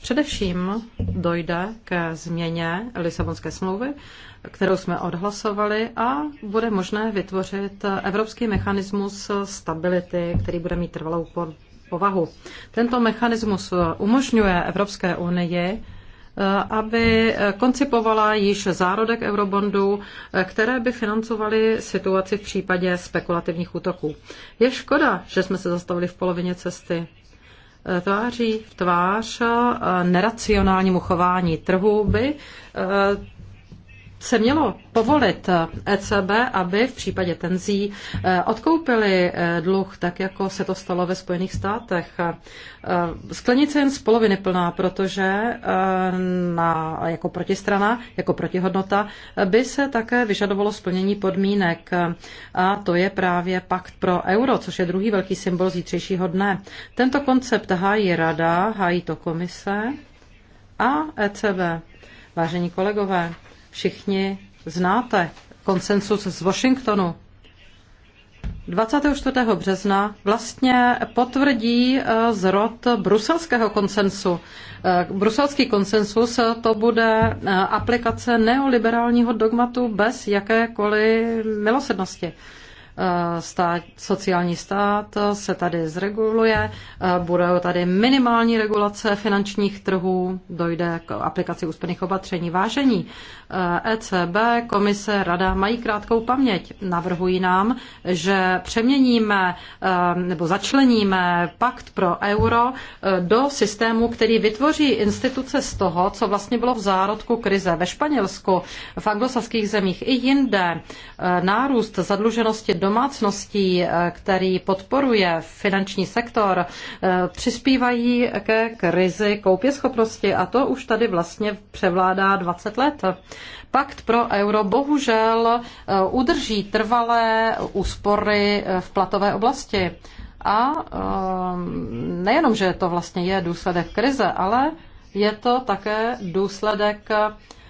Především dojde ke změně Lisabonské smlouvy, kterou jsme odhlasovali a bude možné vytvořit evropský mechanismus stability, který bude mít trvalou povahu. Tento mechanismus umožňuje Evropské unii aby koncipovala již zárodek eurobondů, které by financovaly situaci v případě spekulativních útoků. Je škoda, že jsme se zastavili v polovině cesty tváří v tvář eh, neracionálnímu chování trhu by eh, se mělo povolit ECB, eh, e aby v případě tenzí eh, odkoupili eh, dluh, tak jako se to stalo ve Spojených státech. Sklenice jen z poloviny plná, protože na, jako protistrana, jako protihodnota by se také vyžadovalo splnění podmínek. A to je právě pakt pro euro, což je druhý velký symbol zítřejšího dne. Tento koncept hájí rada, hájí to komise a ECB. Vážení kolegové, všichni znáte, konsensus z Washingtonu. 24. března vlastně potvrdí eh, zrod bruselského konsensu. Eh, bruselský konsensus eh, to bude aplikace neoliberálního dogmatu bez jakékoliv milosednosti. Eh, stát, sociální stát se tady zreguluje, eh, budou tady minimální regulace finančních trhů, dojde k aplikaci úspěšných opatření vážení. ECB, eh, e komise, rada mají krátkou paměť. Navrhují nám, že přeměníme nebo začleníme pakt pro euro do systému, který vytvoří instituce z toho, co vlastně bylo v zárodku krize ve Španělsku, v anglosaských zemích i jinde. Nárůst zadluženosti do domácností, eh, který podporuje finanční sektor, eh, přispívají ke krizi koupěschopnosti a to už tady vlastně převládá 20 let. Pakt pro euro bohužel eh, udrží trvalé úspory v platové oblasti. A nejenom, že to vlastně je důsledek krize, ale je to také důsledek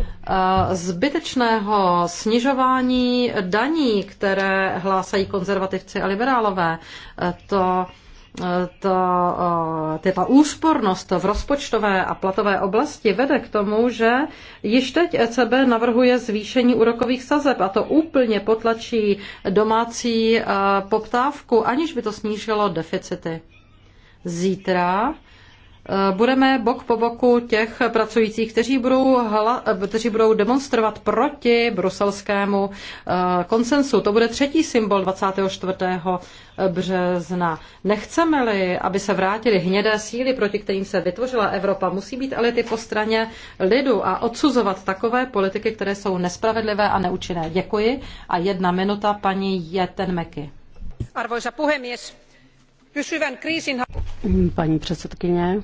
Eh, zbytečného snižování daní, které hlásají konzervativci a liberálové. Eh, to eh, to, to, ta úspornost v rozpočtové a platové oblasti vede k tomu, že již teď ECB navrhuje zvýšení úrokových sazeb a to úplně potlačí domácí poptávku, aniž by to snížilo deficity. Zítra budeme bok po boku těch pracujících, kteří budou, hla, kteří budou demonstrovat proti bruselskému eh, konsensu. To bude třetí symbol 24. března. Nechceme-li, aby se vrátily hnědé síly, proti kterým se vytvořila Evropa, musí být elity po straně lidu a odsuzovat takové politiky, které jsou nespravedlivé a neúčinné. Děkuji. A jedna minuta paní Jeten Meky. Arvoisa puhemies, Paní předsedkyně,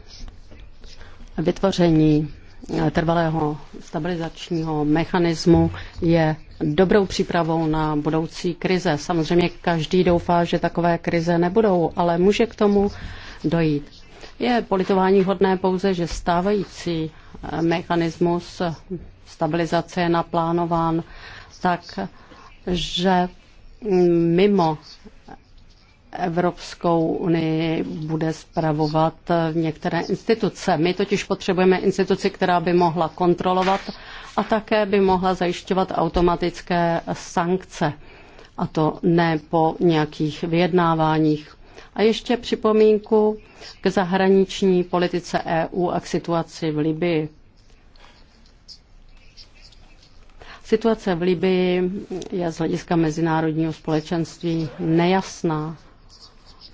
vytvoření trvalého stabilizačního mechanismu je dobrou přípravou na budoucí krize. Samozřejmě každý doufá, že takové krize nebudou, ale může k tomu dojít. Je politování hodné pouze, že stávající mechanismus stabilizace je naplánován tak, že mimo Evropskou unii bude spravovat některé instituce. My totiž potřebujeme instituci, která by mohla kontrolovat a také by mohla zajišťovat automatické sankce. A to ne po nějakých vyjednáváních. A ještě připomínku k zahraniční politice EU a k situaci v Libii. Situace v Libii je z hlediska mezinárodního společenství nejasná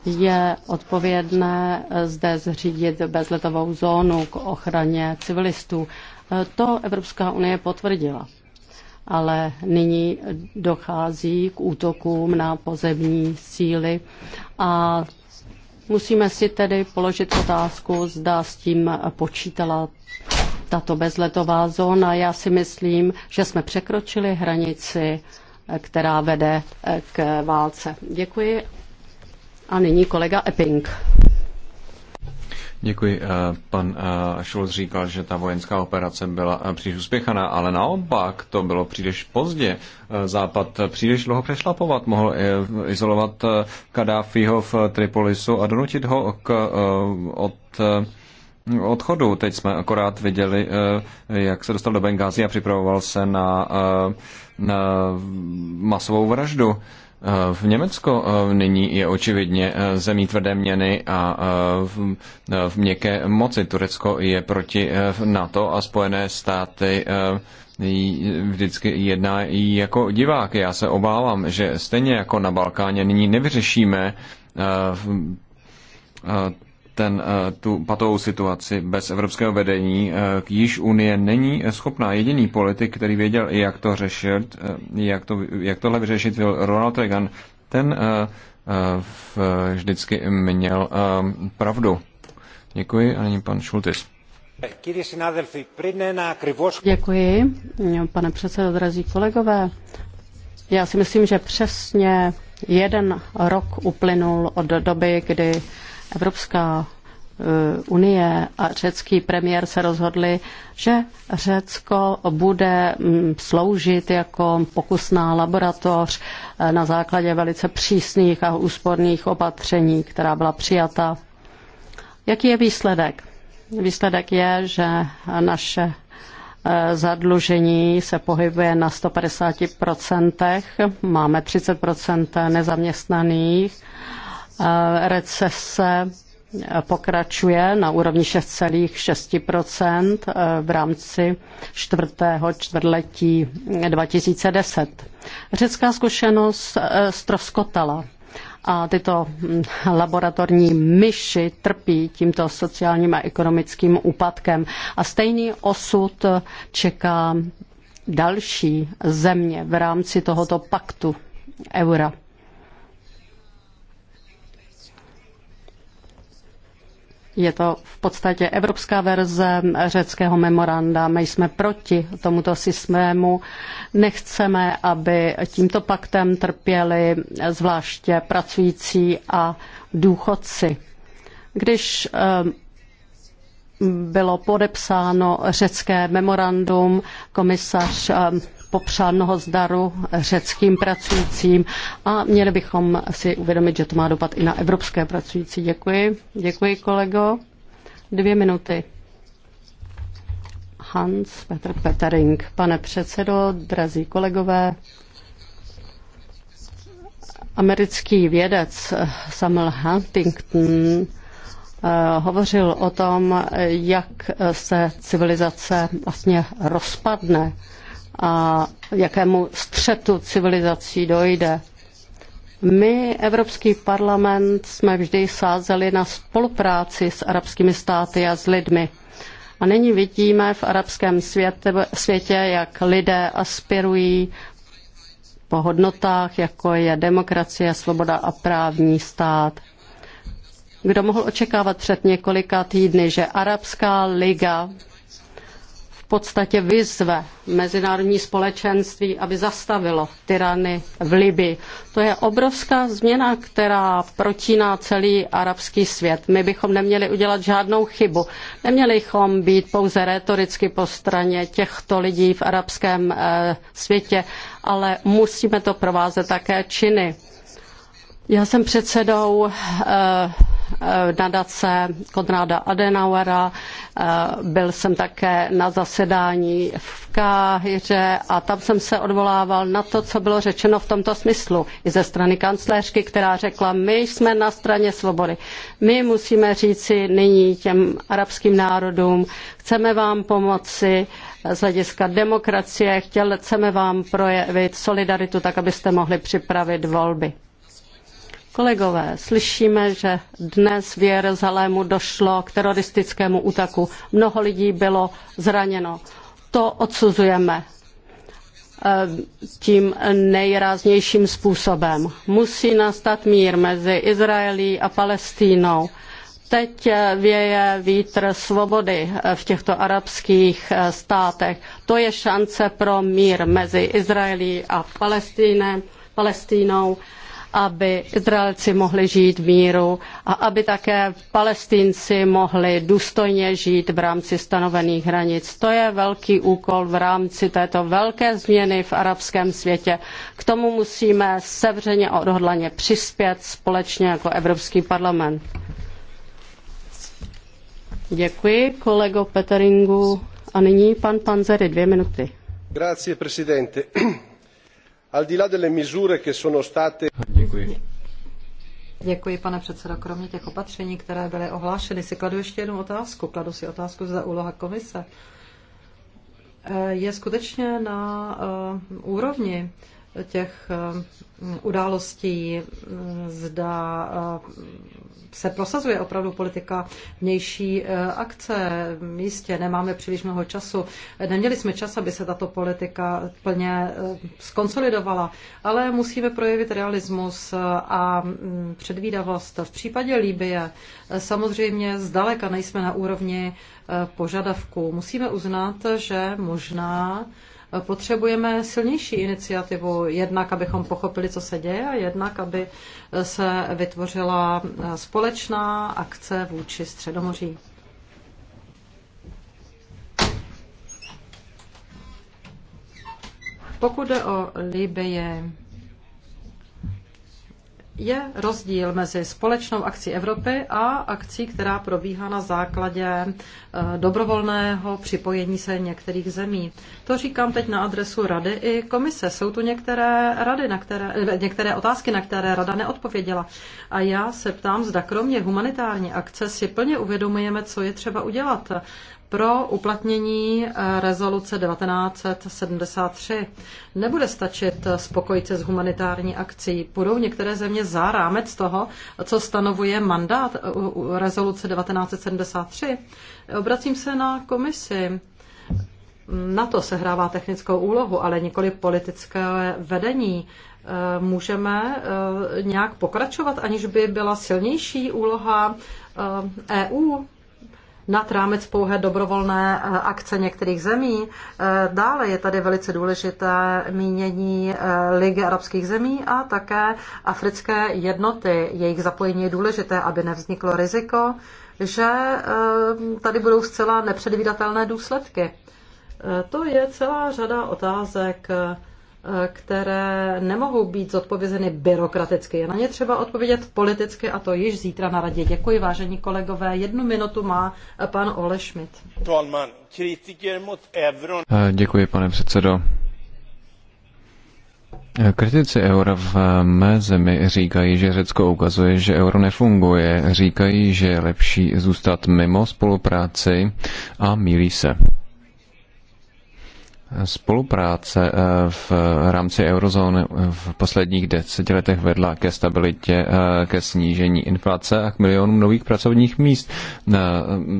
je odpovědné eh, zde zřídit bezletovou zónu k ochraně civilistů. Eh, to Evropská unie potvrdila. Ale nyní dochází k útokům na pozemní síly a musíme si tedy položit otázku, zda s tím počítala tato bezletová zóna. Já si myslím, že jsme překročili hranici, eh, která vede k válce. Děkuji. A nyní kolega Epping. Děkuji. Eh, pan Šulc eh, říkal, že ta vojenská operace byla eh, příliš uspěchaná, ale naopak to bylo příliš pozdě. Západ příliš dlouho přešlapovat, mohl izolovat Kadáfího v Tripolisu a donutit ho k, od odchodu. Teď jsme akorát viděli, jak se dostal do Bengázy a připravoval se na, na masovou vraždu. Eh, v Německo eh, nyní je očividně eh, zemí tvrdé měny a v měkké moci. Turecko je proti NATO a Spojené státy vždycky jedná jako divák. Já se obávám, že stejně jako na Balkáně nyní nevyřešíme ten, eh, tu patovou situaci bez evropského vedení, eh, již Unie není schopná. Jediný politik, který věděl, jak to řešit, eh, jak, to, jak tohle vyřešit, byl Ronald Reagan. Ten vždycky měl pravdu. Děkuji a nyní pan Šultis. Děkuji, pane předsedo, drazí kolegové. Já si myslím, že přesně jeden rok uplynul od doby, kdy Evropská eh, unie a řecký premiér se rozhodli, že Řecko bude mm, sloužit jako pokusná laboratoř eh, na základě velice přísných a úsporných opatření, která byla přijata. Jaký je výsledek? Výsledek je, že naše eh, zadlužení se pohybuje na 150%, máme 30% nezaměstnaných Eh, recese eh, pokračuje na úrovni 6,6 eh, v rámci čtvrtého čtvrtletí 2010. Řecká zkušenost stroskotala a tyto hm, laboratorní myši trpí tímto sociálním a ekonomickým úpadkem. A stejný osud čeká další země v rámci tohoto paktu eura. Je to v podstatě evropská verze řeckého memoranda. My jsme proti tomuto systému. Nechceme, aby tímto paktem trpěli zvláště pracující a důchodci. Když eh, bylo podepsáno řecké memorandum, komisař eh, popřál mnoho zdaru řeckým pracujícím a měli bychom si uvědomit, že to má dopad i na evropské pracující. Děkuji. Děkuji, kolego. Dvě minuty. Hans Petr Petering. Pane předsedo, drazí kolegové, americký vědec Samuel Huntington eh, hovořil o tom, jak se civilizace vlastně rozpadne a jakému střetu civilizací dojde. My, Evropský parlament, jsme vždy sázeli na spolupráci s arabskými státy a s lidmi. A nyní vidíme v arabském světě, světě jak lidé aspirují po hodnotách, jako je demokracie, svoboda a právní stát. Kdo mohl očekávat před několika týdny, že Arabská liga podstatě vyzve mezinárodní společenství, aby zastavilo tyrany v Libii. To je obrovská změna, která protíná celý arabský svět. My bychom neměli udělat žádnou chybu. Neměli bychom být pouze retoricky po straně těchto lidí v arabském eh, světě, ale musíme to provázet také činy. Já jsem předsedou eh, Eh, nadace Konráda Adenauera, eh, byl jsem také na zasedání v Káhyře a tam jsem se odvolával na to, co bylo řečeno v tomto smyslu i ze strany kancléřky, která řekla, my jsme na straně svobody. My musíme říci nyní těm arabským národům, chceme vám pomoci, eh, z hlediska demokracie. chceme vám projevit solidaritu tak, abyste mohli připravit volby. Kolegové, slyšíme, že dnes v Jeruzalému došlo k teroristickému útaku. Mnoho lidí bylo zraněno. To odsuzujeme eh, tím nejráznějším způsobem. Musí nastat mír mezi Izraelí a Palestínou. Teď eh, věje vítr svobody eh, v těchto arabských státech. To je šance pro mír mezi Izraelí a Palestínem, Palestínou aby Izraelci mohli žít v míru a aby také Palestinci mohli důstojně žít v rámci stanovených hranic. To je velký úkol v rámci této velké změny v arabském světě. K tomu musíme sevřeně a odhodlaně přispět společně jako Evropský parlament. Děkuji kolego Peteringu. A nyní pan Panzeri, dvě minuty. Grazie, presidente al di là delle misure che sono state Děkuji. Děkuji, pane předsedo. Kromě těch opatření, které byly ohlášeny, si kladu ještě jednu otázku. Kladu si otázku, zda úloha komise eh, je skutečně na eh, úrovni těch eh, událostí, zda se prosazuje opravdu politika vnější eh, akce. Jistě nemáme příliš mnoho času. Neměli jsme čas, aby se tato politika plně eh, skonsolidovala, ale musíme projevit realismus eh, a mm, předvídavost. V případě Líbie samozřejmě zdaleka nejsme na úrovni požadavků. Musíme uznat, že možná potřebujeme silnější iniciativu, jednak abychom pochopili, co se děje, a jednak aby se vytvořila společná akce vůči Středomoří. Pokud jde o Libie, je rozdíl mezi společnou akcí Evropy a akcí, která probíhá na základě eh, dobrovolného připojení se některých zemí. To říkám teď na adresu rady i komise. Jsou tu některé, rady, na které, eh, některé otázky, na které rada neodpověděla. A já se ptám, zda kromě humanitární akce si plně uvědomujeme, co je třeba udělat pro uplatnění eh, rezoluce 1973. Nebude stačit eh, spokojit se s humanitární akcí. Budou některé země za rámec toho, co stanovuje mandát eh, rezoluce 1973. Obracím se na komisi. Na to se hrává technickou úlohu, ale nikoli politické vedení. Můžeme nějak pokračovat, aniž by byla silnější úloha EU e nad rámec pouhé dobrovolné eh, akce některých zemí. Eh, dále je tady velice důležité mínění eh, Ligy arabských zemí a také africké jednoty. Jejich zapojení je důležité, aby nevzniklo riziko, že tady budou zcela nepředvídatelné důsledky. To je celá řada otázek, které nemohou být zodpovězeny byrokraticky. Je na ně třeba odpovědět politicky a to již zítra na radě. Děkuji, vážení kolegové. Jednu minutu má pan Ole Schmidt. Eh, děkuji, pane předsedo. Eh, kritici eura v eh, mé zemi říkají, že Řecko ukazuje, že euro nefunguje. Říkají, že je lepší zůstat mimo spolupráci a mílí se. Spolupráce eh, v rámci eurozóny eh, v posledních deseti letech vedla ke stabilitě, eh, ke snížení inflace a k milionům nových pracovních míst.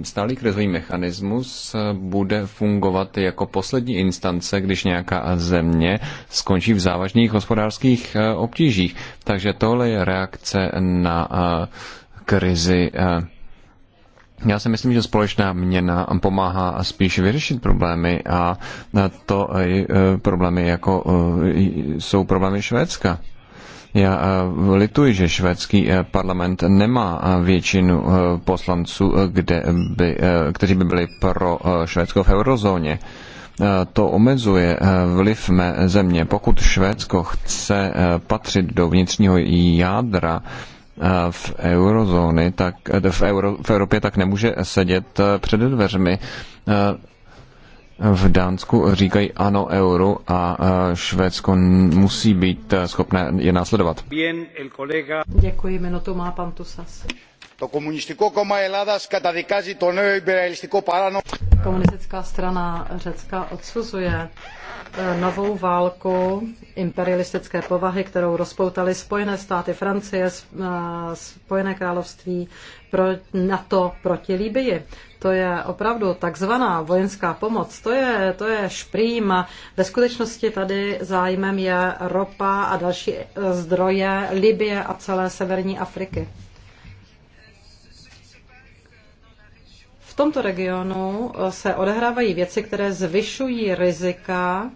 Stálý krizový mechanismus bude fungovat jako poslední instance, když nějaká země skončí v závažných hospodářských obtížích. Takže tohle je reakce na krizi já si myslím, že společná měna pomáhá spíš vyřešit problémy a to i e, problémy jako e, jsou problémy Švédska. Já e, lituji, že švédský parlament nemá většinu poslanců, kde by, kteří by byli pro Švédsko v eurozóně. To omezuje vliv mé země. Pokud Švédsko chce patřit do vnitřního jádra Eh, v eurozóny, tak eh, v, Euro, v Evropě tak nemůže sedět eh, před dveřmi. V Dánsku říkají ano euro a Švédsko musí být schopné je následovat. Děkuji, minutu má pan Tusas. To komunistické koma Ελλάδας καταδικάζει to νέο imperialistický Komunistická strana Řecka odsuzuje e, novou válku imperialistické povahy, kterou rozpoutaly Spojené státy, Francie, e, Spojené království pro, NATO proti Líbii. To je opravdu takzvaná vojenská pomoc, to je, to je šprým. Ve skutečnosti tady zájmem je ropa a další e, zdroje Libie a celé severní Afriky. tomto regionu eh, se odehrávají věci, které zvyšují rizika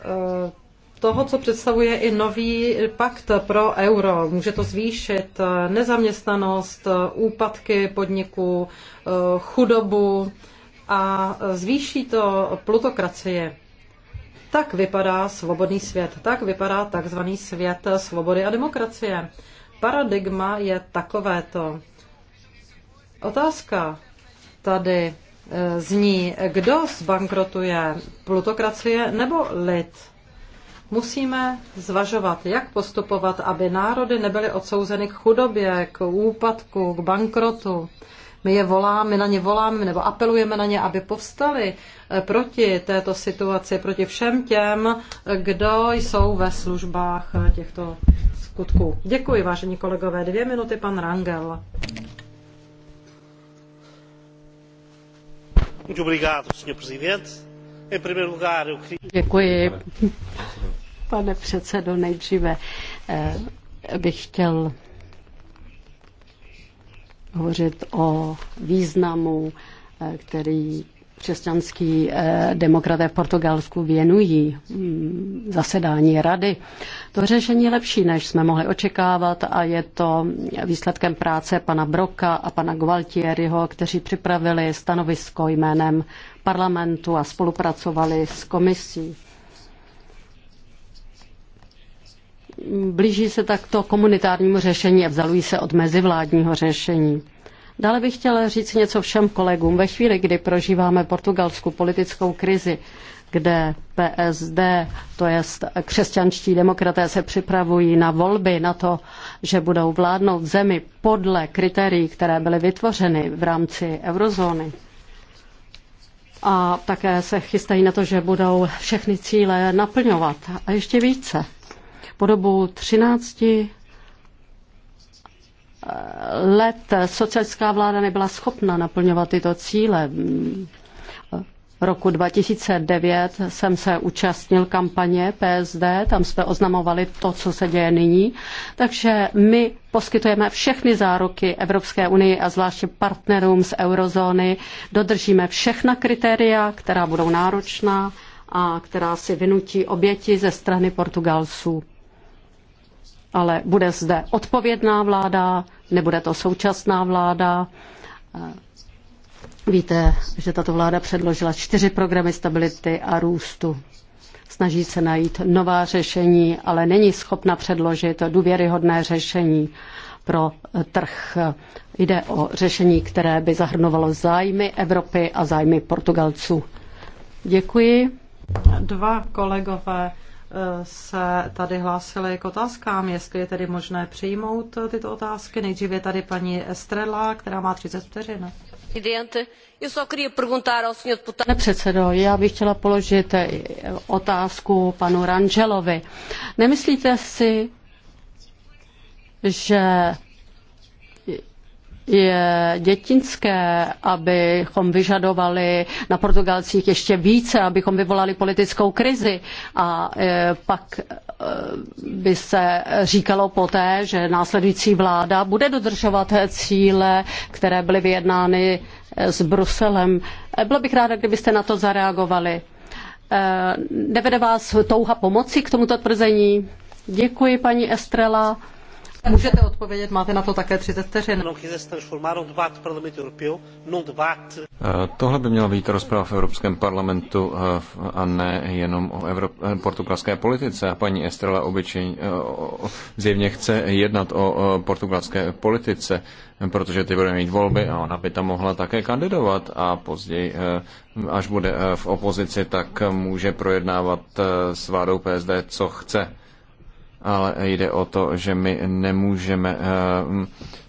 eh, toho, co představuje i nový pakt pro euro. Může to zvýšit eh, nezaměstnanost, úpadky podniků, chudobu a zvýší to plutokracie. Tak vypadá svobodný svět, tak vypadá takzvaný svět svobody a demokracie. Paradigma je takovéto. Otázka tady e, zní, kdo zbankrotuje, plutokracie nebo lid? Musíme zvažovat, jak postupovat, aby národy nebyly odsouzeny k chudobě, k úpadku, k bankrotu. My je voláme, my na ně voláme nebo apelujeme na ně, aby povstali e, proti této situaci, proti všem těm, kdo jsou ve službách e, těchto skutků. Děkuji, vážení kolegové. Dvě minuty, pan Rangel. Děkuji, pane předsedo. Nejdříve eh, bych chtěl hovořit o významu, eh, který křesťanský eh, demokraté v Portugalsku věnují hm, zasedání rady. To řešení je lepší, než jsme mohli očekávat a je to výsledkem práce pana Broka a pana Gualtieriho, kteří připravili stanovisko jménem parlamentu a spolupracovali s komisí. Blíží se takto komunitárnímu řešení a vzalují se od mezivládního řešení. Dále bych chtěla říct něco všem kolegům. Ve chvíli, kdy prožíváme portugalskou politickou krizi, kde PSD, to je křesťanští demokraté, se připravují na volby, na to, že budou vládnout zemi podle kritérií, které byly vytvořeny v rámci eurozóny. A také se chystají na to, že budou všechny cíle naplňovat a ještě více. Po dobu 13 let socialistická vláda nebyla schopna naplňovat tyto cíle. Roku 2009 jsem se účastnil kampaně PSD, tam jsme oznamovali to, co se děje nyní. Takže my poskytujeme všechny záruky Evropské unii a zvláště partnerům z eurozóny. Dodržíme všechna kritéria, která budou náročná a která si vynutí oběti ze strany Portugalců ale bude zde odpovědná vláda, nebude to současná vláda. Eh, víte, že tato vláda předložila čtyři programy stability a růstu. Snaží se najít nová řešení, ale není schopna předložit důvěryhodné řešení pro eh, trh. Jde o řešení, které by zahrnovalo zájmy Evropy a zájmy Portugalců. Děkuji. Dva kolegové se tady hlásili k otázkám, jestli je tedy možné přijmout tyto otázky. Nejdříve je tady paní Estrela, která má 30 vteřin. Pane předsedo, já bych chtěla položit eh, otázku panu Rangelovi. Nemyslíte si, že je dětinské, abychom vyžadovali na Portugalcích ještě více, abychom vyvolali politickou krizi a e, pak e, by se říkalo poté, že následující vláda bude dodržovat cíle, které byly vyjednány e, s Bruselem. Byla bych ráda, kdybyste na to zareagovali. Nevede vás touha pomoci k tomuto tvrzení? Děkuji, paní Estrela. Můžete odpovědět, máte na to také 30 vteřin. Um eh, tohle by měla být rozprava v Evropském parlamentu eh, a ne jenom o Evrop- eh, portugalské politice. A paní Estrela obyčejně zjevně chce jednat o portugalské politice, protože ty bude mít volby a ona by tam mohla také kandidovat a později, až bude v opozici, tak může projednávat s vládou PSD, co chce ale jde o to, že my nemůžeme eh, mm,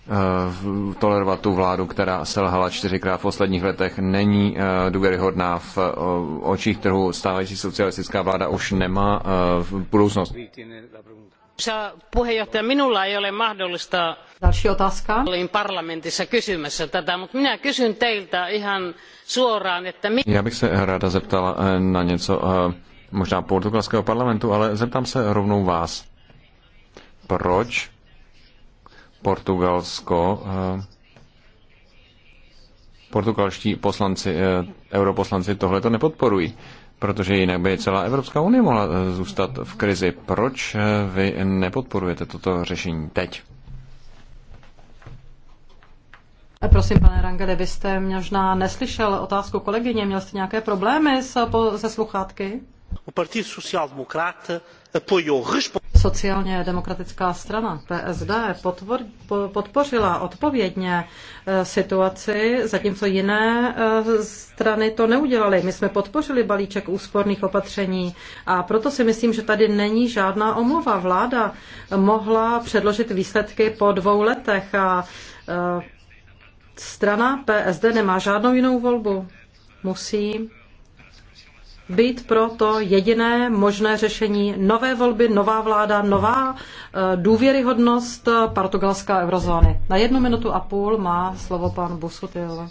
eh, tolerovat tu vládu, která selhala čtyřikrát v posledních letech, není eh, důvěryhodná v očích trhu. Stávající socialistická vláda už nemá budoucnost. Puheenjohtaja, minulla ei ole mahdollista Další otázka. Olin parlamentissa kysymässä tätä, mutta minä kysyn teiltä ihan suoraan, että... Mi- Já bych se ráda zeptala na něco možná portugalského parlamentu, ale zeptám se rovnou vás proč Portugalsko eh, portugalští poslanci, eh, europoslanci tohle to nepodporují, protože jinak by celá Evropská unie mohla eh, zůstat v krizi. Proč vy nepodporujete toto řešení teď? Prosím, pane Rangele, vy jste možná neslyšel otázku kolegyně. Měl jste nějaké problémy se, po, se sluchátky? O Partido Social Democrata apoiou sociálně demokratická strana PSD potvor, podpořila odpovědně eh, situaci, zatímco jiné eh, strany to neudělaly. My jsme podpořili balíček úsporných opatření a proto si myslím, že tady není žádná omluva. Vláda mohla předložit výsledky po dvou letech a eh, strana PSD nemá žádnou jinou volbu. Musí být proto jediné možné řešení nové volby, nová vláda, nová eh, důvěryhodnost portugalská eurozóny. Na jednu minutu a půl má slovo pan Busutil.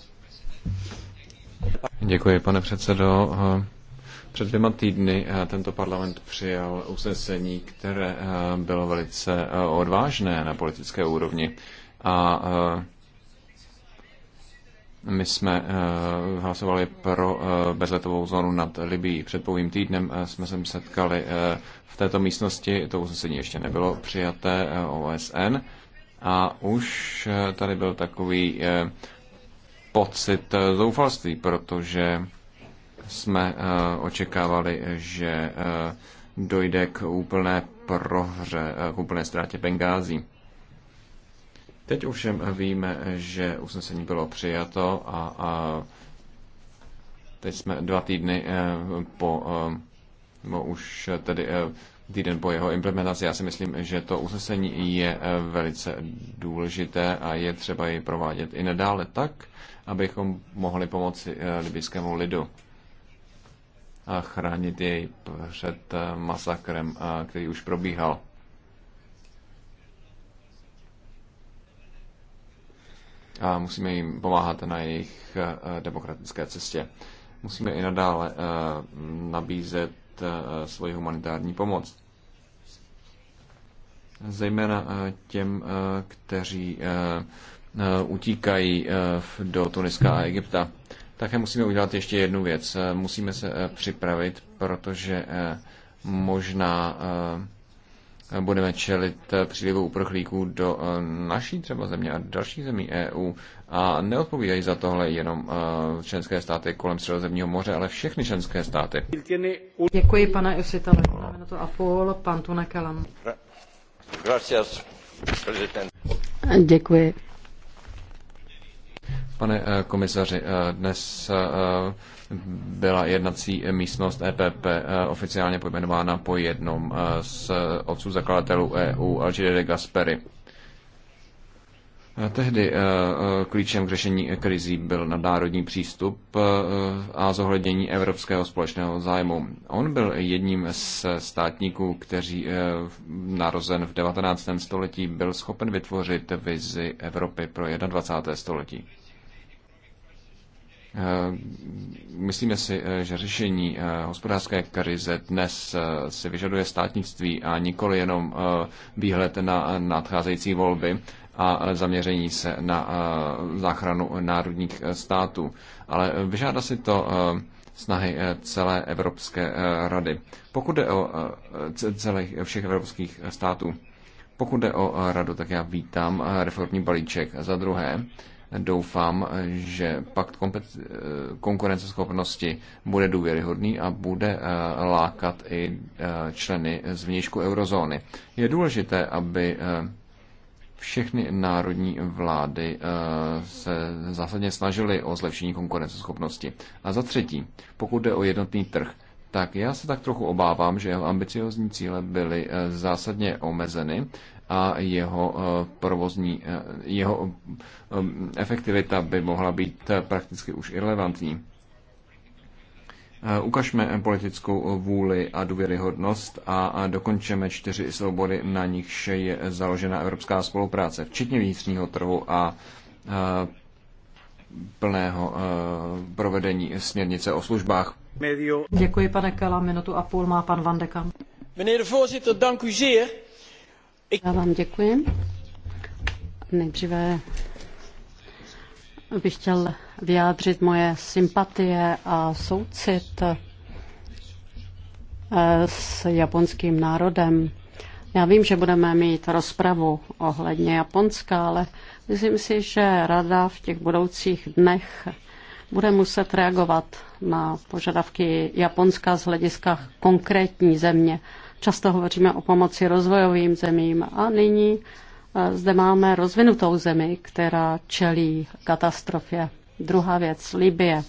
Děkuji, pane předsedo. Eh, před dvěma týdny eh, tento parlament přijal usnesení, které bylo velice odvážné na politické úrovni. A my jsme eh, hlasovali pro eh, bezletovou zónu nad Libií. Před pouhým týdnem eh, jsme se setkali v této místnosti, to usnesení ještě nebylo přijaté OSN a už tady byl takový pocit zoufalství, protože jsme očekávali, že dojde k úplné prohře, k úplné ztrátě Bengází. Teď ovšem víme, že usnesení bylo přijato a, a teď jsme dva týdny eh, po, no už eh, tedy týden po jeho implementaci. Já si myslím, že to usnesení je velice důležité a je třeba ji provádět i nadále tak, abychom mohli pomoci libyskému lidu a chránit jej před masakrem, který už probíhal. a musíme jim pomáhat na jejich eh, eh, demokratické cestě. Musíme i nadále eh, nabízet svoji humanitární pomoc. Zejména těm, kteří utíkají do Tuniska a Egypta. Také musíme udělat ještě jednu věc. Musíme se připravit, protože možná Eh, budeme čelit eh, přílivu uprchlíků do eh, naší třeba země a dalších zemí EU. A neodpovídají za tohle jenom členské státy kolem Středozemního moře, ale všechny členské státy. Děkuji, pane Josita, na to a půl, pan Tunekalan. Děkuji. Pane komisaři, dnes byla jednací místnost EPP eh, oficiálně pojmenována po jednom eh, z otců zakladatelů EU Algide de Gasperi. Eh, tehdy klíčem k řešení krizí byl nadnárodní přístup a zohlednění evropského společného zájmu. On byl jedním z státníků, kteří narozen v 19. století byl schopen vytvořit vizi Evropy pro 21. století. Eh, myslíme si, eh, že řešení eh, hospodářské krize dnes si vyžaduje státnictví a nikoli jenom výhled na nadcházející volby a zaměření se na záchranu národních států. Ale vyžádá si to snahy celé Evropské rady. Pokud jde o celých všech evropských států, pokud jde o radu, tak já vítám reformní balíček. Za druhé, Doufám, že pakt konkurenceschopnosti bude důvěryhodný a bude eh, lákat i eh, členy z vnějšku eurozóny. Je důležité, aby eh, všechny národní vlády se zásadně snažily o zlepšení konkurenceschopnosti. A za třetí, pokud jde o jednotný trh, tak já se tak trochu obávám, že jeho ambiciozní cíle byly zásadně omezeny a jeho eh, provozní, eh, jeho eh, efektivita by mohla být prakticky už irrelevantní. Ukažme politickou vůli a důvěryhodnost a dokončeme čtyři svobody, na nichž je založena evropská spolupráce, včetně vnitřního trhu a plného provedení směrnice o službách. Děkuji, pane Kela. Minutu a půl má pan Van de Kamp. Meneer de voorzitter, dank u zeer. Já vám děkuji. Nejdříve bych chtěl vyjádřit moje sympatie a soucit eh, s japonským národem. Já vím, že budeme mít rozpravu ohledně Japonska, ale myslím si, že Rada v těch budoucích dnech bude muset reagovat na požadavky Japonska z hlediska konkrétní země. Často hovoříme o pomoci rozvojovým zemím a nyní e, zde máme rozvinutou zemi, která čelí katastrofě. Druhá věc, Libie.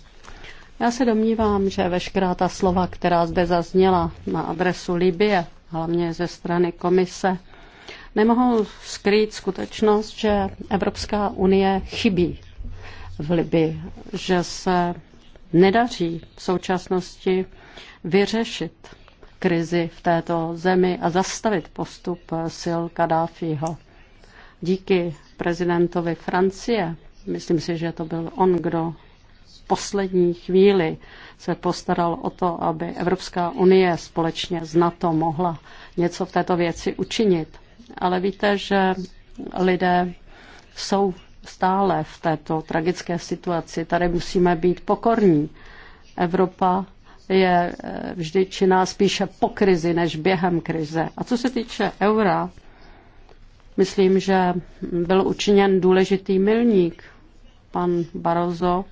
Já se domnívám, že veškerá ta slova, která zde zazněla na adresu Libie, hlavně ze strany komise, nemohou skrýt skutečnost, že Evropská unie chybí v Libii, že se nedaří v současnosti vyřešit krizi v této zemi a zastavit postup eh, sil Kadáfího. Díky prezidentovi Francie, myslím si, že to byl on, kdo v poslední chvíli se postaral o to, aby Evropská unie společně s NATO mohla něco v této věci učinit. Ale víte, že lidé jsou stále v této tragické situaci. Tady musíme být pokorní. Evropa je eh, vždy činná spíše po krizi než během krize. A co se týče eura, myslím, že byl učiněn důležitý milník. Pan Barozo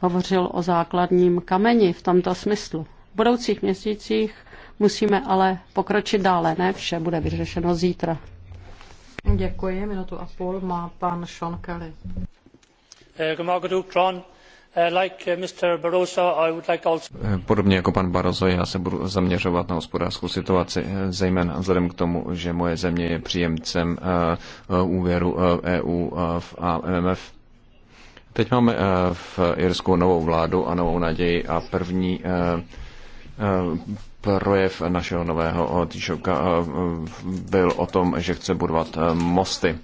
hovořil o základním kameni v tomto smyslu. V budoucích měsících musíme ale pokročit dále. Ne vše bude vyřešeno zítra. Děkuji. Minutu a půl má pan Sean Kelly. Eh, Uh, uh, eh, podobně jako pan Barroso, já se budu zaměřovat na hospodářskou situaci, eh, zejména vzhledem k tomu, že moje země je příjemcem eh, úvěru EU e a MMF. Teď máme v Irsku novou vládu a novou naději a první projev našeho nového týšovka byl o tom, že chce budovat mosty.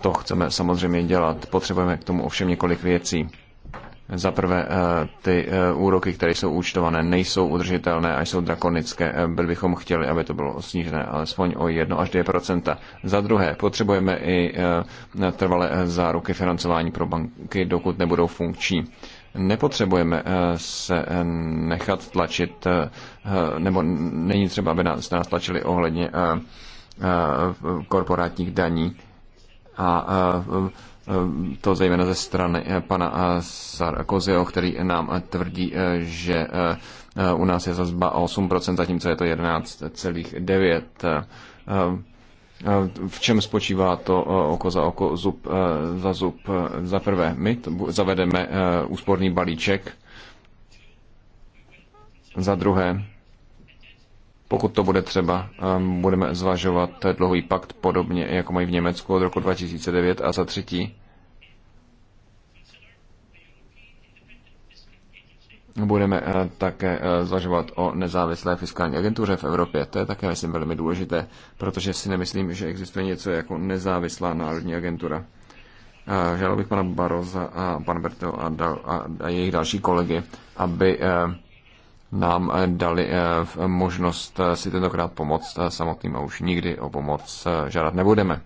To chceme samozřejmě dělat. Potřebujeme k tomu ovšem několik věcí za prvé, eh, ty eh, úroky, které jsou účtované, nejsou udržitelné a jsou drakonické. Eh, byli bychom chtěli, aby to bylo snížené alespoň o 1 až 2 Za druhé, potřebujeme i trvalé záruky financování pro banky, dokud nebudou funkční nepotřebujeme se nechat tlačit, nebo není třeba, aby nás, nás tlačili ohledně korporátních daní a Eh, to zejména ze strany eh, pana eh, Sarkozyho, který nám tvrdí, že u nás je zazba 8%, zatímco je to 11,9%. V čem spočívá to oko za oko, zub za zub? Za prvé, my zavedeme úsporný balíček. Za druhé, pokud to bude třeba, ehm, budeme zvažovat dlouhý pakt podobně, jako mají v Německu od roku 2009 a za třetí. Budeme eh, také eh, zvažovat o nezávislé fiskální agentuře v Evropě. To je také, myslím, velmi důležité, protože si nemyslím, že existuje něco jako nezávislá národní agentura. Eh, žádal bych pana Baroza a pan Bertel a, dal, a, a jejich další kolegy, aby nám eh, dali eh, eh, možnost si tentokrát pomoct samotným a už nikdy o pomoc žádat nebudeme.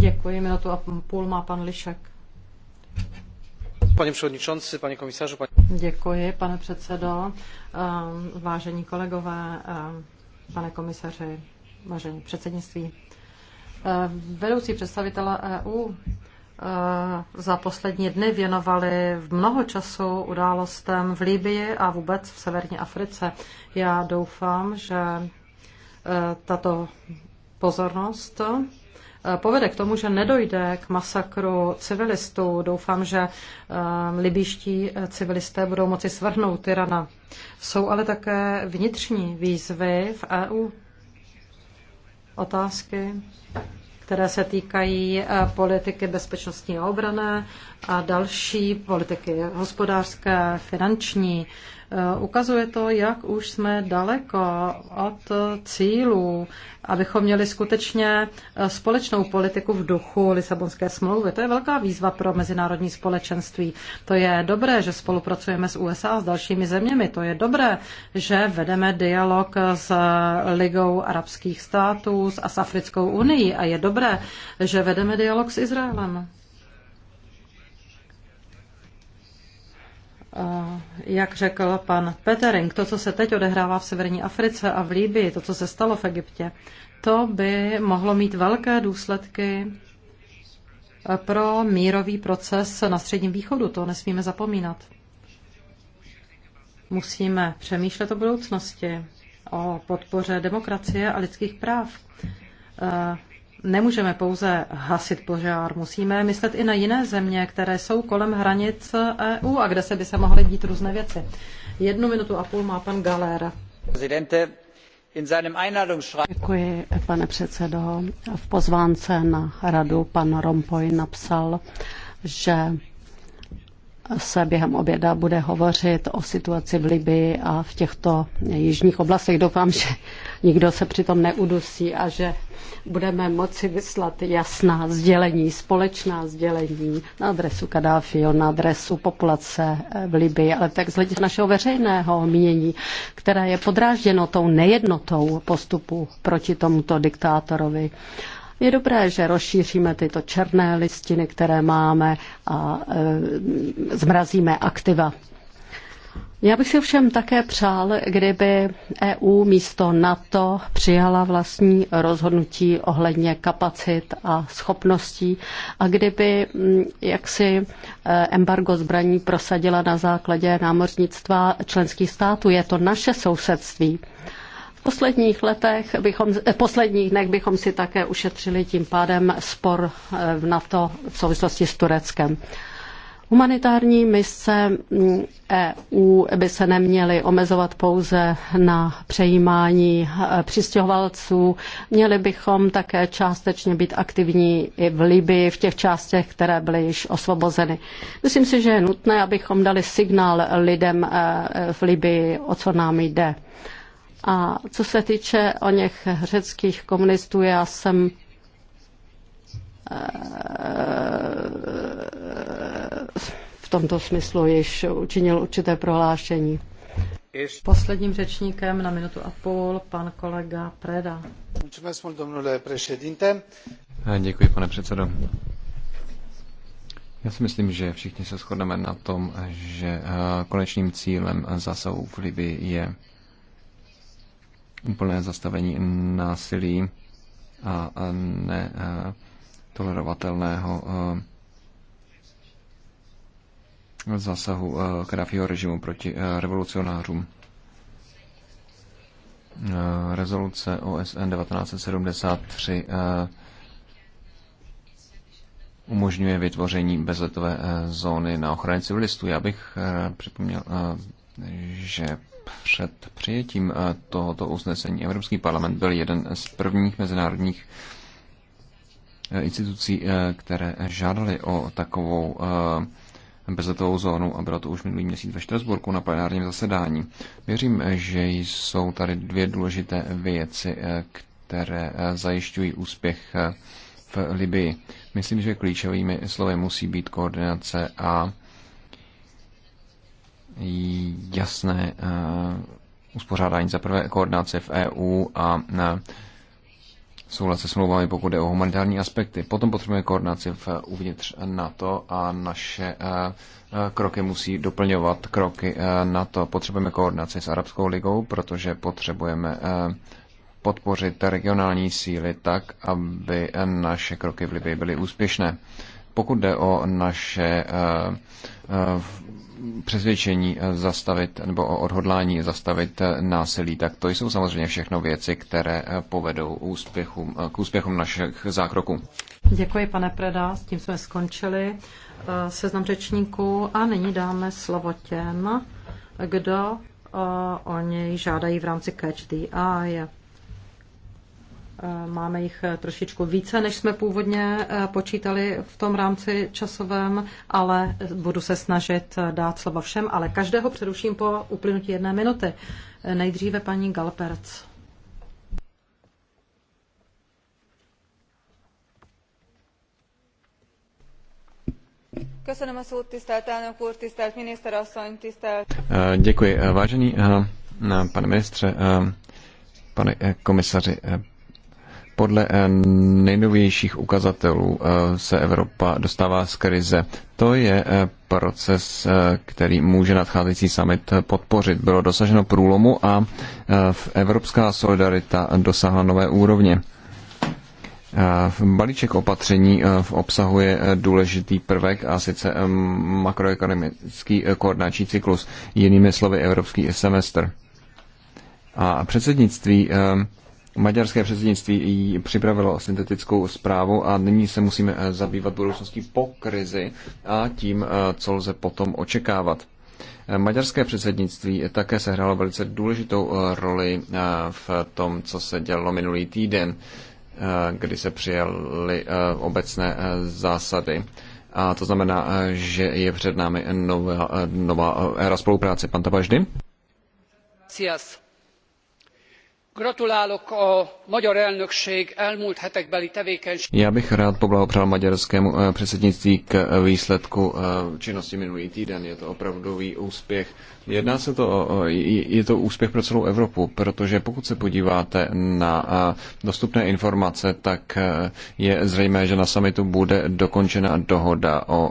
Děkuji, minutu a půl má pan Lišek. Pane předsedající, pane komisaři. Pane... Děkuji, pane předsedo. Vážení kolegové, pane komisaři, vážení předsednictví. Vedoucí představitele EU Eh, za poslední dny věnovali mnoho času událostem v Libii a vůbec v severní Africe. Já doufám, že eh, tato pozornost eh, povede k tomu, že nedojde k masakru civilistů. Doufám, že Libiští civilisté budou moci svrhnout tyrana. Jsou ale také vnitřní výzvy v EU. Otázky které se týkají eh, politiky bezpečnostní a obrané a další politiky, hospodářské, finanční. Eh, ukazuje to, jak už jsme daleko od cílů, abychom měli skutečně eh, společnou politiku v duchu Lisabonské smlouvy. To je velká výzva pro mezinárodní společenství. To je dobré, že spolupracujeme s USA a s dalšími zeměmi. To je dobré, že vedeme dialog s Ligou arabských států a s Africkou unii. A je dobré, že vedeme dialog s Izraelem. Eh, jak řekl pan Petering, to, co se teď odehrává v severní Africe a v Líbii, to, co se stalo v Egyptě, to by mohlo mít velké důsledky eh, pro mírový proces na Středním východu. To nesmíme zapomínat. Musíme přemýšlet o budoucnosti, o podpoře demokracie a lidských práv. Eh, nemůžeme pouze hasit požár, musíme myslet i na jiné země, které jsou kolem hranic EU a kde se by se mohly dít různé věci. Jednu minutu a půl má pan Galer. Děkuji, pane předsedo. V pozvánce na radu pan Rompoy napsal, že se během oběda bude hovořit o situaci v Libii a v těchto jižních oblastech. Doufám, že nikdo se přitom neudusí a že budeme moci vyslat jasná sdělení, společná sdělení na adresu Kadáfio, na adresu populace v Libii, ale tak z hlediska našeho veřejného mínění, které je podrážděno tou nejednotou postupu proti tomuto diktátorovi. Je dobré, že rozšíříme tyto černé listiny, které máme a e, zmrazíme aktiva. Já bych si všem také přál, kdyby EU místo NATO přijala vlastní rozhodnutí ohledně kapacit a schopností a kdyby mm, jaksi e, embargo zbraní prosadila na základě námořnictva členských států. Je to naše sousedství posledních letech bychom, eh, posledních dnech bychom si také ušetřili tím pádem spor v eh, NATO v souvislosti s Tureckem. Humanitární mise mm, EU by se neměly omezovat pouze na přejímání eh, přistěhovalců. Měli bychom také částečně být aktivní i v Libii, v těch částech, které byly již osvobozeny. Myslím si, že je nutné, abychom dali signál lidem v Libii, o co nám jde. A co se týče o něch řeckých komunistů, já jsem eh, v tomto smyslu již učinil určité prohlášení. Posledním řečníkem na minutu a půl pan kolega Preda. Děkuji, pane předsedo. Já si myslím, že všichni se shodneme na tom, že eh, konečným cílem zásahu v Libii je úplné zastavení násilí a netolerovatelného eh, zásahu Kadáfího eh, režimu proti eh, revolucionářům. Rezoluce OSN 1973 umožňuje vytvoření bezletové zóny na ochraně civilistů. Já bych připomněl, že před přijetím eh, tohoto usnesení Evropský parlament byl jeden z prvních mezinárodních eh, institucí, eh, které žádali o takovou bezletovou zónu a bylo to už minulý měsíc ve Štrasburku na plenárním zasedání. Věřím, že jsou tady dvě důležité věci, které zajišťují úspěch v Libii. Myslím, že klíčovými slovy musí být koordinace a jasné eh, uspořádání za prvé koordinace v EU a eh, souhlas se smlouvami, pokud jde o humanitární aspekty. Potom potřebujeme koordinaci v, uvnitř NATO a naše eh, kroky musí doplňovat kroky NATO. Potřebujeme koordinaci s Arabskou ligou, protože potřebujeme podpořit regionální síly tak, aby naše kroky v Libii byly úspěšné. Pokud jde o naše přesvědčení eh, zastavit nebo o odhodlání zastavit eh, násilí, tak to jsou samozřejmě všechno věci, které eh, povedou úspěchům, k úspěchům našich zákroků. Děkuji, pane Preda, s tím jsme skončili seznam řečníků a nyní dáme slovo těm, kdo o něj žádají v rámci Catch the Eye. Eh, máme jich eh, trošičku více, než jsme původně eh, počítali v tom rámci časovém, ale budu se snažit dát slovo všem, ale každého přeruším po uplynutí jedné minuty. Nejdříve paní Galperc. Děkuji. Vážený pane ministře, pane komisaři, podle eh, nejnovějších ukazatelů eh, se Evropa dostává z krize. To je eh, proces, který může nadcházející summit podpořit. Bylo dosaženo průlomu a evropská solidarita dosáhla nové úrovně. Balíček opatření obsahuje důležitý prvek a sice makroekonomický koordinační cyklus, jinými slovy evropský semestr. A předsednictví Maďarské předsednictví připravilo syntetickou zprávu a nyní se musíme eh, zabývat budoucností po krizi a tím, eh, co lze potom očekávat. Eh, Maďarské předsednictví také sehrálo velice důležitou roli v tom, co se dělalo minulý týden, kdy se přijaly obecné zásady. A to znamená, že je před námi nová, nová éra spolupráce. Pan Tabaždy? Cias. Gratulálok a magyar elnökség elmúlt hetekbeli tevékenységéhez. Já bych rád poblahopřál maďarskému eh, předsednictví k eh, výsledku eh, činnosti minulý týden. Je to opravdový úspěch. Jedná se to o, je to úspěch pro celou Evropu, protože pokud se podíváte na dostupné informace, tak je zřejmé, že na summitu bude dokončena dohoda o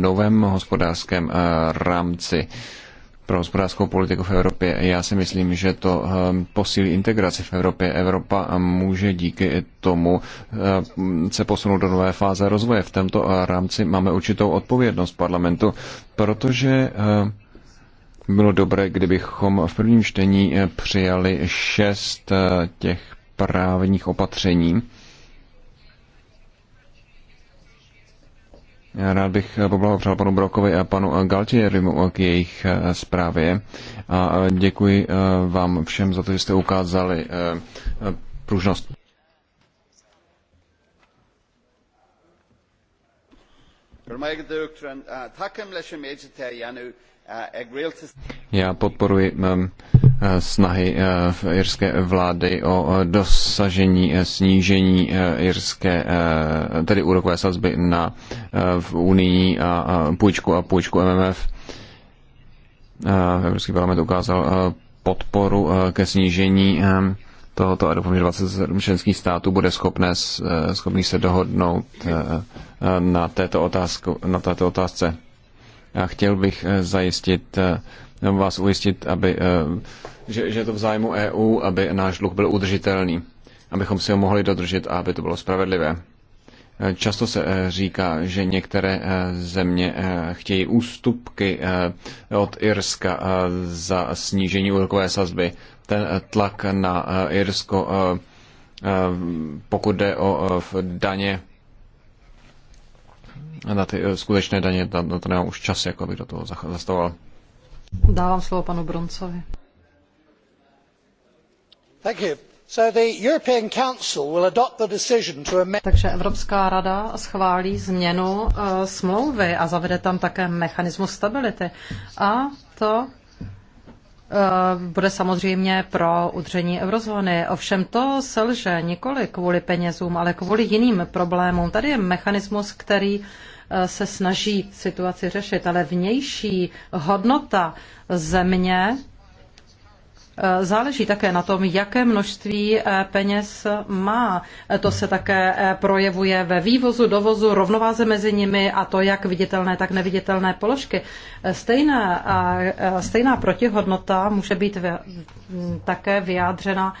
novém hospodářském rámci pro hospodářskou politiku v Evropě. Já si myslím, že to eh, posílí integraci v Evropě. Evropa může díky tomu eh, se posunout do nové fáze rozvoje. V tomto eh, rámci máme určitou odpovědnost parlamentu, protože bylo dobré, kdybychom v prvním čtení přijali šest těch právních opatření, Rád bych poblahopřál panu Brokovi a panu Galtierimu k jejich eh, zprávě a eh, děkuji eh, vám všem za to, že jste ukázali pružnost. Herr Meigeldöktran, takem leše medzete janu já podporuji eh, eh, snahy eh, irské vlády o dosažení snížení irské, tedy úrokové sazby na v unijní a půjčku a půjčku MMF. Evropský parlament ukázal podporu ke snížení tohoto a doufám, že 27 členských států bude schopné, schopný se dohodnout na této, otázku, na této otázce. A chtěl bych eh, zajistit, eh, nebo vás ujistit, aby, eh, že, že je to v zájmu EU, aby náš dluh byl udržitelný, abychom si ho mohli dodržet a aby to bylo spravedlivé. Často se říká, že některé země chtějí ústupky od Irska za snížení úrokové sazby. Ten tlak na Irsko, pokud jde o daně, na ty eh, skutečné daně, na, na to nemám už čas, jako abych do toho zastavoval. Dávám slovo panu Broncovi. Thank you. So the European Council will adopt the decision to amend... Takže Evropská rada schválí změnu uh, smlouvy a zavede tam také mechanismus stability. A to eh, bude samozřejmě pro udření eurozóny. Ovšem to selže nikoli kvůli penězům, ale kvůli jiným problémům. Tady je mechanismus, který Eh, se snaží situaci řešit, ale vnější hodnota země eh, Záleží také na tom, jaké množství eh, peněz má. To se také projevuje ve vývozu, dovozu, rovnováze mezi nimi a to, jak viditelné, tak neviditelné položky. Stejná, stejná protihodnota může být také vyjádřena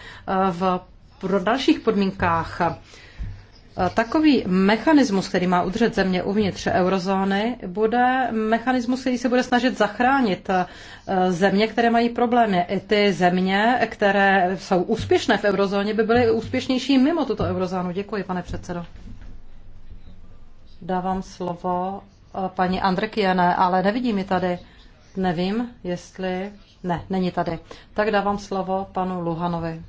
v pro dalších podmínkách. Takový mechanismus, který má udržet země uvnitř eurozóny, bude mechanismus, který se bude snažit zachránit eh, země, které mají problémy. I ty země, které jsou úspěšné v eurozóně, by byly úspěšnější mimo tuto eurozónu. Děkuji, pane předsedo. Dávám slovo eh, paní Andrekiene, ale nevidím ji tady. Nevím, jestli... Ne, není tady. Tak dávám slovo panu Luhanovi.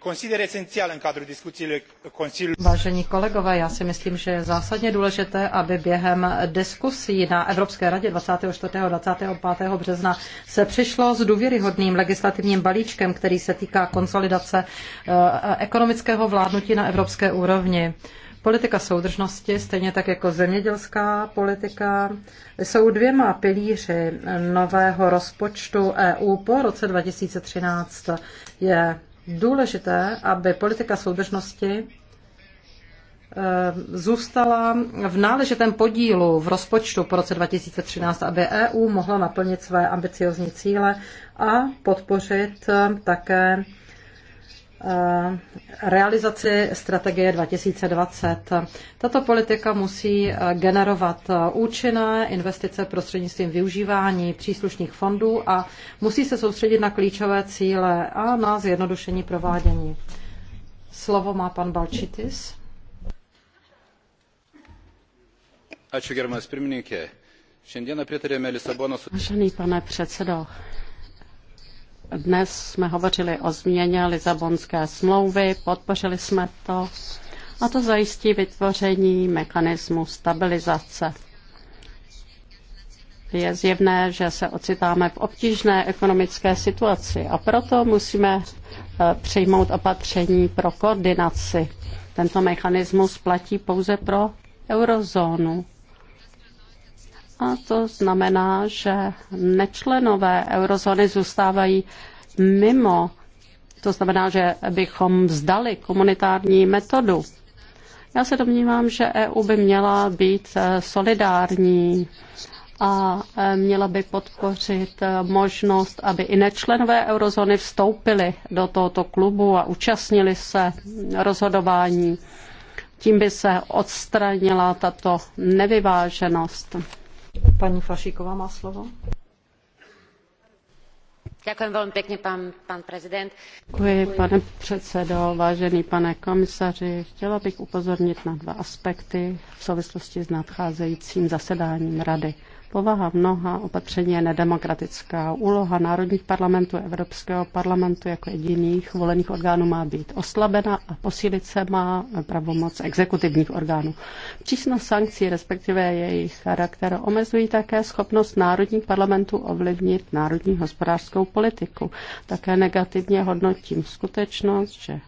consider esențial în cadrul discuțiilor Consiliului. Vážení kolegové, já si myslím, že je zásadně důležité, aby během diskusí na Evropské radě twenty four a five března se přišlo s důvěryhodným legislativním balíčkem, který se týká konsolidace eh, ekonomického vládnutí na evropské úrovni. Politika soudržnosti, stejně tak jako zemědělská politika, jsou dvěma pilíři nového rozpočtu EU po roce 2013. Je důležité, aby politika soudržnosti eh, zůstala v náležitém podílu v rozpočtu po roce 2013, aby EU mohla naplnit své ambiciozní cíle a podpořit eh, také Eh, realizaci strategie 2020. Tato politika musí eh, generovat eh, účinné investice prostřednictvím využívání příslušných fondů a musí se soustředit na klíčové cíle a na zjednodušení provádění. Slovo má pan Balčitis. Ačiū, pirmininkė. Šiandieną pritarėme Lisabonos... Vážený pane předsedo, dnes jsme hovořili o změně Lizabonské smlouvy, podpořili jsme to a to zajistí vytvoření mechanismu stabilizace. Je zjevné, že se ocitáme v obtížné ekonomické situaci a proto musíme eh, přijmout opatření pro koordinaci. Tento mechanismus platí pouze pro eurozónu. A to znamená, že nečlenové eurozóny zůstávají mimo. To znamená, že bychom vzdali komunitární metodu. Já se domnívám, že EU by měla být eh, solidární a eh, měla by podpořit eh, možnost, aby i nečlenové eurozóny vstoupily do tohoto klubu a účastnili se rozhodování. Tím by se odstranila tato nevyváženost. Paní Flašíková má slovo. Děkuji velmi pěkně, pan, pan prezident. Děkuji, pane předsedo, vážený pane komisaři. Chtěla bych upozornit na dva aspekty v souvislosti s nadcházejícím zasedáním rady. Povaha mnoha opatření je nedemokratická. Úloha národních parlamentů, Evropského parlamentu jako jediných volených orgánů má být oslabena a posílit se má pravomoc exekutivních orgánů. Přísnost sankcí, respektive jejich charakter, omezují také schopnost národních parlamentů ovlivnit národní hospodářskou politiku. Také negativně hodnotím skutečnost, že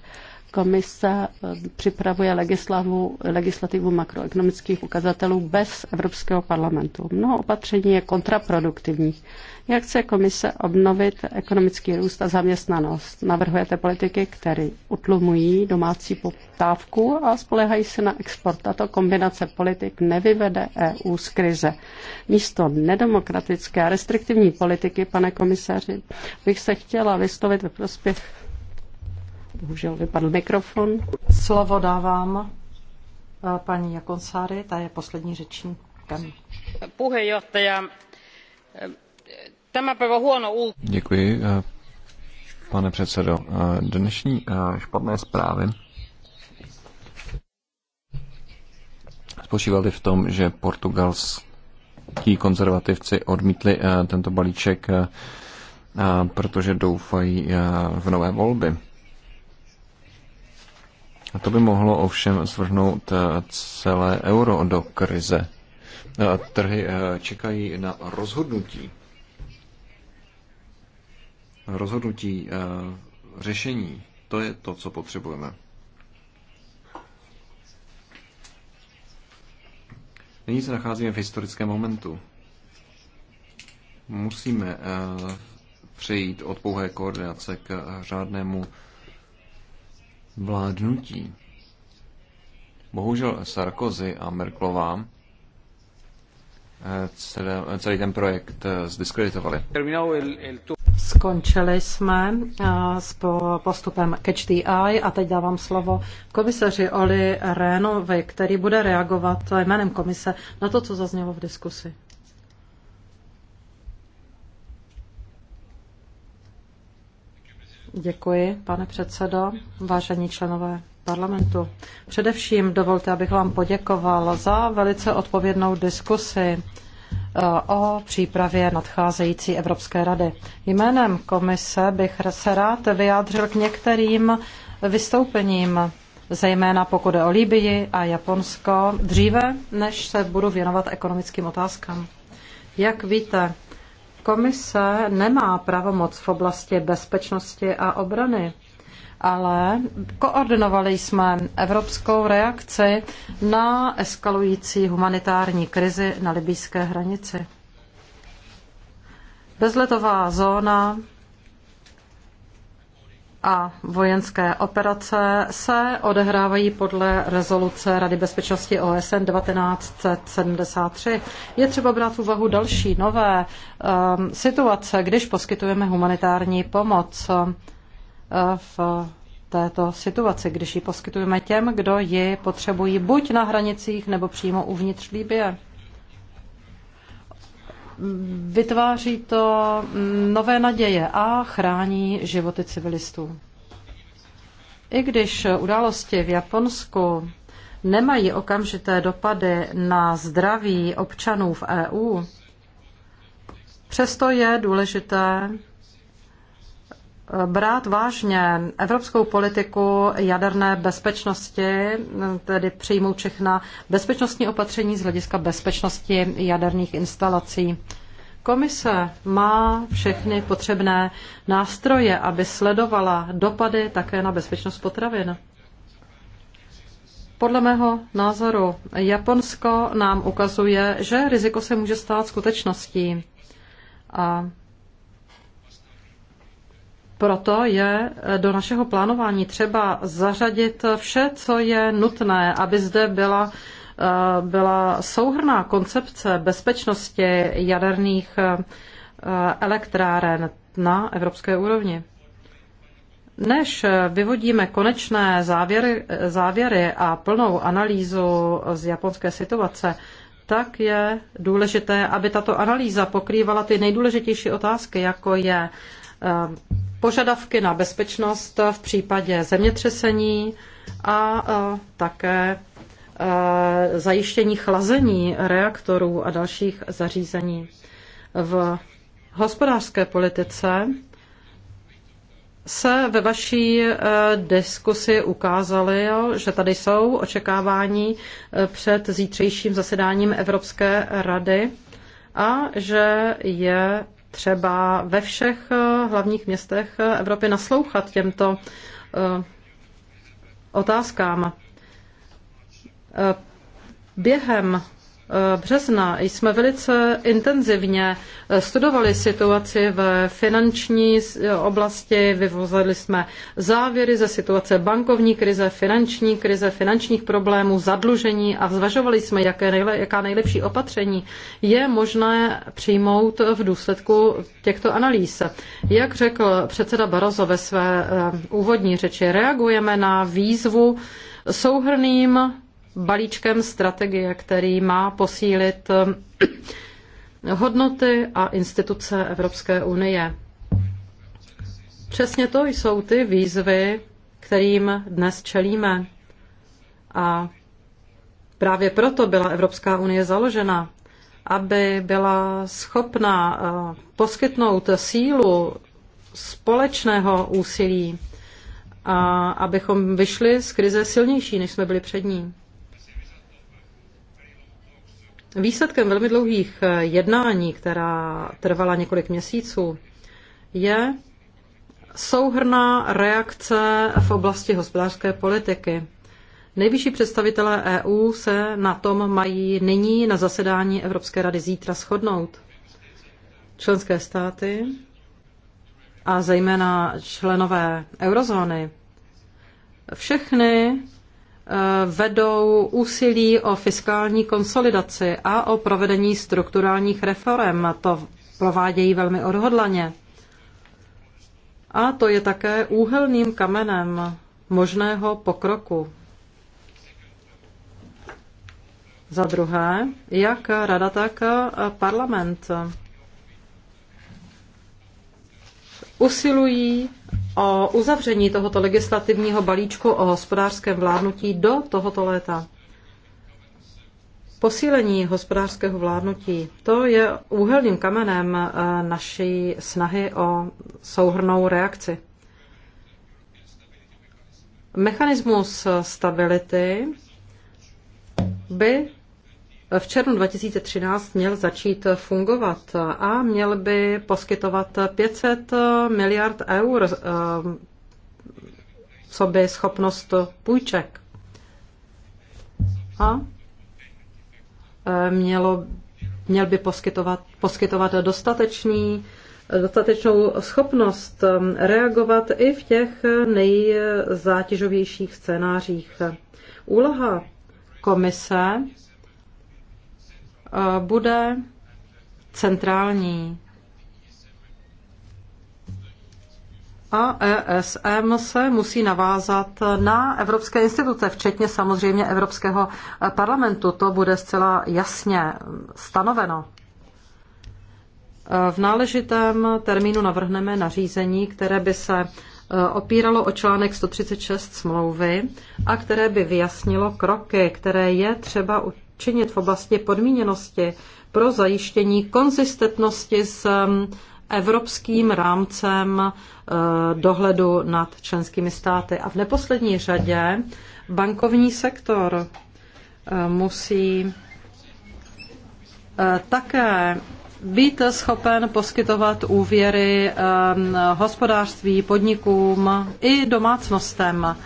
Komise eh, připravuje legislativu, legislativu makroekonomických ukazatelů bez Evropského parlamentu. Mnoho opatření je kontraproduktivních. Jak chce komise obnovit ekonomický růst a zaměstnanost? Navrhujete politiky, které utlumují domácí poptávku a spolehají se na export. Tato kombinace politik nevyvede EU z krize. Místo nedemokratické a restriktivní politiky, pane komisaři, bych se chtěla vyslovit ve prospěch bohužel vypadl mikrofon. Slovo dávám eh, paní Jakonsáry, ta je poslední řečníkem. Eh, Děkuji, eh, pane předsedo. Dnešní špatné zprávy spočívaly v tom, že portugalskí konzervativci odmítli tento balíček, protože doufají v nové volby. A to by mohlo ovšem zvrhnout eh, celé euro do krize. Eh, trhy eh, čekají na rozhodnutí. Rozhodnutí řešení. To je to, co potřebujeme. Nyní se nacházíme v historickém momentu. Musíme přejít od pouhé koordinace k řádnému vládnutí. Bohužel Sarkozy a Merklová eh, celý ten projekt eh, zdiskreditovali. Skončili jsme eh, s postupem Catch the Eye a teď dávám slovo komisaři Oli Rénovi, který bude reagovat jménem komise na to, co zaznělo v diskusi. Děkuji, pane předsedo, vážení členové parlamentu. Především dovolte, abych vám poděkoval za velice odpovědnou diskusi eh, o přípravě nadcházející Evropské rady. Jménem komise bych se rád vyjádřil k některým vystoupením, zejména pokud je o Libii a Japonsko, dříve, než se budu věnovat ekonomickým otázkám. Jak víte, Komise nemá pravomoc v oblasti bezpečnosti a obrany, ale koordinovali jsme evropskou reakci na eskalující humanitární krizi na libýské hranici. Bezletová zóna a vojenské operace se odehrávají podle rezoluce Rady bezpečnosti OSN 1973. Je třeba brát v úvahu další nové um, situace, když poskytujeme humanitární pomoc ehm, v této situaci, když ji poskytujeme těm, kdo ji potřebují buď na hranicích nebo přímo uvnitř Libye. Vytváří to nové naděje a chrání životy civilistů. I když události v Japonsku nemají okamžité dopady na zdraví občanů v EU, přesto je důležité brát vážně evropskou politiku jaderné bezpečnosti, tedy přijmout všechna bezpečnostní opatření z hlediska bezpečnosti jaderných instalací. Komise má všechny potřebné nástroje, aby sledovala dopady také na bezpečnost potravin. Podle mého názoru Japonsko nám ukazuje, že riziko se může stát skutečností. A proto je eh, do našeho plánování třeba zařadit eh, vše, co je nutné, aby zde byla, eh, byla souhrná koncepce bezpečnosti jaderných elektráren na evropské úrovni. Než vyvodíme konečné závěry, závěry a plnou analýzu z japonské situace, tak je důležité, aby tato analýza pokrývala ty nejdůležitější otázky, jako je požadavky na bezpečnost v případě zemětřesení a e, také e, zajištění chlazení reaktorů a dalších zařízení. V hospodářské politice se ve vaší e, diskusi ukázaly, že tady jsou očekávání před zítřejším zasedáním Evropské rady a že je třeba ve všech eh, hlavních městech eh, Evropy naslouchat těmto eh, otázkám. Během března jsme velice intenzivně studovali situaci v finanční oblasti, vyvozili jsme závěry ze situace bankovní krize, finanční krize, finančních problémů, zadlužení a zvažovali jsme, jaké nejle, jaká nejlepší opatření je možné přijmout v důsledku těchto analýz. Jak řekl předseda Barozo ve své eh, úvodní řeči, reagujeme na výzvu souhrným balíčkem strategie, který má posílit eh, hodnoty a instituce Evropské unie. Přesně to jsou ty výzvy, kterým dnes čelíme. A právě proto byla Evropská unie založena, aby byla schopna eh, poskytnout sílu společného úsilí, a abychom vyšli z krize silnější, než jsme byli před ní. Výsledkem velmi dlouhých eh, jednání, která trvala několik měsíců, je souhrná reakce v oblasti hospodářské politiky. Nejvyšší představitelé EU se na tom mají nyní na zasedání Evropské rady zítra shodnout. Členské státy a zejména členové eurozóny všechny Eh, vedou úsilí o fiskální konsolidaci a o provedení strukturálních reform. To provádějí velmi odhodlaně. A to je také úhelným kamenem možného pokroku. Za druhé, jak rada, tak parlament usilují o uzavření tohoto legislativního balíčku o hospodářském vládnutí do tohoto léta. Posílení hospodářského vládnutí, to je úhelným kamenem eh, naší snahy o souhrnou reakci. Mechanismus stability by v červnu 2013 měl začít fungovat a měl by poskytovat 500 miliard eur co eh, by schopnost půjček. A eh, mělo, měl by poskytovat, poskytovat dostatečný, dostatečnou schopnost eh, reagovat i v těch nejzátěžovějších scénářích. Úloha komise Eh, bude centrální. A ESM se musí navázat na evropské instituce, včetně samozřejmě Evropského eh, parlamentu. To bude zcela jasně eh, stanoveno. V náležitém termínu navrhneme nařízení, které by se opíralo o článek 136 smlouvy a které by vyjasnilo kroky, které je třeba činit v oblasti podmíněnosti pro zajištění konzistentnosti s um, evropským rámcem uh, dohledu nad členskými státy. A v neposlední řadě bankovní sektor uh, musí uh, také být schopen poskytovat úvěry um, hospodářství, podnikům i domácnostem.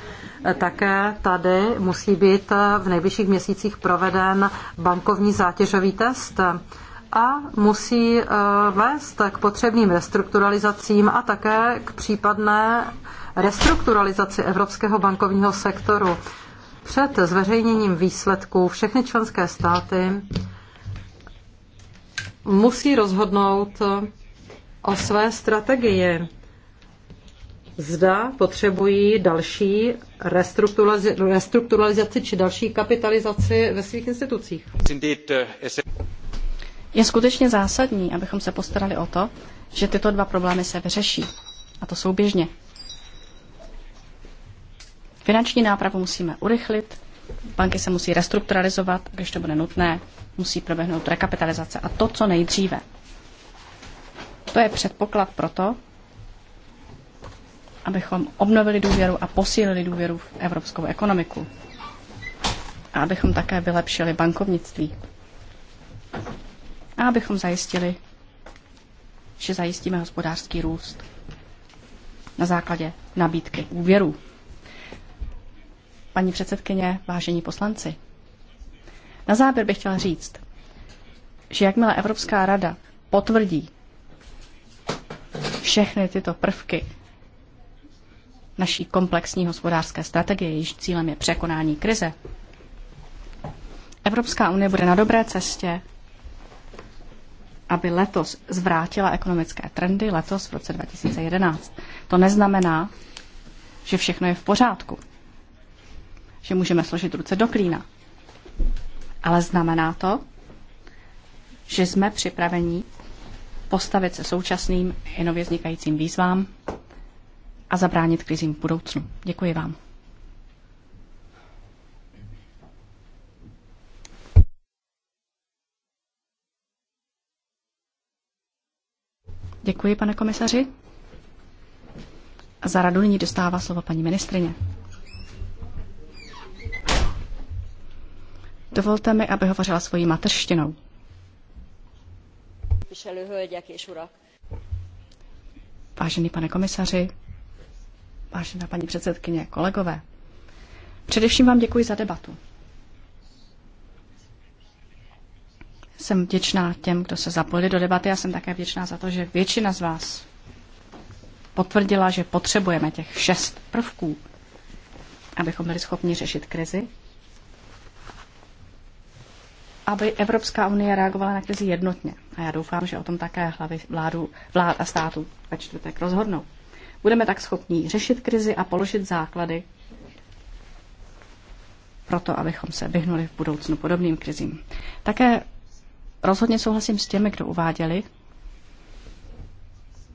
Také tady musí být v nejbližších měsících proveden bankovní zátěžový test a musí eh, vést k potřebným restrukturalizacím a také k případné restrukturalizaci evropského bankovního sektoru. Před zveřejněním výsledků všechny členské státy musí rozhodnout o své strategii zda potřebují další restrukturalizaci či další kapitalizaci ve svých institucích. Je skutečně zásadní, abychom se postarali o to, že tyto dva problémy se vyřeší. A to souběžně. Finanční nápravu musíme urychlit, banky se musí restrukturalizovat, když to bude nutné, musí proběhnout rekapitalizace a to, co nejdříve. To je předpoklad pro to, abychom obnovili důvěru a posílili důvěru v evropskou ekonomiku. A abychom také vylepšili bankovnictví. A abychom zajistili, že zajistíme hospodářský růst na základě nabídky úvěrů. Paní předsedkyně, vážení poslanci, na závěr bych chtěla říct, že jakmile Evropská rada potvrdí všechny tyto prvky naší komplexní hospodářské strategie, jejíž cílem je překonání krize. Evropská unie bude na dobré cestě, aby letos zvrátila ekonomické trendy, letos v roce 2011. To neznamená, že všechno je v pořádku, že můžeme složit ruce do klína. Ale znamená to, že jsme připraveni postavit se současným i nově vznikajícím výzvám a zabránit krizím v budoucnu. Děkuji vám. Děkuji, pane komisaři. Za radu nyní dostává slovo paní ministrině. Dovolte mi, aby hovořila svojí mateřštinou. Vážený pane komisaři, Vážená paní předsedkyně, kolegové, především vám děkuji za debatu. Jsem vděčná těm, kdo se zapojili do debaty a jsem také vděčná za to, že většina z vás potvrdila, že potřebujeme těch šest prvků, abychom byli schopni řešit krizi, aby Evropská unie reagovala na krizi jednotně. A já doufám, že o tom také hlavy vládu, vlád a států ve čtvrtek rozhodnou. Budeme tak schopní řešit krizi a položit základy pro to, abychom se vyhnuli v budoucnu podobným krizím. Také rozhodně souhlasím s těmi, kdo uváděli,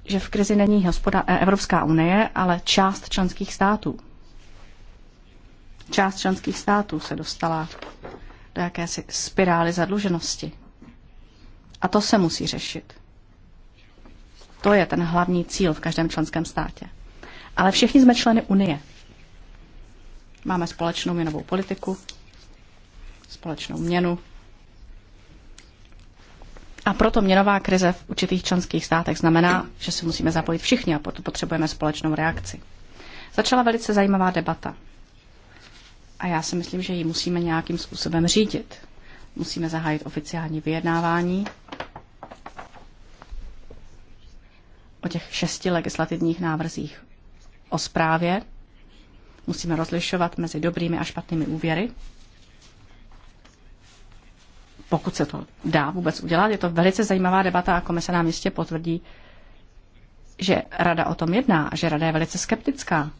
že v krizi není hospoda- eh, Evropská unie, ale část členských států. Část členských států se dostala do jakési spirály zadluženosti. A to se musí řešit. To je ten hlavní cíl v každém členském státě. Ale všichni jsme členy Unie. Máme společnou měnovou politiku, společnou měnu. A proto měnová krize v určitých členských státech znamená, že se musíme zapojit všichni a proto potřebujeme společnou reakci. Začala velice zajímavá debata. A já si myslím, že ji musíme nějakým způsobem řídit. Musíme zahájit oficiální vyjednávání o těch šesti legislativních návrzích o zprávě. Musíme rozlišovat mezi dobrými a špatnými úvěry. Pokud se to dá vůbec udělat, je to velice zajímavá debata a komise nám jistě potvrdí, že rada o tom jedná a že rada je velice skeptická.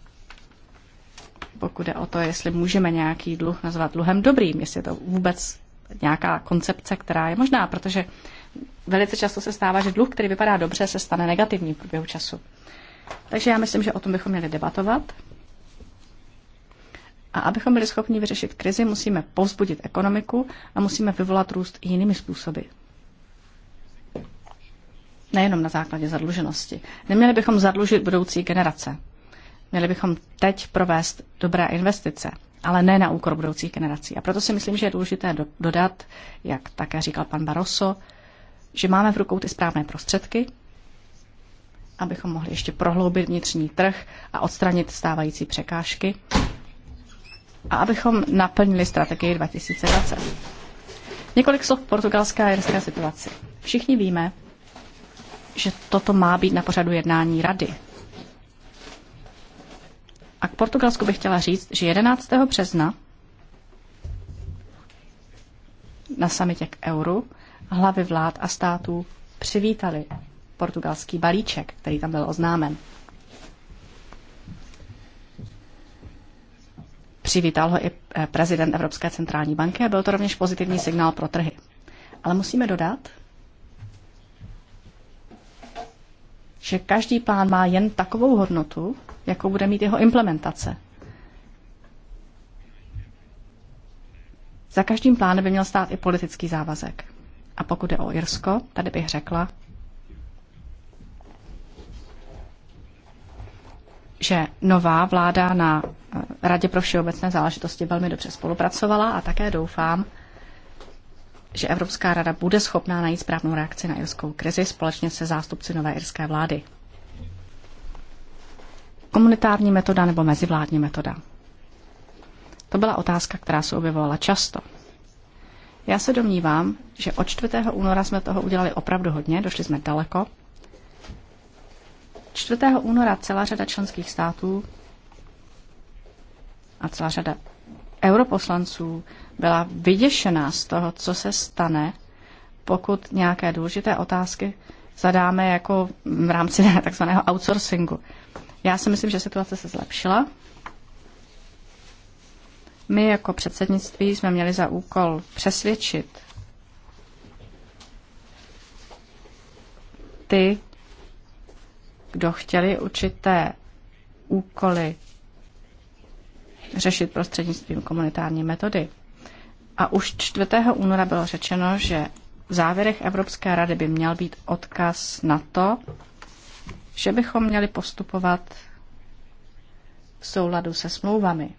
Pokud je o to, jestli můžeme nějaký dluh nazvat dluhem dobrým, jestli je to vůbec nějaká koncepce, která je možná, protože velice často se stává, že dluh, který vypadá dobře, se stane negativní v průběhu času. Takže já myslím, že o tom bychom měli debatovat. A abychom byli schopni vyřešit krizi, musíme povzbudit ekonomiku a musíme vyvolat růst i jinými způsoby. Nejenom na základě zadluženosti. Neměli bychom zadlužit budoucí generace. Měli bychom teď provést dobré investice, ale ne na úkor budoucích generací. A proto si myslím, že je důležité dodat, jak také říkal pan Barroso, že máme v rukou ty správné prostředky, abychom mohli ještě prohloubit vnitřní trh a odstranit stávající překážky a abychom naplnili strategii 2020. Několik slov portugalská a jirské situaci. Všichni víme, že toto má být na pořadu jednání rady. A k Portugalsku bych chtěla říct, že 11. března na samitě k euru hlavy vlád a států přivítali portugalský balíček, který tam byl oznámen. Přivítal ho i eh, prezident Evropské centrální banky a byl to rovněž pozitivní signál pro trhy. Ale musíme dodat, že každý plán má jen takovou hodnotu, jakou bude mít jeho implementace. Za každým plánem by měl stát i politický závazek. A pokud jde o Irsko, tady bych řekla, že nová vláda na eh, Radě pro všeobecné záležitosti velmi dobře spolupracovala a také doufám, že Evropská rada bude schopná najít správnou reakci na irskou krizi společně se zástupci nové irské vlády. Komunitární metoda nebo mezivládní metoda? To byla otázka, která se objevovala často já se domnívám, že od 4. února jsme toho udělali opravdu hodně, došli jsme daleko. 4. února celá řada členských států a celá řada europoslanců byla vyděšená z toho, co se stane, pokud nějaké důležité otázky zadáme jako v rámci takzvaného outsourcingu. Já si myslím, že situace se zlepšila, my jako předsednictví jsme měli za úkol přesvědčit ty, kdo chtěli určité úkoly řešit prostřednictvím komunitární metody. A už 4. února bylo řečeno, že v závěrech Evropské rady by měl být odkaz na to, že bychom měli postupovat v souladu se smlouvami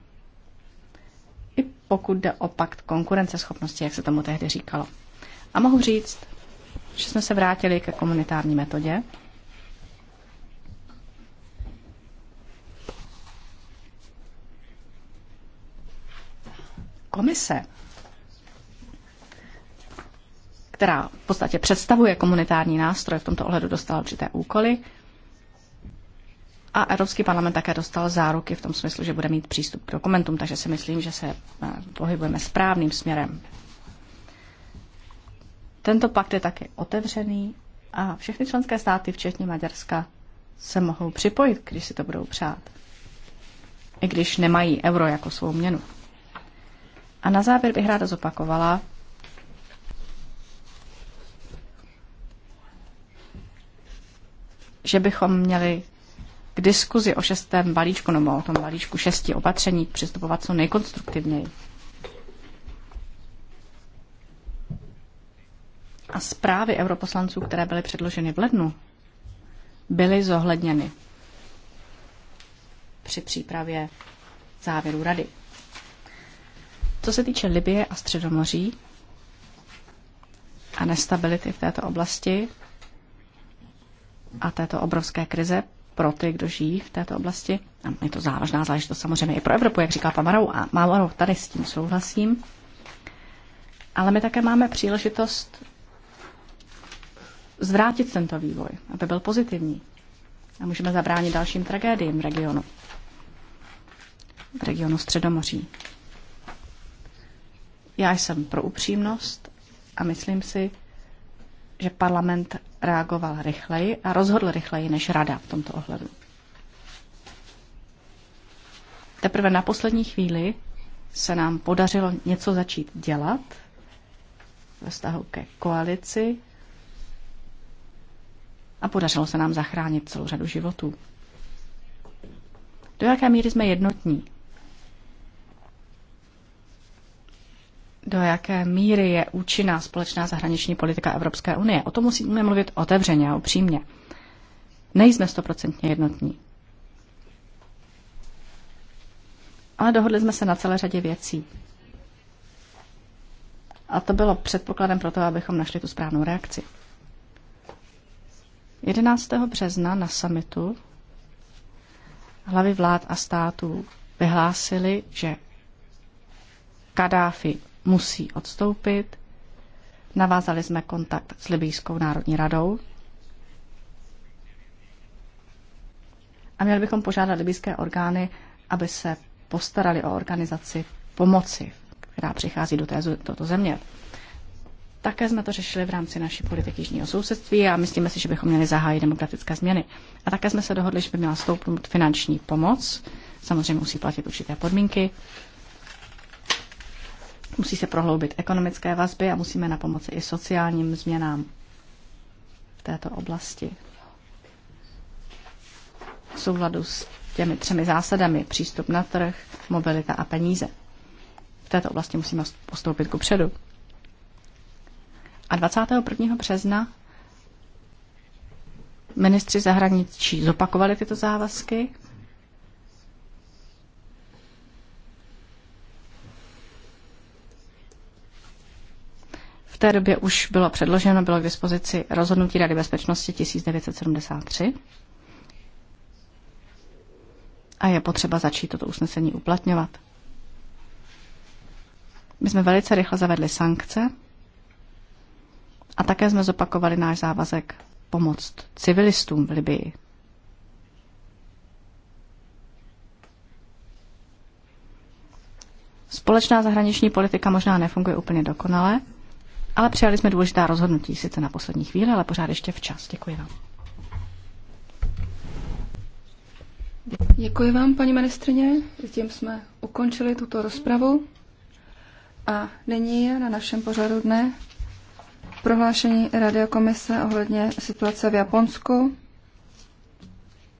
pokud jde o pakt konkurenceschopnosti, jak se tomu tehdy říkalo. A mohu říct, že jsme se vrátili ke komunitární metodě. Komise, která v podstatě představuje komunitární nástroj, v tomto ohledu dostala určité úkoly, a Evropský parlament také dostal záruky v tom smyslu, že bude mít přístup k dokumentům, takže si myslím, že se eh, pohybujeme správným směrem. Tento pakt je také otevřený a všechny členské státy, včetně Maďarska, se mohou připojit, když si to budou přát. I když nemají euro jako svou měnu. A na závěr bych ráda zopakovala, že bychom měli k diskuzi o šestém balíčku nebo o tom balíčku šesti opatření přistupovat co nejkonstruktivněji. A zprávy europoslanců, které byly předloženy v lednu, byly zohledněny při přípravě závěru rady. Co se týče Libie a Středomoří a nestability v této oblasti a této obrovské krize, pro ty, kdo žijí v této oblasti. A je to závažná záležitost samozřejmě i pro Evropu, jak říká pan Marou. A Marou, tady s tím souhlasím. Ale my také máme příležitost zvrátit tento vývoj, aby byl pozitivní. A můžeme zabránit dalším tragédiím v regionu. V regionu Středomoří. Já jsem pro upřímnost a myslím si, že parlament reagoval rychleji a rozhodl rychleji než rada v tomto ohledu. Teprve na poslední chvíli se nám podařilo něco začít dělat ve vztahu ke koalici a podařilo se nám zachránit celou řadu životů. Do jaké míry jsme jednotní do jaké míry je účinná společná zahraniční politika Evropské unie. O tom musíme mluvit otevřeně a upřímně. Nejsme stoprocentně jednotní. Ale dohodli jsme se na celé řadě věcí. A to bylo předpokladem pro to, abychom našli tu správnou reakci. 11. března na summitu hlavy vlád a států vyhlásili, že Kadáfi musí odstoupit. Navázali jsme kontakt s Libijskou národní radou a měli bychom požádat libijské orgány, aby se postarali o organizaci pomoci, která přichází do této země. Také jsme to řešili v rámci naší politiky jižního sousedství a myslíme si, že bychom měli zahájit demokratické změny. A také jsme se dohodli, že by měla stoupnout finanční pomoc. Samozřejmě musí platit určité podmínky. Musí se prohloubit ekonomické vazby a musíme na pomoci i sociálním změnám v této oblasti. V souladu s těmi třemi zásadami přístup na trh, mobilita a peníze. V této oblasti musíme postoupit ku předu. A 21. března ministři zahraničí zopakovali tyto závazky té době už bylo předloženo, bylo k dispozici rozhodnutí Rady bezpečnosti 1973 a je potřeba začít toto usnesení uplatňovat. My jsme velice rychle zavedli sankce a také jsme zopakovali náš závazek pomoct civilistům v Libii. Společná zahraniční politika možná nefunguje úplně dokonale, ale přijali jsme důležitá rozhodnutí, sice na poslední chvíli, ale pořád ještě včas. Děkuji vám. Děkuji vám, paní ministrině. Tím jsme ukončili tuto rozpravu. A nyní je na našem pořadu dne prohlášení Radiokomise ohledně situace v Japonsku.